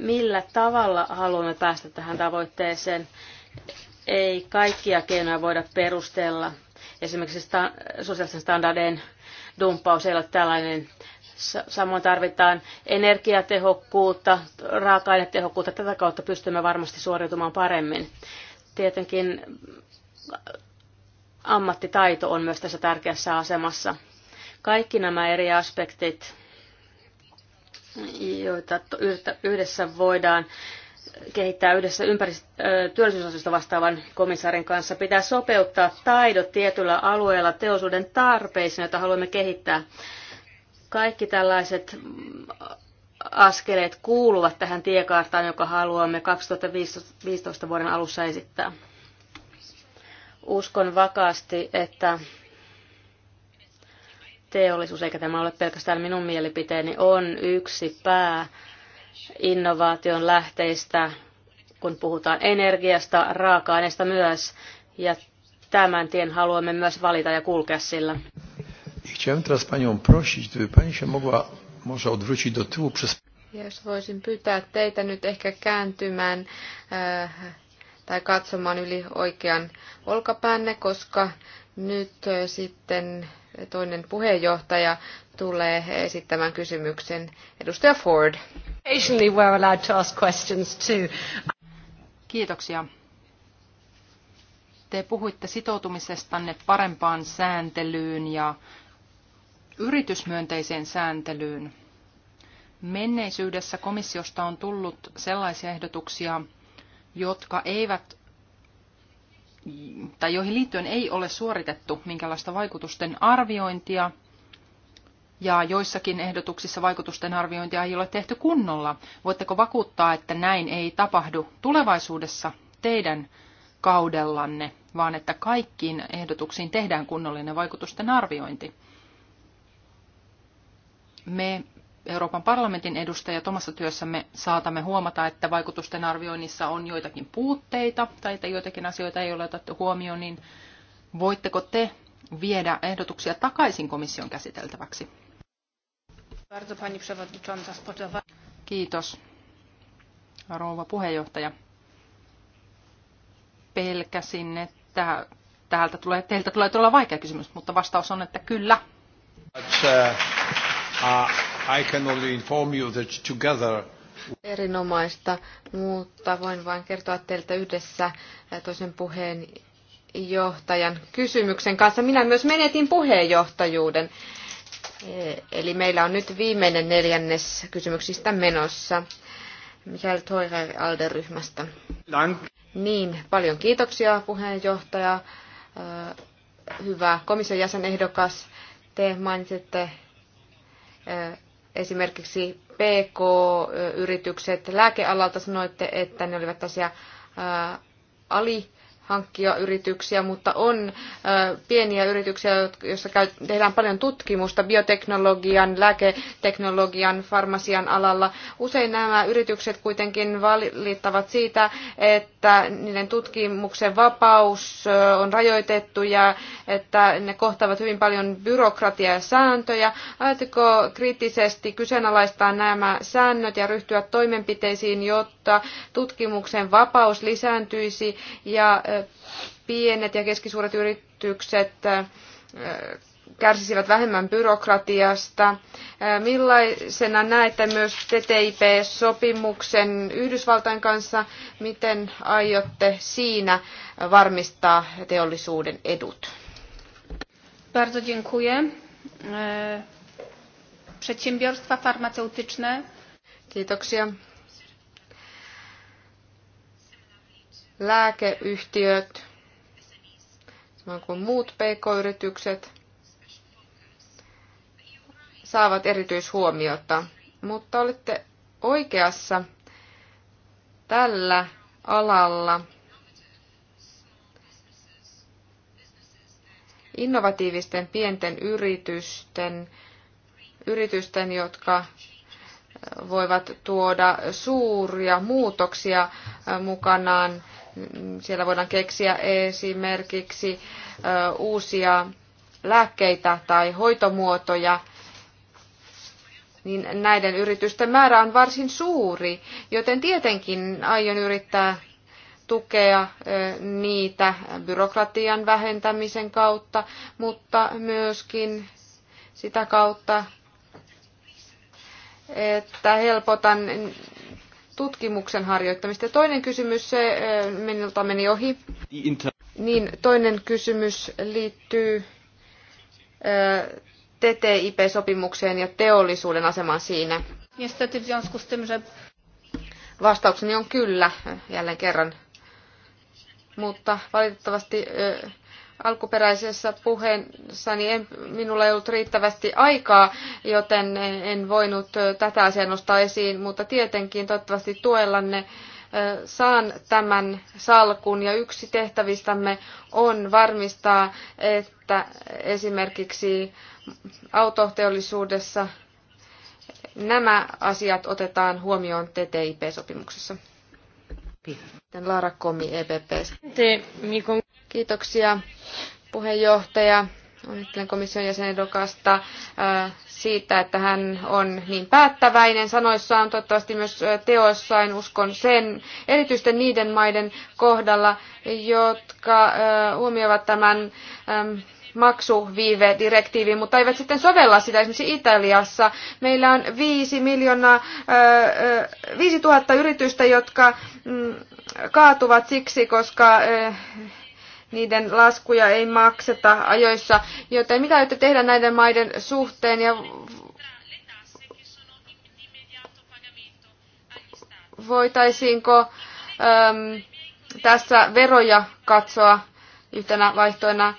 millä tavalla haluamme päästä tähän tavoitteeseen. Ei kaikkia keinoja voida perustella. Esimerkiksi sta- sosiaalisen standardien dumppaus ei ole tällainen Samoin tarvitaan energiatehokkuutta, raaka-ainetehokkuutta. Tätä kautta pystymme varmasti suoriutumaan paremmin. Tietenkin äh, ammattitaito on myös tässä tärkeässä asemassa. Kaikki nämä eri aspektit, joita yhdessä voidaan kehittää yhdessä ympärist- työllisyysasioista vastaavan komissaarin kanssa, pitää sopeuttaa taidot tietyllä alueella teollisuuden tarpeisiin, joita haluamme kehittää kaikki tällaiset mm, askeleet kuuluvat tähän tiekarttaan, joka haluamme 2015 vuoden alussa esittää. Uskon vakaasti, että teollisuus, eikä tämä ole pelkästään minun mielipiteeni, on yksi pää innovaation lähteistä, kun puhutaan energiasta, raaka-aineista myös, ja tämän tien haluamme myös valita ja kulkea sillä. Chciałem teraz Panią prosić, gdyby Pani się mogła może odwrócić do tyłu przez... Jos voisin pyytää teitä nyt ehkä kääntymään äh, tai katsomaan yli oikean olkapäänne, koska nyt eh, sitten toinen puheenjohtaja tulee esittämään kysymyksen. Edustaja Ford. Occasionally we're allowed to ask questions too. Kiitoksia. Te puhuitte sitoutumisestanne parempaan sääntelyyn ja yritysmyönteiseen sääntelyyn. Menneisyydessä komissiosta on tullut sellaisia ehdotuksia, jotka eivät tai joihin liittyen ei ole suoritettu minkälaista vaikutusten arviointia, ja joissakin ehdotuksissa vaikutusten arviointia ei ole tehty kunnolla. Voitteko vakuuttaa, että näin ei tapahdu tulevaisuudessa teidän kaudellanne, vaan että kaikkiin ehdotuksiin tehdään kunnollinen vaikutusten arviointi? Me Euroopan parlamentin edustajat omassa työssämme saatamme huomata, että vaikutusten arvioinnissa on joitakin puutteita tai että joitakin asioita ei ole otettu huomioon, niin voitteko te viedä ehdotuksia takaisin komission käsiteltäväksi? Kiitos, rouva puheenjohtaja. Pelkäsin, että täältä tulee, teiltä tulee tulla vaikea kysymys, mutta vastaus on, että kyllä. But, uh... Uh, I can only inform you that together Erinomaista, mutta voin vain kertoa teiltä yhdessä äh, toisen puheen johtajan kysymyksen kanssa. Minä myös menetin puheenjohtajuuden. Äh, eli meillä on nyt viimeinen neljännes kysymyksistä menossa. Michael Toirer Alderyhmästä. Niin, paljon kiitoksia puheenjohtaja. Äh, hyvä komission jäsenehdokas. Te mainitsitte Esimerkiksi PK-yritykset lääkealalta sanoitte, että ne olivat tässä ali hankkia yrityksiä, mutta on pieniä yrityksiä, joissa tehdään paljon tutkimusta bioteknologian, lääketeknologian, farmasian alalla. Usein nämä yritykset kuitenkin valittavat siitä, että niiden tutkimuksen vapaus on rajoitettu ja että ne kohtaavat hyvin paljon byrokratiaa ja sääntöjä. Ajatteko kriittisesti kyseenalaistaa nämä säännöt ja ryhtyä toimenpiteisiin, jotta tutkimuksen vapaus lisääntyisi ja pienet ja keskisuuret yritykset kärsisivät vähemmän byrokratiasta. Millaisena näette myös TTIP-sopimuksen Yhdysvaltain kanssa? Miten aiotte siinä varmistaa teollisuuden edut? Bardzo dziękuję. E, przedsiębiorstwa farmaceutyczne. Kiitoksia. lääkeyhtiöt, samoin kuin muut pk-yritykset, saavat erityishuomiota. Mutta olette oikeassa tällä alalla. innovatiivisten pienten yritysten, yritysten, jotka voivat tuoda suuria muutoksia mukanaan siellä voidaan keksiä esimerkiksi uusia lääkkeitä tai hoitomuotoja, niin näiden yritysten määrä on varsin suuri, joten tietenkin aion yrittää tukea niitä byrokratian vähentämisen kautta, mutta myöskin sitä kautta, että helpotan tutkimuksen harjoittamista. Ja toinen kysymys, se eh, minulta meni ohi. Niin, toinen kysymys liittyy eh, TTIP-sopimukseen ja teollisuuden asemaan siinä. Vastaukseni on kyllä, jälleen kerran. Mutta valitettavasti eh, alkuperäisessä puheessani niin en, minulla ei ollut riittävästi aikaa, joten en, voinut tätä asiaa nostaa esiin, mutta tietenkin toivottavasti tuellanne saan tämän salkun ja yksi tehtävistämme on varmistaa, että esimerkiksi autoteollisuudessa nämä asiat otetaan huomioon TTIP-sopimuksessa. Laara Komi, EPP. Kiitoksia puheenjohtaja. Onnittelen komission jäsenehdokasta äh, siitä, että hän on niin päättäväinen sanoissaan, toivottavasti myös äh, teoissaan, uskon sen, erityisesti niiden maiden kohdalla, jotka äh, huomioivat tämän ähm, maksuviivedirektiiviin, mutta eivät sitten sovella sitä esimerkiksi Italiassa. Meillä on 5 miljoonaa, 5 000 yritystä, jotka mm, kaatuvat siksi, koska niiden laskuja ei makseta ajoissa. Joten mitä aiotte tehdä näiden maiden suhteen ja voitaisiinko äm, tässä veroja katsoa yhtenä vaihtoena?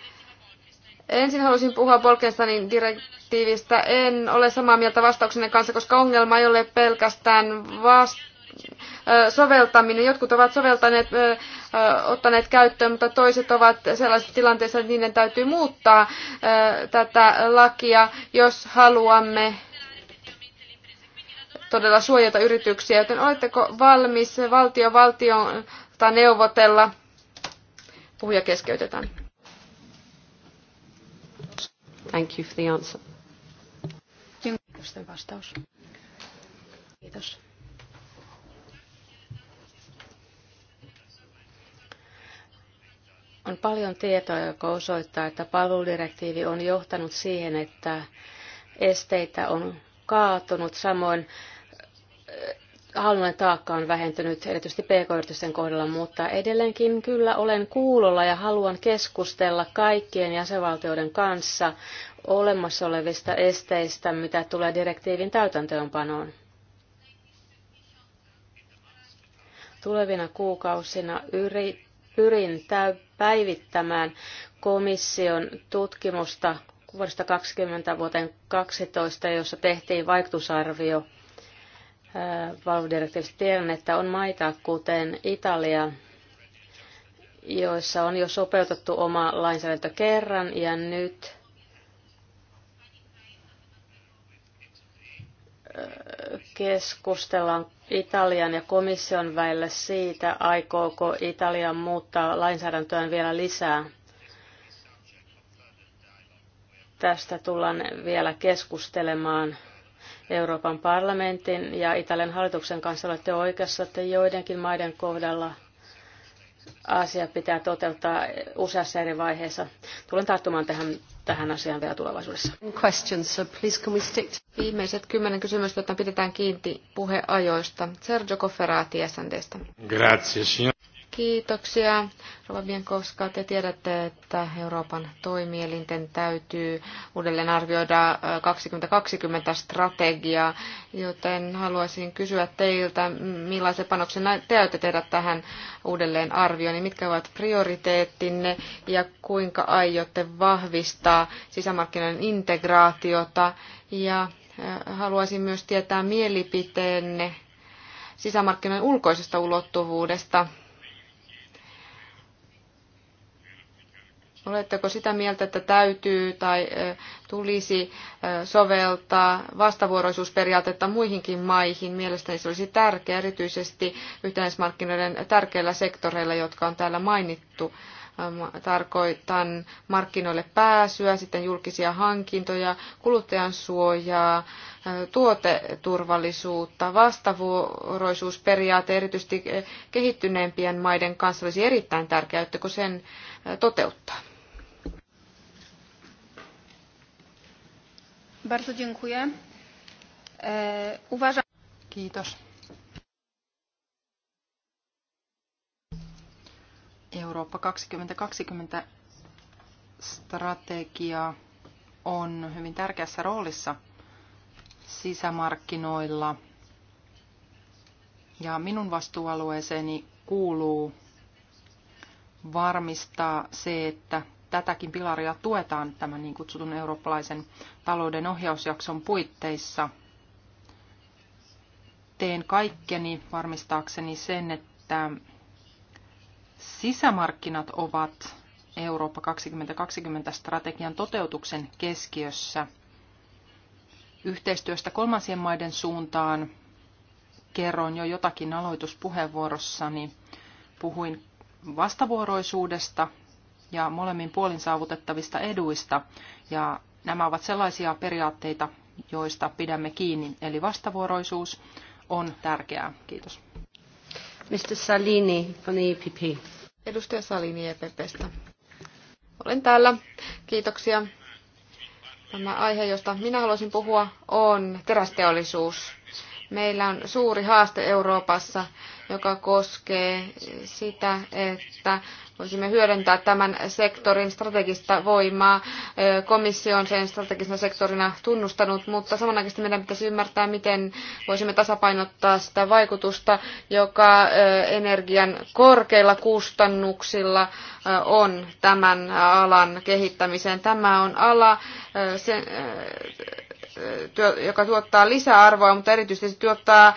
Ensin haluaisin puhua Bolkensteinin direktiivistä. En ole samaa mieltä vastauksenne kanssa, koska ongelma ei ole pelkästään vasta soveltaminen. Jotkut ovat soveltaneet, ottaneet käyttöön, mutta toiset ovat sellaisessa tilanteessa, että niiden täytyy muuttaa tätä lakia, jos haluamme todella suojata yrityksiä. Joten oletteko valmis valtio valtiota neuvotella? Puhuja keskeytetään. Thank you for the answer. Kiitos Kiitos. On paljon tietoa, joka osoittaa, että palveludirektiivi on johtanut siihen, että esteitä on kaatunut. Samoin äh, hallinnollinen taakka on vähentynyt erityisesti pk-yritysten kohdalla, mutta edelleenkin kyllä olen kuulolla ja haluan keskustella kaikkien jäsenvaltioiden kanssa olemassa olevista esteistä, mitä tulee direktiivin täytäntöönpanoon. Tulevina kuukausina yri, pyrin täyttämään päivittämään komission tutkimusta vuodesta 20 vuoteen 2012, jossa tehtiin vaikutusarvio äh, valvodirektiivistä. Tiedän, että on maita, kuten Italia, joissa on jo sopeutettu oma lainsäädäntö kerran ja nyt äh, keskustellaan Italian ja komission välillä siitä, aikooko Italia muuttaa lainsäädäntöään vielä lisää. Tästä tullaan vielä keskustelemaan Euroopan parlamentin ja Italian hallituksen kanssa. Olette oikeassa, että joidenkin maiden kohdalla asia pitää toteuttaa useassa eri vaiheessa. Tulen tarttumaan tähän tähän asiaan vielä tulevaisuudessa. Viimeiset kymmenen kysymystä, jotta pidetään kiinti puheajoista. Sergio Cofferati SNDstä. Grazie, signor. Kiitoksia, Rova Bienkowska, Te tiedätte, että Euroopan toimielinten täytyy uudelleen arvioida 2020-strategiaa, äh, joten haluaisin kysyä teiltä, millaisen panoksen te aiotte tehdä tähän uudelleen arvioon, niin mitkä ovat prioriteettinne ja kuinka aiotte vahvistaa sisämarkkinoiden integraatiota ja äh, haluaisin myös tietää mielipiteenne sisämarkkinoiden ulkoisesta ulottuvuudesta – Oletteko sitä mieltä, että täytyy tai tulisi soveltaa vastavuoroisuusperiaatetta muihinkin maihin? Mielestäni se olisi tärkeää erityisesti yhtenäismarkkinoiden tärkeillä sektoreilla, jotka on täällä mainittu. Tarkoitan markkinoille pääsyä, sitten julkisia hankintoja, kuluttajan suojaa, tuoteturvallisuutta, vastavuoroisuusperiaate erityisesti kehittyneempien maiden kanssa olisi erittäin tärkeää, että sen toteuttaa. Bardzo dziękuję. E, uważam... Kiitos. Eurooppa 2020 strategia on hyvin tärkeässä roolissa sisämarkkinoilla. Ja minun vastuualueeseeni kuuluu varmistaa se, että tätäkin pilaria tuetaan tämän niin kutsutun eurooppalaisen talouden ohjausjakson puitteissa. Teen kaikkeni varmistaakseni sen, että sisämarkkinat ovat Eurooppa 2020 strategian toteutuksen keskiössä. Yhteistyöstä kolmansien maiden suuntaan kerroin jo jotakin aloituspuheenvuorossani. Puhuin vastavuoroisuudesta ja molemmin puolin saavutettavista eduista. Ja nämä ovat sellaisia periaatteita, joista pidämme kiinni, eli vastavuoroisuus on tärkeää. Kiitos. Mr. Salini from the EPP. Edustaja Salini EPPstä. Olen täällä. Kiitoksia. Tämä aihe, josta minä haluaisin puhua, on terästeollisuus. Meillä on suuri haaste Euroopassa joka koskee sitä, että voisimme hyödyntää tämän sektorin strategista voimaa. Komissio on sen strategisena sektorina tunnustanut, mutta samanaikaisesti meidän pitäisi ymmärtää, miten voisimme tasapainottaa sitä vaikutusta, joka energian korkeilla kustannuksilla on tämän alan kehittämiseen. Tämä on ala, se, joka tuottaa lisäarvoa, mutta erityisesti se tuottaa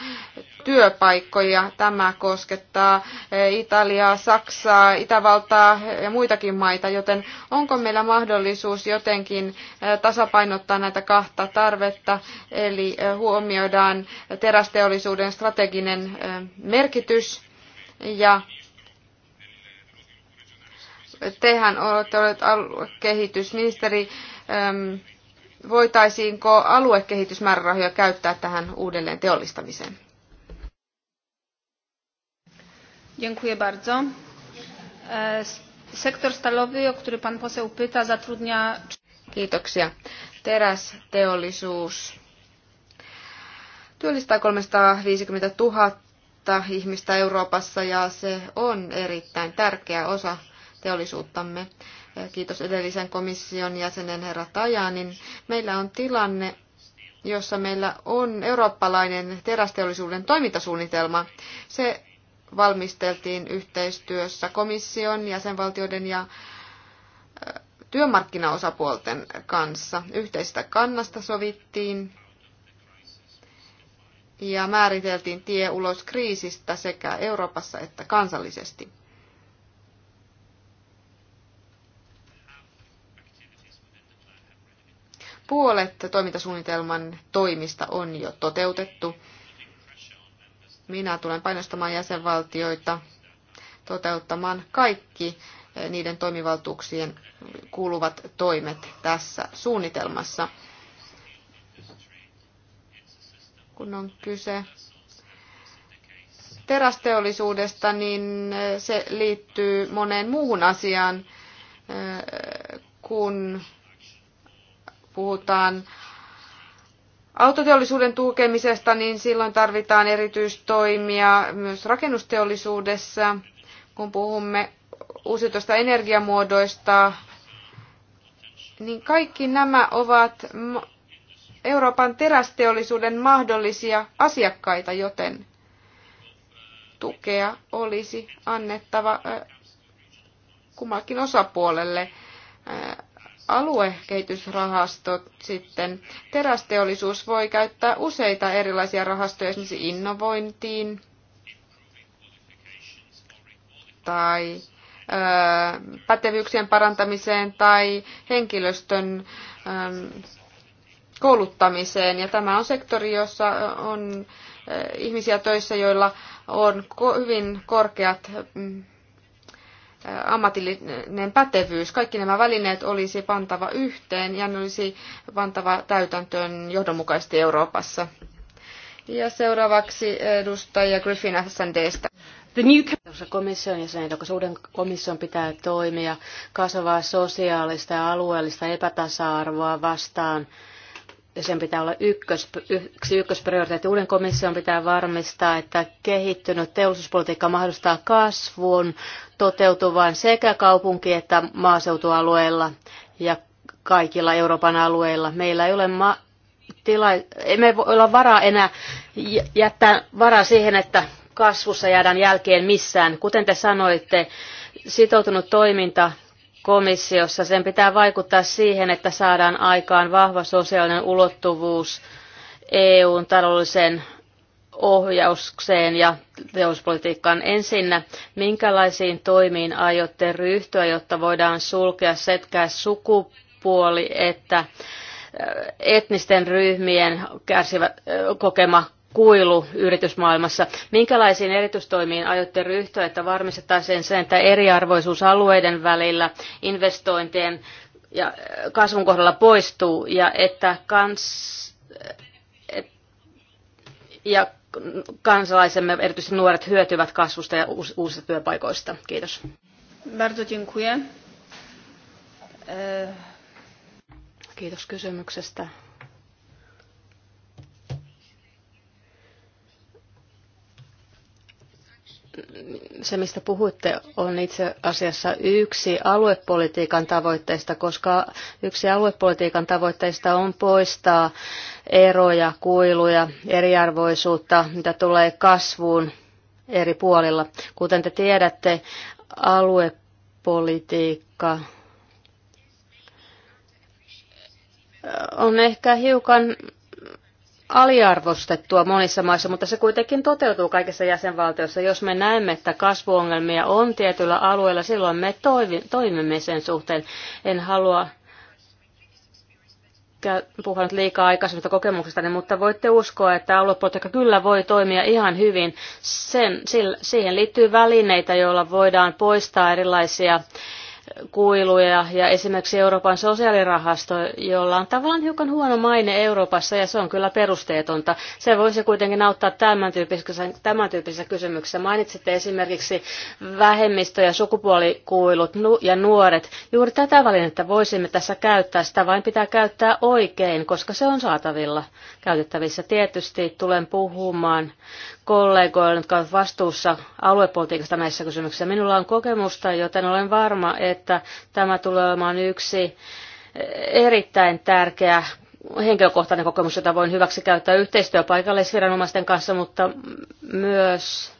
työpaikkoja. Tämä koskettaa e, Italiaa, Saksaa, Itävaltaa ja muitakin maita, joten onko meillä mahdollisuus jotenkin e, tasapainottaa näitä kahta tarvetta, eli e, huomioidaan terästeollisuuden strateginen merkitys ja tehän olette olleet aluekehitysministeri. Voitaisiinko aluekehitysmäärärahoja käyttää tähän uudelleen teollistamiseen? Dziękuję bardzo. E, sektor stalowy, o który pan poseł pyta, zatrudnia... Kiitoksia. Terästeollisuus työllistää 350 000 ihmistä Euroopassa ja se on erittäin tärkeä osa teollisuuttamme. Kiitos edellisen komission jäsenen herra Tajanin. Meillä on tilanne, jossa meillä on eurooppalainen terästeollisuuden toimintasuunnitelma. Se valmisteltiin yhteistyössä komission, jäsenvaltioiden ja työmarkkinaosapuolten kanssa. Yhteistä kannasta sovittiin ja määriteltiin tie ulos kriisistä sekä Euroopassa että kansallisesti. Puolet toimintasuunnitelman toimista on jo toteutettu. Minä tulen painostamaan jäsenvaltioita toteuttamaan kaikki eh, niiden toimivaltuuksien kuuluvat toimet tässä suunnitelmassa. Kun on kyse terästeollisuudesta, niin eh, se liittyy moneen muuhun asiaan, eh, kun puhutaan autoteollisuuden tukemisesta, niin silloin tarvitaan erityistoimia myös rakennusteollisuudessa, kun puhumme uusiutuista energiamuodoista, niin kaikki nämä ovat Euroopan terästeollisuuden mahdollisia asiakkaita, joten tukea olisi annettava äh, kummallakin osapuolelle äh, aluekehitysrahastot sitten. Terästeollisuus voi käyttää useita erilaisia rahastoja esimerkiksi innovointiin tai ö, pätevyyksien parantamiseen tai henkilöstön ö, kouluttamiseen. Ja tämä on sektori, jossa on ihmisiä töissä, joilla on hyvin korkeat ammatillinen pätevyys. Kaikki nämä välineet olisi pantava yhteen ja ne olisi pantava täytäntöön johdonmukaisesti Euroopassa. Ja seuraavaksi edustaja Griffin SNDstä. The new komission jäsenet, koska uuden komission pitää toimia kasvavaa sosiaalista ja alueellista epätasa-arvoa vastaan – sen pitää olla ykkös, yksi ykkösprioriteetti. Uuden komission pitää varmistaa, että kehittynyt teollisuuspolitiikka mahdollistaa kasvun toteutuvan sekä kaupunki- että maaseutualueilla ja kaikilla Euroopan alueilla. Meillä ei ole ma- tila- emme voi olla varaa enää jättää varaa siihen, että kasvussa jäädään jälkeen missään. Kuten te sanoitte, sitoutunut toiminta komissiossa. Sen pitää vaikuttaa siihen, että saadaan aikaan vahva sosiaalinen ulottuvuus EUn taloudelliseen ohjaukseen ja teollisuuspolitiikkaan ensinnä. Minkälaisiin toimiin aiotte ryhtyä, jotta voidaan sulkea sekä sukupuoli että etnisten ryhmien kärsivä, kokema kuilu yritysmaailmassa. Minkälaisiin erityistoimiin aiotte ryhtyä, että varmistetaan sen, että eriarvoisuus alueiden välillä investointien ja äh, kasvun kohdalla poistuu ja että kans, äh, et, ja kansalaisemme, erityisesti nuoret, hyötyvät kasvusta ja uus, uusista työpaikoista. Kiitos. Bardzo dziękuję. E, Kiitos kysymyksestä. se, mistä puhuitte, on itse asiassa yksi aluepolitiikan tavoitteista, koska yksi aluepolitiikan tavoitteista on poistaa eroja, kuiluja, eriarvoisuutta, mitä tulee kasvuun eri puolilla. Kuten te tiedätte, aluepolitiikka on ehkä hiukan aliarvostettua monissa maissa, mutta se kuitenkin toteutuu kaikissa jäsenvaltioissa. Jos me näemme, että kasvuongelmia on tietyllä alueella, silloin me toimimme sen suhteen. En halua puhua nyt liikaa aikaisemmista kokemuksista, mutta voitte uskoa, että aluepolitiikka kyllä voi toimia ihan hyvin. Sen, siihen liittyy välineitä, joilla voidaan poistaa erilaisia kuiluja ja esimerkiksi Euroopan sosiaalirahasto, jolla on tavallaan hiukan huono maine Euroopassa ja se on kyllä perusteetonta. Se voisi kuitenkin auttaa tämän tyyppisissä, tämän tyyppisissä kysymyksissä. Mainitsitte esimerkiksi vähemmistö- ja sukupuolikuilut ja nuoret. Juuri tätä välinettä voisimme tässä käyttää, sitä vain pitää käyttää oikein, koska se on saatavilla käytettävissä. Tietysti tulen puhumaan kollegoille, jotka ovat vastuussa aluepolitiikasta näissä kysymyksissä. Minulla on kokemusta, joten olen varma, että tämä tulee olemaan yksi eh, erittäin tärkeä henkilökohtainen kokemus, jota voin hyväksi käyttää yhteistyö paikallisviranomaisten kanssa, mutta myös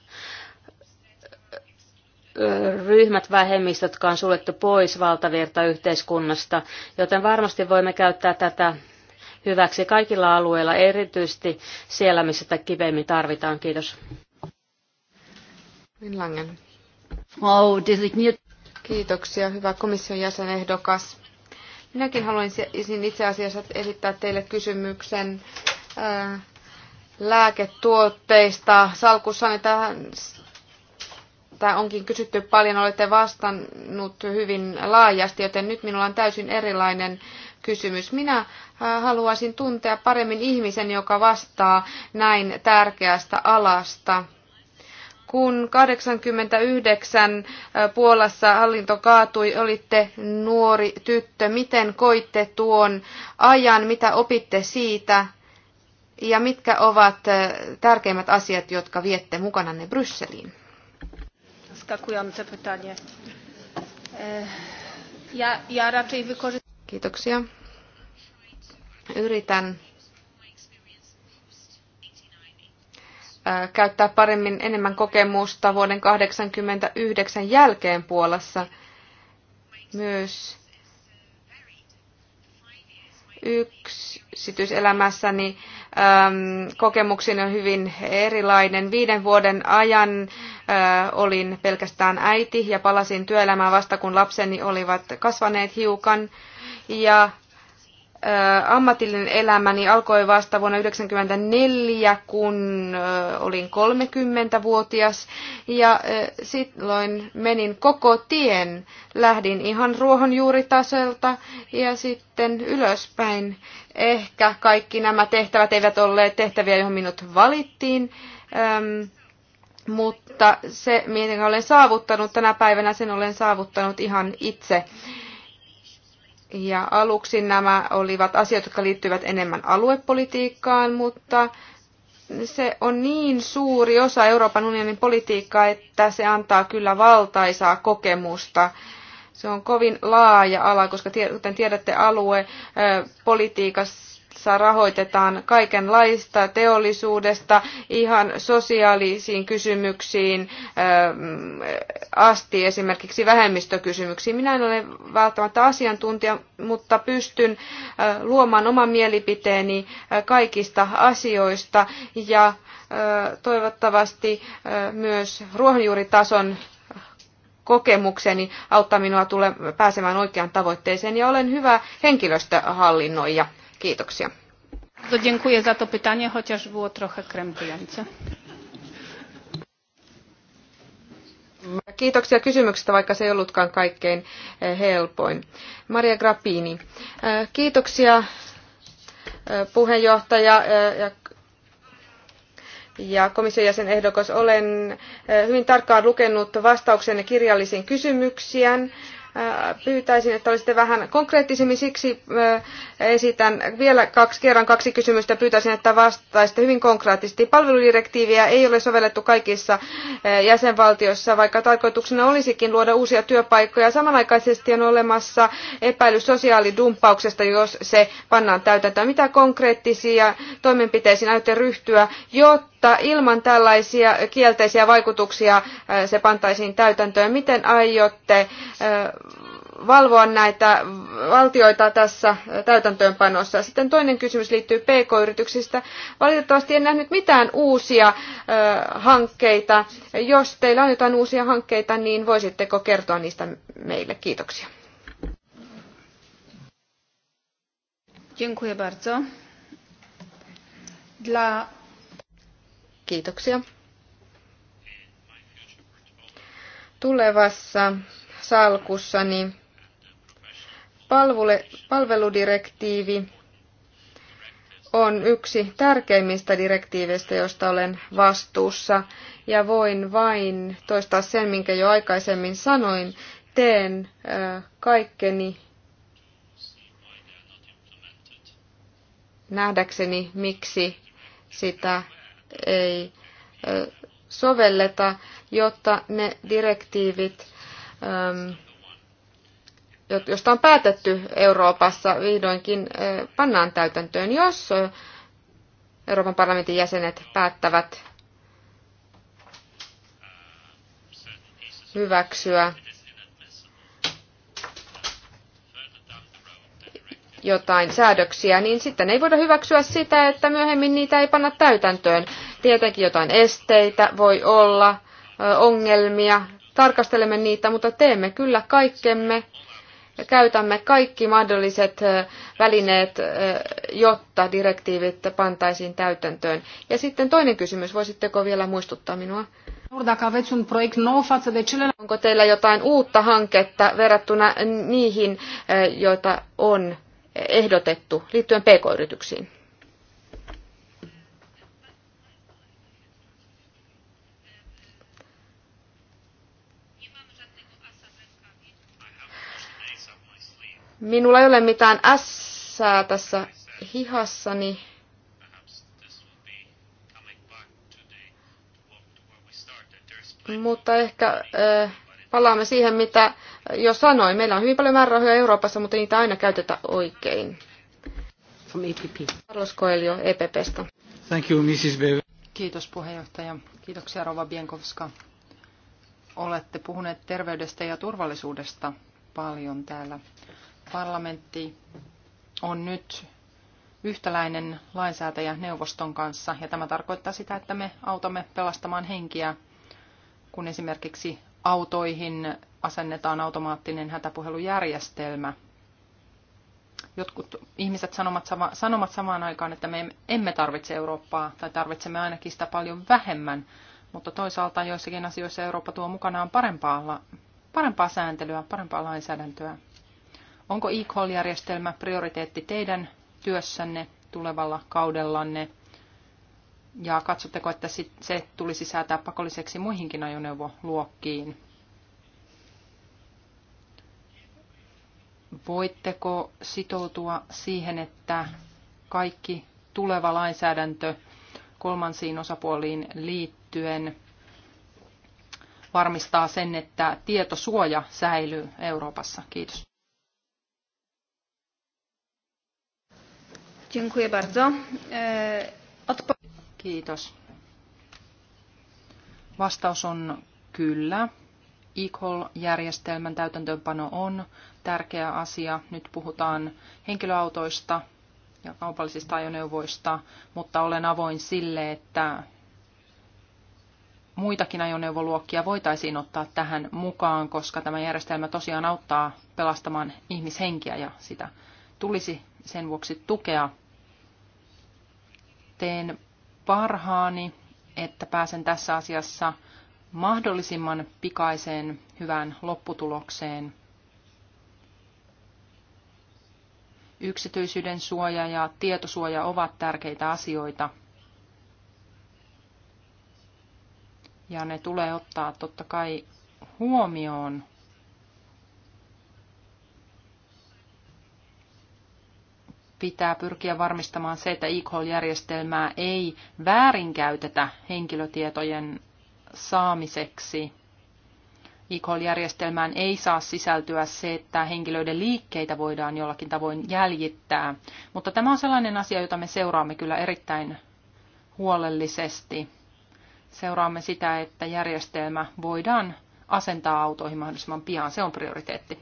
eh, ryhmät vähemmistöt, jotka on suljettu pois valtavirta yhteiskunnasta, joten varmasti voimme käyttää tätä hyväksi kaikilla alueilla, erityisesti siellä, missä sitä kipeimmin tarvitaan. Kiitos. Langen. Kiitoksia, hyvä komission jäsenehdokas. Minäkin haluaisin itse asiassa esittää teille kysymyksen äh, lääketuotteista. Salkussani tämä onkin kysytty paljon, olette vastannut hyvin laajasti, joten nyt minulla on täysin erilainen kysymys. Minä äh, haluaisin tuntea paremmin ihmisen, joka vastaa näin tärkeästä alasta. Kun 89 äh, Puolassa hallinto kaatui, olitte nuori tyttö. Miten koitte tuon ajan? Mitä opitte siitä? Ja mitkä ovat äh, tärkeimmät asiat, jotka viette mukananne Brysseliin? Skakujące pytanie. E, ja, ja raczej wykorzystam. Kiitoksia. Yritän käyttää paremmin enemmän kokemusta vuoden 1989 jälkeen Puolassa. Myös yksityiselämässäni Ähm, kokemuksiin on hyvin erilainen. Viiden vuoden ajan äh, olin pelkästään äiti ja palasin työelämään vasta kun lapseni olivat kasvaneet hiukan. Ja ammatillinen elämäni alkoi vasta vuonna 1994, kun olin 30-vuotias. Ja silloin menin koko tien. Lähdin ihan ruohonjuuritaselta ja sitten ylöspäin. Ehkä kaikki nämä tehtävät eivät olleet tehtäviä, joihin minut valittiin. mutta se, miten olen saavuttanut tänä päivänä, sen olen saavuttanut ihan itse. Ja aluksi nämä olivat asioita, jotka liittyivät enemmän aluepolitiikkaan, mutta se on niin suuri osa Euroopan unionin politiikkaa, että se antaa kyllä valtaisaa kokemusta. Se on kovin laaja ala, koska kuten tiedätte, aluepolitiikassa rahoitetaan kaikenlaista teollisuudesta ihan sosiaalisiin kysymyksiin äh, asti, esimerkiksi vähemmistökysymyksiin. Minä en ole välttämättä asiantuntija, mutta pystyn äh, luomaan oman mielipiteeni äh, kaikista asioista ja toivottavasti myös ruohonjuuritason kokemukseni auttaa minua tule, pääsemään oikeaan tavoitteeseen ja olen hyvä henkilöstöhallinnoija. Kiitoksia. Dziękuję za to pytanie, chociaż było trochę krępujące. Kiitoksia kysymyksestä, vaikka se ei ollutkaan kaikkein eh, helpoin. Maria Grappini. Eh, kiitoksia eh, puheenjohtaja ja komission jäsen ehdokas, olen hyvin tarkkaan lukenut vastauksenne kirjallisiin kysymyksiin pyytäisin, että olisitte vähän konkreettisemmin. Siksi äh, esitän vielä kaksi, kerran kaksi kysymystä. Pyytäisin, että vastaisitte hyvin konkreettisesti. Palveludirektiiviä ei ole sovellettu kaikissa äh, jäsenvaltioissa, vaikka tarkoituksena olisikin luoda uusia työpaikkoja. Samanaikaisesti on olemassa epäily sosiaalidumppauksesta, jos se pannaan täytäntöön. Mitä konkreettisia toimenpiteisiin aiotte ryhtyä, jotta mutta ilman tällaisia kielteisiä vaikutuksia äh, se pantaisiin täytäntöön. Miten aiotte äh, valvoa näitä valtioita tässä äh, täytäntöönpanossa. Sitten toinen kysymys liittyy PK-yrityksistä. Valitettavasti en nähnyt mitään uusia hankkeita. Jos teillä on jotain uusia hankkeita, niin voisitteko kertoa niistä meille? Kiitoksia. Dziękuję bardzo. Dla Kiitoksia. Tulevassa salkussani palvule, palveludirektiivi on yksi tärkeimmistä direktiiveistä, josta olen vastuussa. Ja voin vain toistaa sen, minkä jo aikaisemmin sanoin. Teen kaikkeni nähdäkseni, miksi sitä ei sovelleta, jotta ne direktiivit, josta on päätetty Euroopassa, vihdoinkin pannaan täytäntöön, jos Euroopan parlamentin jäsenet päättävät hyväksyä jotain säädöksiä, niin sitten ei voida hyväksyä sitä, että myöhemmin niitä ei panna täytäntöön. Tietenkin jotain esteitä voi olla, ongelmia, tarkastelemme niitä, mutta teemme kyllä kaikkemme, käytämme kaikki mahdolliset välineet, jotta direktiivit pantaisiin täytäntöön. Ja sitten toinen kysymys, voisitteko vielä muistuttaa minua? Onko teillä jotain uutta hanketta verrattuna niihin, joita on ehdotettu liittyen pk-yrityksiin? Minulla ei ole mitään S tässä hihassani. Mutta ehkä äh, palaamme siihen, mitä jo sanoin, meillä on hyvin paljon määrärahoja Euroopassa, mutta niitä aina käytetä oikein. From EPP. Carlos Coelho, EPPstä. Thank you, Mrs. Weber. Kiitos puheenjohtaja. Kiitoksia Rova Bienkovska. Olette puhuneet terveydestä ja turvallisuudesta paljon täällä. Parlamentti on nyt yhtäläinen lainsäätäjä neuvoston kanssa ja tämä tarkoittaa sitä, että me autamme pelastamaan henkiä, kun esimerkiksi autoihin asennetaan automaattinen hätäpuhelujärjestelmä. Jotkut ihmiset sanomat, sama, sanomat samaan aikaan, että me emme tarvitse Eurooppaa tai tarvitsemme ainakin sitä paljon vähemmän, mutta toisaalta joissakin asioissa Eurooppa tuo mukanaan parempaa, parempaa sääntelyä, parempaa lainsäädäntöä. Onko e-call-järjestelmä prioriteetti teidän työssänne tulevalla kaudellanne? Ja katsotteko, että se tulisi säätää pakolliseksi muihinkin ajoneuvoluokkiin? voitteko sitoutua siihen, että kaikki tuleva lainsäädäntö kolmansiin osapuoliin liittyen varmistaa sen, että tietosuoja säilyy Euroopassa? Kiitos. E, Kiitos. Vastaus on kyllä. ECOL-järjestelmän täytäntöönpano on tärkeä asia. Nyt puhutaan henkilöautoista ja kaupallisista ajoneuvoista, mutta olen avoin sille, että muitakin ajoneuvoluokkia voitaisiin ottaa tähän mukaan, koska tämä järjestelmä tosiaan auttaa pelastamaan ihmishenkiä ja sitä tulisi sen vuoksi tukea. Teen parhaani, että pääsen tässä asiassa mahdollisimman pikaiseen hyvään lopputulokseen. Yksityisyyden suoja ja tietosuoja ovat tärkeitä asioita. Ja ne tulee ottaa totta kai huomioon. Pitää pyrkiä varmistamaan se, että e-call-järjestelmää ei väärinkäytetä henkilötietojen saamiseksi e-call-järjestelmään ei saa sisältyä se, että henkilöiden liikkeitä voidaan jollakin tavoin jäljittää. Mutta tämä on sellainen asia, jota me seuraamme kyllä erittäin huolellisesti. Seuraamme sitä, että järjestelmä voidaan asentaa autoihin mahdollisimman pian. Se on prioriteetti.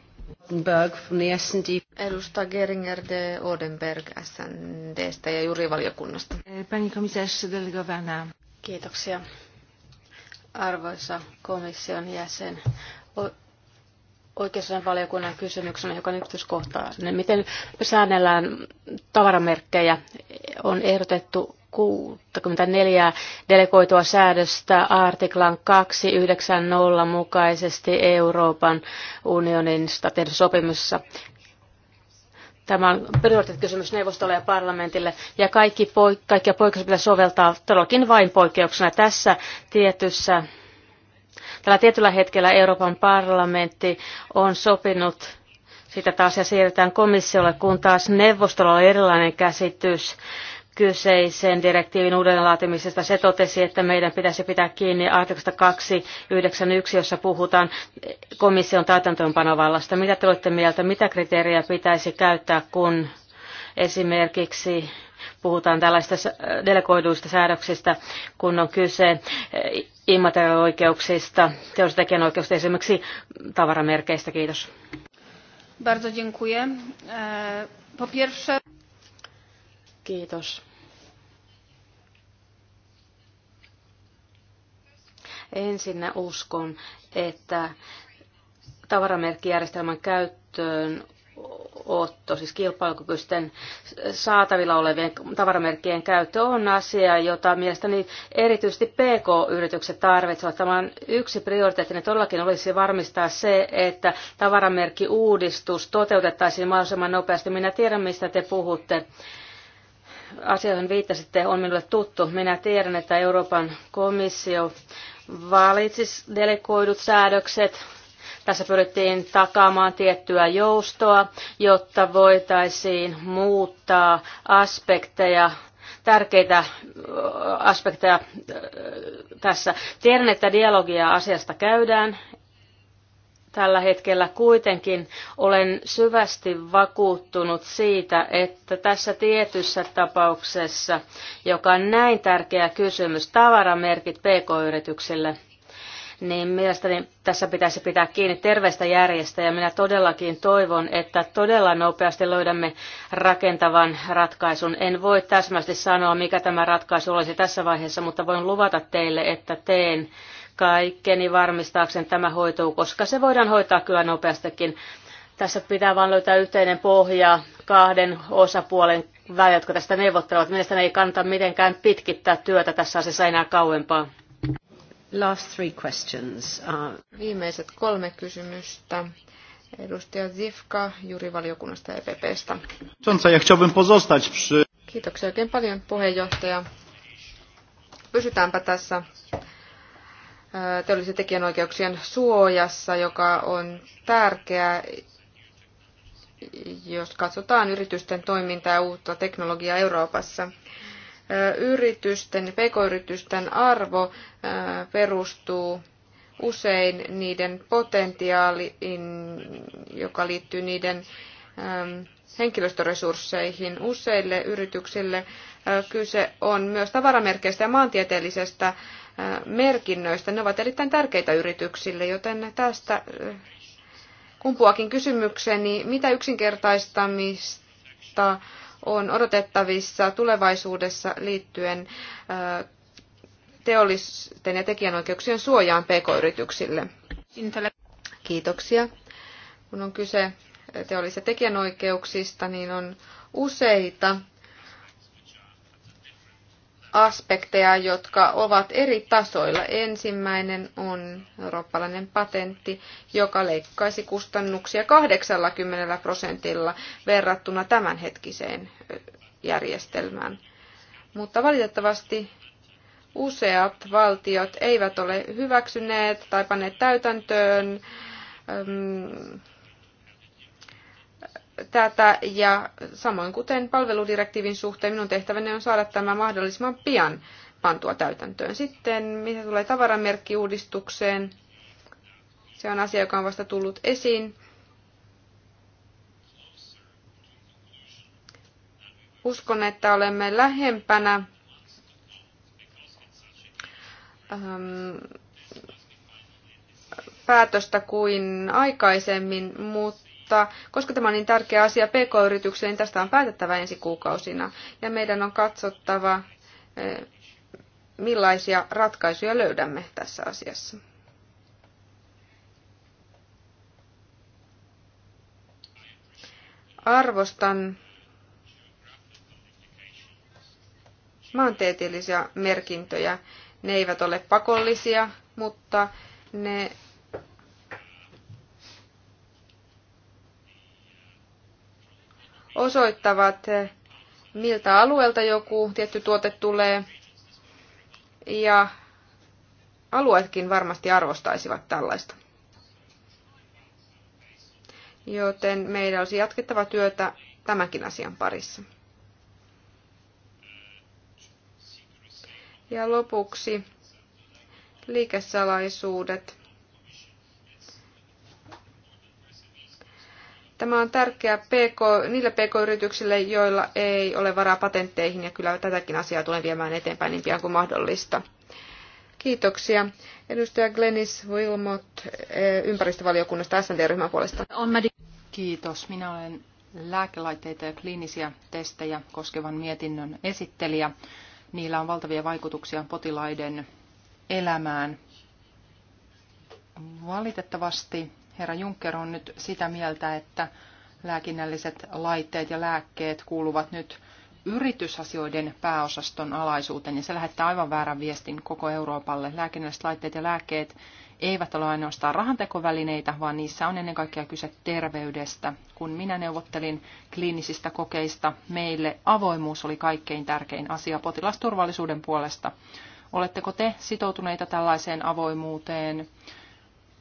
Edustaa Geringer de Odenberg SNDstä ja juurivaliokunnasta. Kiitoksia Arvoisa komission jäsen, oikeusasian valiokunnan kysymyksenä, joka on yksityiskohtainen. Miten säännellään tavaramerkkejä? On ehdotettu 64 delegoitua säädöstä artiklan 290 mukaisesti Euroopan unionin tehdyssä sopimuksessa. Tämä on prioriteettikysymys neuvostolle ja parlamentille, ja kaikki poik- kaikkia poikkeuksia pitää soveltaa todellakin vain poikkeuksena. Tässä tietyssä, tällä tietyllä hetkellä Euroopan parlamentti on sopinut sitä taas ja siirretään komissiolle, kun taas neuvostolla on erilainen käsitys kyseisen direktiivin uudelleenlaatimisesta. Se totesi, että meidän pitäisi pitää kiinni artiklasta 291, jossa puhutaan komission täytäntöönpanovallasta. Mitä te olette mieltä, mitä kriteeriä pitäisi käyttää, kun esimerkiksi puhutaan tällaista delegoiduista säädöksistä, kun on kyse immateriaalioikeuksista, teollisuuden oikeuksista, esimerkiksi tavaramerkeistä. Kiitos. Bardzo dziękuję. E, po pierwsze... Kiitos. Ensinnä uskon, että tavaramerkkijärjestelmän käyttöön otto, siis kilpailukykyisten saatavilla olevien tavaramerkkien käyttö on asia, jota mielestäni erityisesti PK-yritykset tarvitsevat. Tämä on yksi prioriteetti, todellakin olisi varmistaa se, että tavaramerkkiuudistus toteutettaisiin mahdollisimman nopeasti. Minä tiedän, mistä te puhutte asia, johon viittasitte, on minulle tuttu. Minä tiedän, että Euroopan komissio valitsi delegoidut säädökset. Tässä pyrittiin takaamaan tiettyä joustoa, jotta voitaisiin muuttaa aspekteja tärkeitä aspekteja tässä. Tiedän, että dialogia asiasta käydään tällä hetkellä kuitenkin olen syvästi vakuuttunut siitä, että tässä tietyssä tapauksessa, joka on näin tärkeä kysymys, tavaramerkit pk-yrityksille, niin mielestäni tässä pitäisi pitää kiinni terveestä järjestä ja minä todellakin toivon, että todella nopeasti löydämme rakentavan ratkaisun. En voi täsmästi sanoa, mikä tämä ratkaisu olisi tässä vaiheessa, mutta voin luvata teille, että teen kaikkeni varmistaakseen tämä hoituu, koska se voidaan hoitaa kyllä nopeastikin. Tässä pitää vain löytää yhteinen pohja kahden osapuolen välillä, jotka tästä neuvottelevat. Mielestäni ei kannata mitenkään pitkittää työtä tässä asiassa enää kauempaa. Last three questions. Uh... Viimeiset kolme kysymystä. Edustaja Zivka, juurivaliokunnasta EPPstä. Kiitoksia oikein paljon puheenjohtaja. Pysytäänpä tässä teollisen tekijänoikeuksien suojassa, joka on tärkeä, jos katsotaan yritysten toimintaa ja uutta teknologiaa Euroopassa. Yritysten, pk-yritysten arvo perustuu usein niiden potentiaaliin, joka liittyy niiden henkilöstöresursseihin. Useille yrityksille kyse on myös tavaramerkeistä ja maantieteellisestä merkinnöistä. Ne ovat erittäin tärkeitä yrityksille, joten tästä kumpuakin kysymykseen, niin mitä yksinkertaistamista on odotettavissa tulevaisuudessa liittyen teollisten ja tekijänoikeuksien suojaan pk-yrityksille? Kiitoksia. Kun on kyse teollisista tekijänoikeuksista, niin on useita aspekteja, jotka ovat eri tasoilla. Ensimmäinen on eurooppalainen patentti, joka leikkaisi kustannuksia 80 prosentilla verrattuna tämänhetkiseen järjestelmään. Mutta valitettavasti useat valtiot eivät ole hyväksyneet tai panneet täytäntöön äm, tätä ja samoin kuten palveludirektiivin suhteen minun tehtäväni on saada tämä mahdollisimman pian pantua täytäntöön. Sitten mitä tulee tavaramerkkiuudistukseen, se on asia, joka on vasta tullut esiin. Uskon, että olemme lähempänä ähm, päätöstä kuin aikaisemmin, mutta mutta koska tämä on niin tärkeä asia PK-yrityksille, niin tästä on päätettävä ensi kuukausina. Ja meidän on katsottava, eh, millaisia ratkaisuja löydämme tässä asiassa. Arvostan maantieteellisiä merkintöjä. Ne eivät ole pakollisia, mutta ne osoittavat, miltä alueelta joku tietty tuote tulee. Ja alueetkin varmasti arvostaisivat tällaista. Joten meidän olisi jatkettava työtä tämänkin asian parissa. Ja lopuksi liikesalaisuudet. Tämä on tärkeää PK, niille PK-yrityksille, joilla ei ole varaa patentteihin, ja kyllä tätäkin asiaa tulen viemään eteenpäin niin pian kuin mahdollista. Kiitoksia. Edustaja Glenis Wilmot eh, ympäristövaliokunnasta SNT-ryhmän puolesta. Kiitos. Minä olen lääkelaitteita ja kliinisiä testejä koskevan mietinnön esittelijä. Niillä on valtavia vaikutuksia potilaiden elämään. Valitettavasti herra Juncker on nyt sitä mieltä, että lääkinnälliset laitteet ja lääkkeet kuuluvat nyt yritysasioiden pääosaston alaisuuteen, ja se lähettää aivan väärän viestin koko Euroopalle. Lääkinnälliset laitteet ja lääkkeet eivät ole ainoastaan rahantekovälineitä, vaan niissä on ennen kaikkea kyse terveydestä. Kun minä neuvottelin kliinisistä kokeista, meille avoimuus oli kaikkein tärkein asia potilasturvallisuuden puolesta. Oletteko te sitoutuneita tällaiseen avoimuuteen?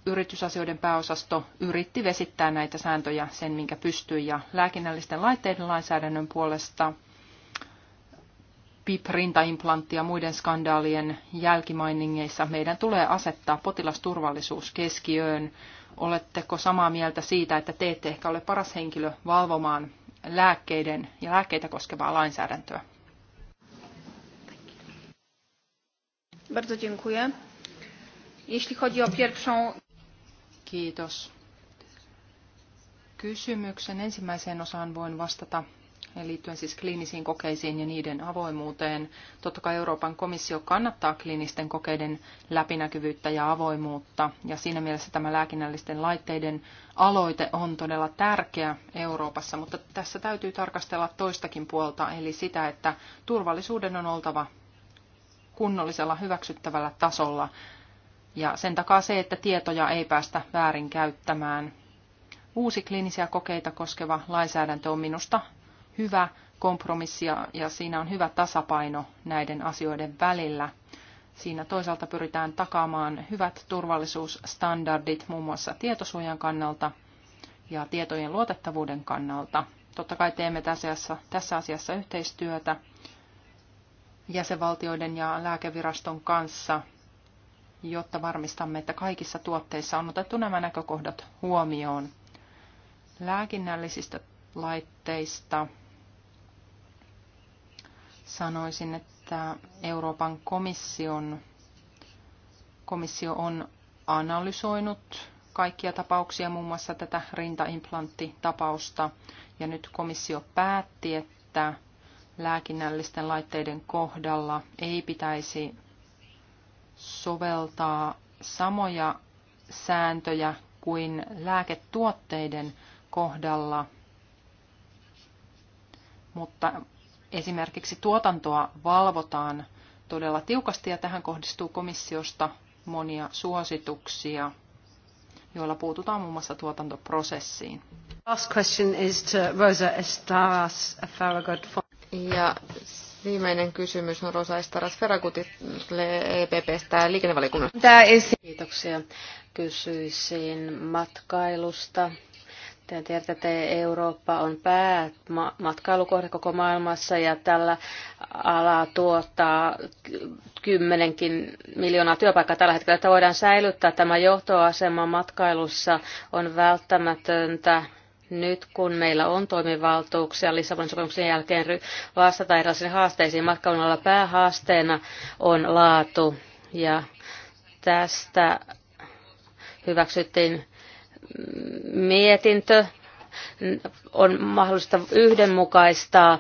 yritysasioiden pääosasto yritti vesittää näitä sääntöjä sen, minkä pystyi, ja lääkinnällisten laitteiden lainsäädännön puolesta PIP-rintaimplantti ja muiden skandaalien jälkimainingeissa meidän tulee asettaa potilasturvallisuus keskiöön. Oletteko samaa mieltä siitä, että te ette ehkä ole paras henkilö valvomaan lääkkeiden ja lääkkeitä koskevaa lainsäädäntöä? Bardzo dziękuję. Jeśli chodzi o pierwszą... Kiitos. Kysymyksen ensimmäiseen osaan voin vastata liittyen siis kliinisiin kokeisiin ja niiden avoimuuteen. Totta kai Euroopan komissio kannattaa kliinisten kokeiden läpinäkyvyyttä ja avoimuutta, ja siinä mielessä tämä lääkinnällisten laitteiden aloite on todella tärkeä Euroopassa, mutta tässä täytyy tarkastella toistakin puolta, eli sitä, että turvallisuuden on oltava kunnollisella hyväksyttävällä tasolla. Ja sen takaa se, että tietoja ei päästä väärin käyttämään. Uusi kliinisiä kokeita koskeva lainsäädäntö on minusta hyvä kompromissi ja siinä on hyvä tasapaino näiden asioiden välillä. Siinä toisaalta pyritään takaamaan hyvät turvallisuusstandardit muun muassa tietosuojan kannalta ja tietojen luotettavuuden kannalta. Totta kai teemme tässä asiassa, tässä asiassa yhteistyötä jäsenvaltioiden ja lääkeviraston kanssa jotta varmistamme, että kaikissa tuotteissa on otettu nämä näkökohdat huomioon. Lääkinnällisistä laitteista sanoisin, että Euroopan komission komissio on analysoinut kaikkia tapauksia, muun muassa tätä rintaimplanttitapausta, ja nyt komissio päätti, että lääkinnällisten laitteiden kohdalla ei pitäisi soveltaa samoja sääntöjä kuin lääketuotteiden kohdalla, mutta esimerkiksi tuotantoa valvotaan todella tiukasti ja tähän kohdistuu komissiosta monia suosituksia, joilla puututaan muun muassa tuotantoprosessiin. Last question is to Rosa Estaras Ja Viimeinen kysymys on Rosa Estaras Ferragutille EPPstä liikennevaliokunnan. Kiitoksia. Kysyisin matkailusta. Te tiedätte, että Eurooppa on päämatkailukohde koko maailmassa ja tällä ala tuottaa kymmenenkin miljoonaa työpaikkaa tällä hetkellä, että voidaan säilyttää tämä johtoasema matkailussa on välttämätöntä nyt kun meillä on toimivaltuuksia Lissabonin sopimuksen jälkeen vastata erilaisiin haasteisiin, matkailun alla päähaasteena on laatu. Ja tästä hyväksyttiin mietintö. On mahdollista yhdenmukaistaa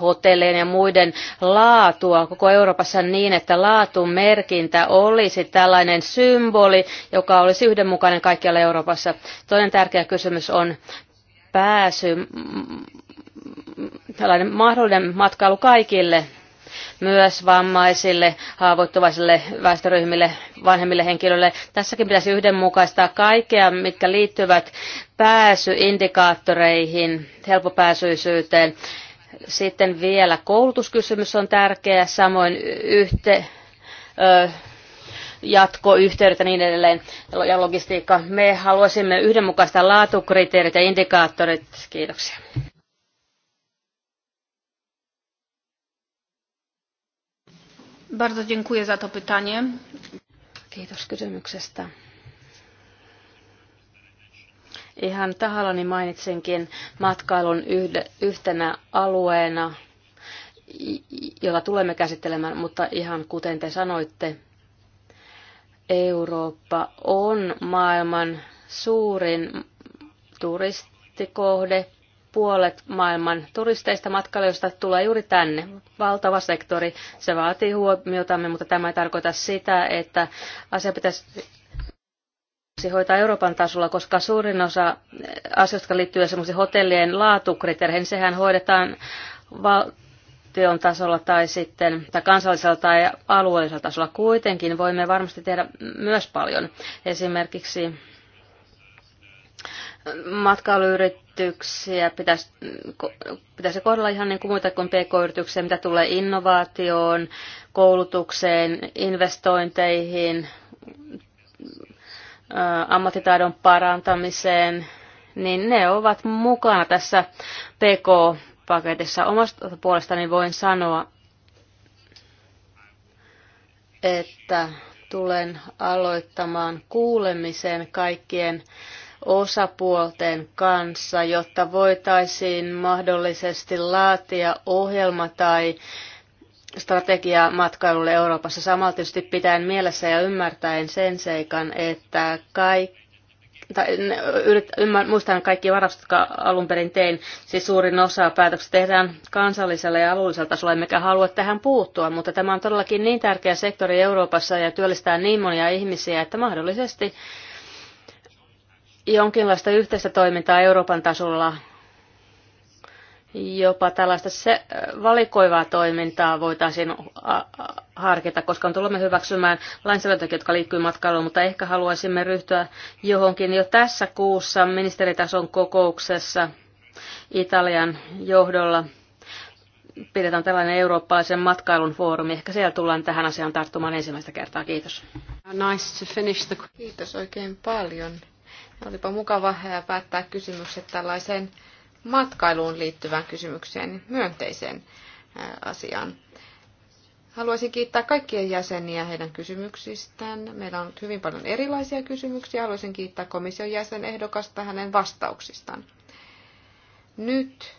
hotellien ja muiden laatua koko Euroopassa niin, että laatumerkintä olisi tällainen symboli, joka olisi yhdenmukainen kaikkialla Euroopassa. Toinen tärkeä kysymys on pääsy, tällainen mahdollinen matkailu kaikille myös vammaisille, haavoittuvaisille väestöryhmille, vanhemmille henkilöille. Tässäkin pitäisi yhdenmukaistaa kaikkea, mitkä liittyvät pääsyindikaattoreihin, helpopääsyisyyteen sitten vielä koulutuskysymys on tärkeä, samoin yhte, ö, jatkoyhteydet ja niin edelleen ja logistiikka. Me haluaisimme yhdenmukaista laatukriteerit ja indikaattorit. Kiitoksia. Bardzo dziękuję za to pytanie. Kiitos kysymyksestä. Ihan tahallani mainitsenkin matkailun yhtenä alueena, jota tulemme käsittelemään, mutta ihan kuten te sanoitte, Eurooppa on maailman suurin turistikohde. Puolet maailman turisteista matkailijoista tulee juuri tänne. Valtava sektori, se vaatii huomiotamme, mutta tämä ei tarkoita sitä, että asia pitäisi se hoitaa Euroopan tasolla, koska suurin osa asioista, jotka liittyy esimerkiksi hotellien laatukriteereihin, sehän hoidetaan valtion tasolla tai sitten tai kansallisella tai alueellisella tasolla. Kuitenkin voimme varmasti tehdä myös paljon. Esimerkiksi matkailuyrityksiä pitäisi, pitäisi kohdella ihan niin kuin muita kuin pk-yrityksiä, mitä tulee innovaatioon, koulutukseen, investointeihin, ammattitaidon parantamiseen, niin ne ovat mukana tässä PK-paketissa. Omasta puolestani voin sanoa, että tulen aloittamaan kuulemisen kaikkien osapuolten kanssa, jotta voitaisiin mahdollisesti laatia ohjelma tai strategiaa matkailulle Euroopassa. Samalla tietysti pitäen mielessä ja ymmärtäen sen seikan, että kaikki tai yrit, ymmär, muistan kaikki varastot, jotka alun perin tein. Siis suurin osa päätöksistä tehdään kansallisella ja alueellisella tasolla, emmekä halua tähän puuttua, mutta tämä on todellakin niin tärkeä sektori Euroopassa ja työllistää niin monia ihmisiä, että mahdollisesti jonkinlaista yhteistä toimintaa Euroopan tasolla jopa tällaista se, valikoivaa toimintaa voitaisiin harkita, koska me tulemme hyväksymään lainsäädäntöjä, jotka liittyy matkailuun, mutta ehkä haluaisimme ryhtyä johonkin jo tässä kuussa ministeritason kokouksessa Italian johdolla. Pidetään tällainen eurooppalaisen matkailun foorumi. Ehkä siellä tullaan tähän asiaan tarttumaan ensimmäistä kertaa. Kiitos. Nice to finish the... Kiitos oikein paljon. Olipa mukava päättää kysymykset tällaiseen matkailuun liittyvään kysymykseen, myönteiseen asiaan. Haluaisin kiittää kaikkien jäseniä heidän kysymyksistään. Meillä on hyvin paljon erilaisia kysymyksiä. Haluaisin kiittää komission jäsenehdokasta hänen vastauksistaan. Nyt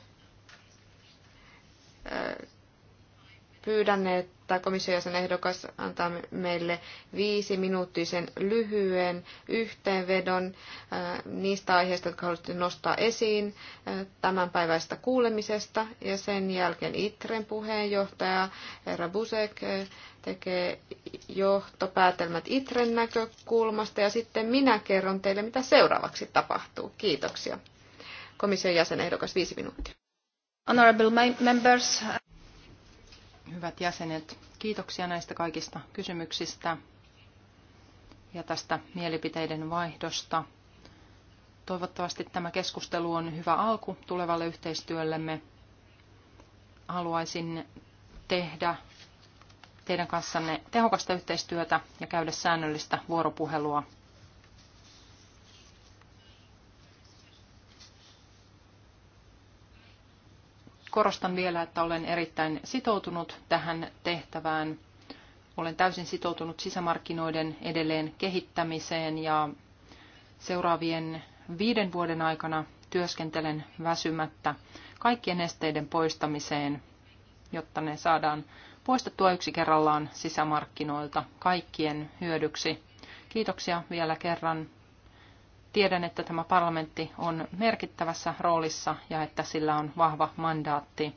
pyydän, että että komission jäsenehdokas antaa meille viisi minuuttisen lyhyen yhteenvedon äh, niistä aiheista, jotka haluaisitte nostaa esiin äh, tämänpäiväistä kuulemisesta. Ja sen jälkeen ITREn puheenjohtaja Herra Busek äh, tekee johtopäätelmät ITREn näkökulmasta ja sitten minä kerron teille, mitä seuraavaksi tapahtuu. Kiitoksia. Komission jäsenehdokas viisi minuuttia. Honorable members. Hyvät jäsenet, kiitoksia näistä kaikista kysymyksistä ja tästä mielipiteiden vaihdosta. Toivottavasti tämä keskustelu on hyvä alku tulevalle yhteistyöllemme. Haluaisin tehdä teidän kanssanne tehokasta yhteistyötä ja käydä säännöllistä vuoropuhelua Korostan vielä, että olen erittäin sitoutunut tähän tehtävään. Olen täysin sitoutunut sisämarkkinoiden edelleen kehittämiseen ja seuraavien viiden vuoden aikana työskentelen väsymättä kaikkien esteiden poistamiseen, jotta ne saadaan poistettua yksi kerrallaan sisämarkkinoilta kaikkien hyödyksi. Kiitoksia vielä kerran Tiedän, että tämä parlamentti on merkittävässä roolissa ja että sillä on vahva mandaatti.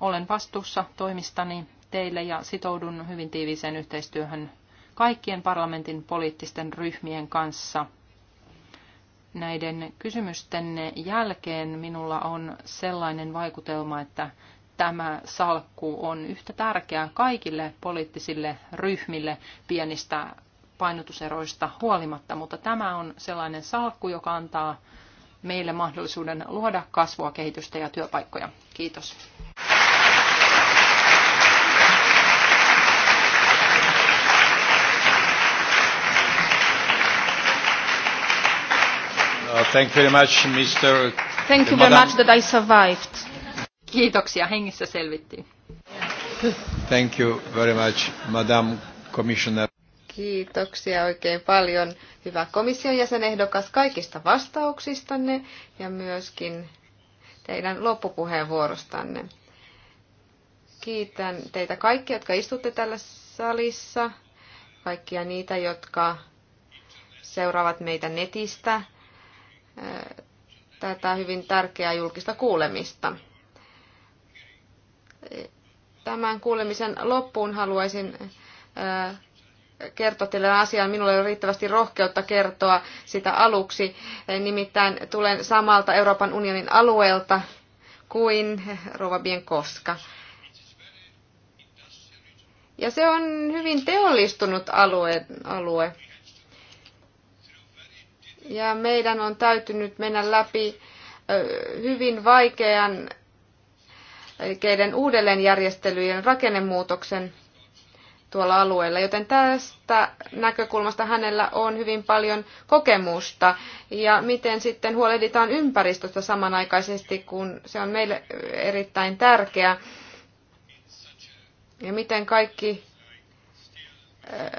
Olen vastuussa toimistani teille ja sitoudun hyvin tiiviiseen yhteistyöhön kaikkien parlamentin poliittisten ryhmien kanssa. Näiden kysymysten jälkeen minulla on sellainen vaikutelma, että tämä salkku on yhtä tärkeä kaikille poliittisille ryhmille pienistä painotuseroista huolimatta, mutta tämä on sellainen salkku, joka antaa meille mahdollisuuden luoda kasvua, kehitystä ja työpaikkoja. Kiitos. Uh, thank you very much, Mr. Thank you very much that I survived. Kiitoksia, hengissä selvittiin. Thank you very much, Madam Commissioner. Kiitoksia oikein paljon, hyvä komission jäsenehdokas, kaikista vastauksistanne ja myöskin teidän loppupuheenvuorostanne. Kiitän teitä kaikkia, jotka istutte tällä salissa, kaikkia niitä, jotka seuraavat meitä netistä, tätä hyvin tärkeää julkista kuulemista. Tämän kuulemisen loppuun haluaisin kertoa teille asiaa. Minulla ei ole riittävästi rohkeutta kertoa sitä aluksi. Nimittäin tulen samalta Euroopan unionin alueelta kuin Rova Bienkoska. Ja se on hyvin teollistunut alue. alue. Ja meidän on täytynyt mennä läpi hyvin vaikean keiden uudelleenjärjestelyjen rakennemuutoksen tuolla alueella, joten tästä näkökulmasta hänellä on hyvin paljon kokemusta. Ja miten sitten huolehditaan ympäristöstä samanaikaisesti, kun se on meille erittäin tärkeä. Ja miten kaikki äh,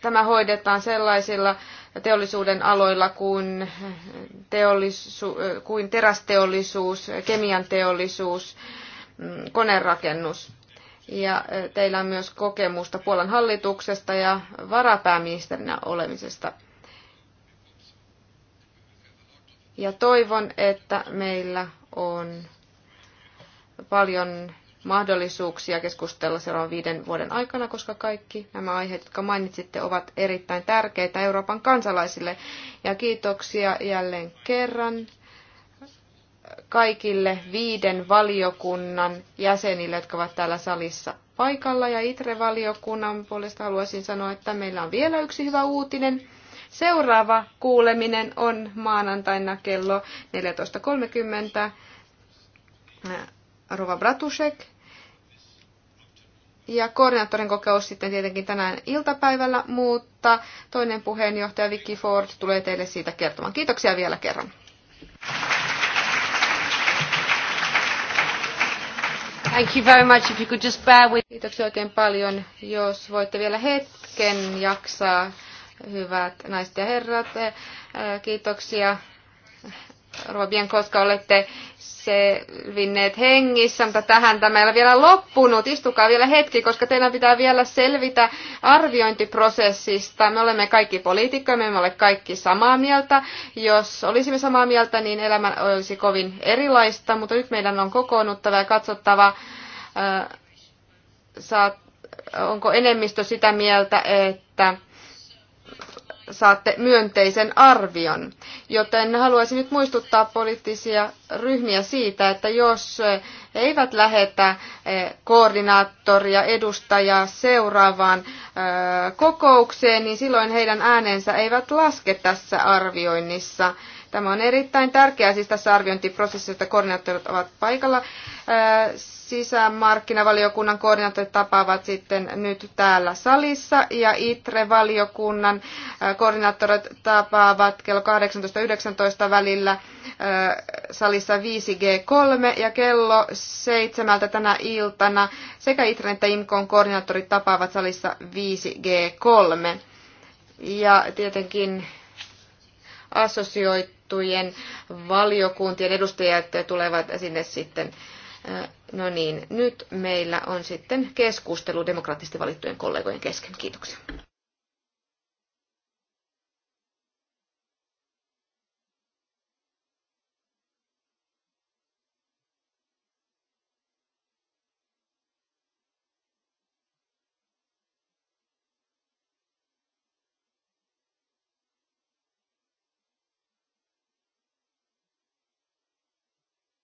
tämä hoidetaan sellaisilla teollisuuden aloilla kuin, teollisu- äh, kuin terästeollisuus, kemian teollisuus, mm, konerakennus ja teillä on myös kokemusta Puolan hallituksesta ja varapääministerinä olemisesta. Ja toivon, että meillä on paljon mahdollisuuksia keskustella seuraavan viiden vuoden aikana, koska kaikki nämä aiheet, jotka mainitsitte, ovat erittäin tärkeitä Euroopan kansalaisille. Ja kiitoksia jälleen kerran kaikille viiden valiokunnan jäsenille, jotka ovat täällä salissa paikalla. Ja ITRE-valiokunnan puolesta haluaisin sanoa, että meillä on vielä yksi hyvä uutinen. Seuraava kuuleminen on maanantaina kello 14.30. Äh, Rova Bratusek. Ja koordinaattorin kokous sitten tietenkin tänään iltapäivällä, mutta toinen puheenjohtaja Vicky Ford tulee teille siitä kertomaan. Kiitoksia vielä kerran. Thank you very much. If you could just bear with... Kiitoksia oikein paljon, jos voitte vielä hetken jaksaa, hyvät naiset ja herrat. Eh, eh, kiitoksia Rova Bienkoska, olette selvinneet hengissä, mutta tähän tämä ei ole vielä loppunut. Istukaa vielä hetki, koska teidän pitää vielä selvitä arviointiprosessista. Me olemme kaikki poliitikkoja, me emme ole kaikki samaa mieltä. Jos olisimme samaa mieltä, niin elämä olisi kovin erilaista, mutta nyt meidän on kokoonnuttava ja katsottava, äh, onko enemmistö sitä mieltä, että saatte myönteisen arvion. Joten haluaisin nyt muistuttaa poliittisia ryhmiä siitä, että jos eh, he eivät lähetä eh, koordinaattoria, edustajaa seuraavaan eh, kokoukseen, niin silloin heidän äänensä eivät laske tässä arvioinnissa. Tämä on erittäin tärkeää siis tässä arviointiprosessissa, että koordinaattorit ovat paikalla sisämarkkinavaliokunnan koordinaattorit tapaavat sitten nyt täällä salissa ja ITRE-valiokunnan koordinaattorit tapaavat kello 18.19 välillä salissa 5G3 ja kello seitsemältä tänä iltana sekä ITREn että IMKon koordinaattorit tapaavat salissa 5G3. Ja tietenkin assosioittujen valiokuntien edustajat tulevat sinne sitten Äh, no niin, nyt meillä on sitten keskustelu demokraattisesti valittujen kollegojen kesken. Kiitoksia.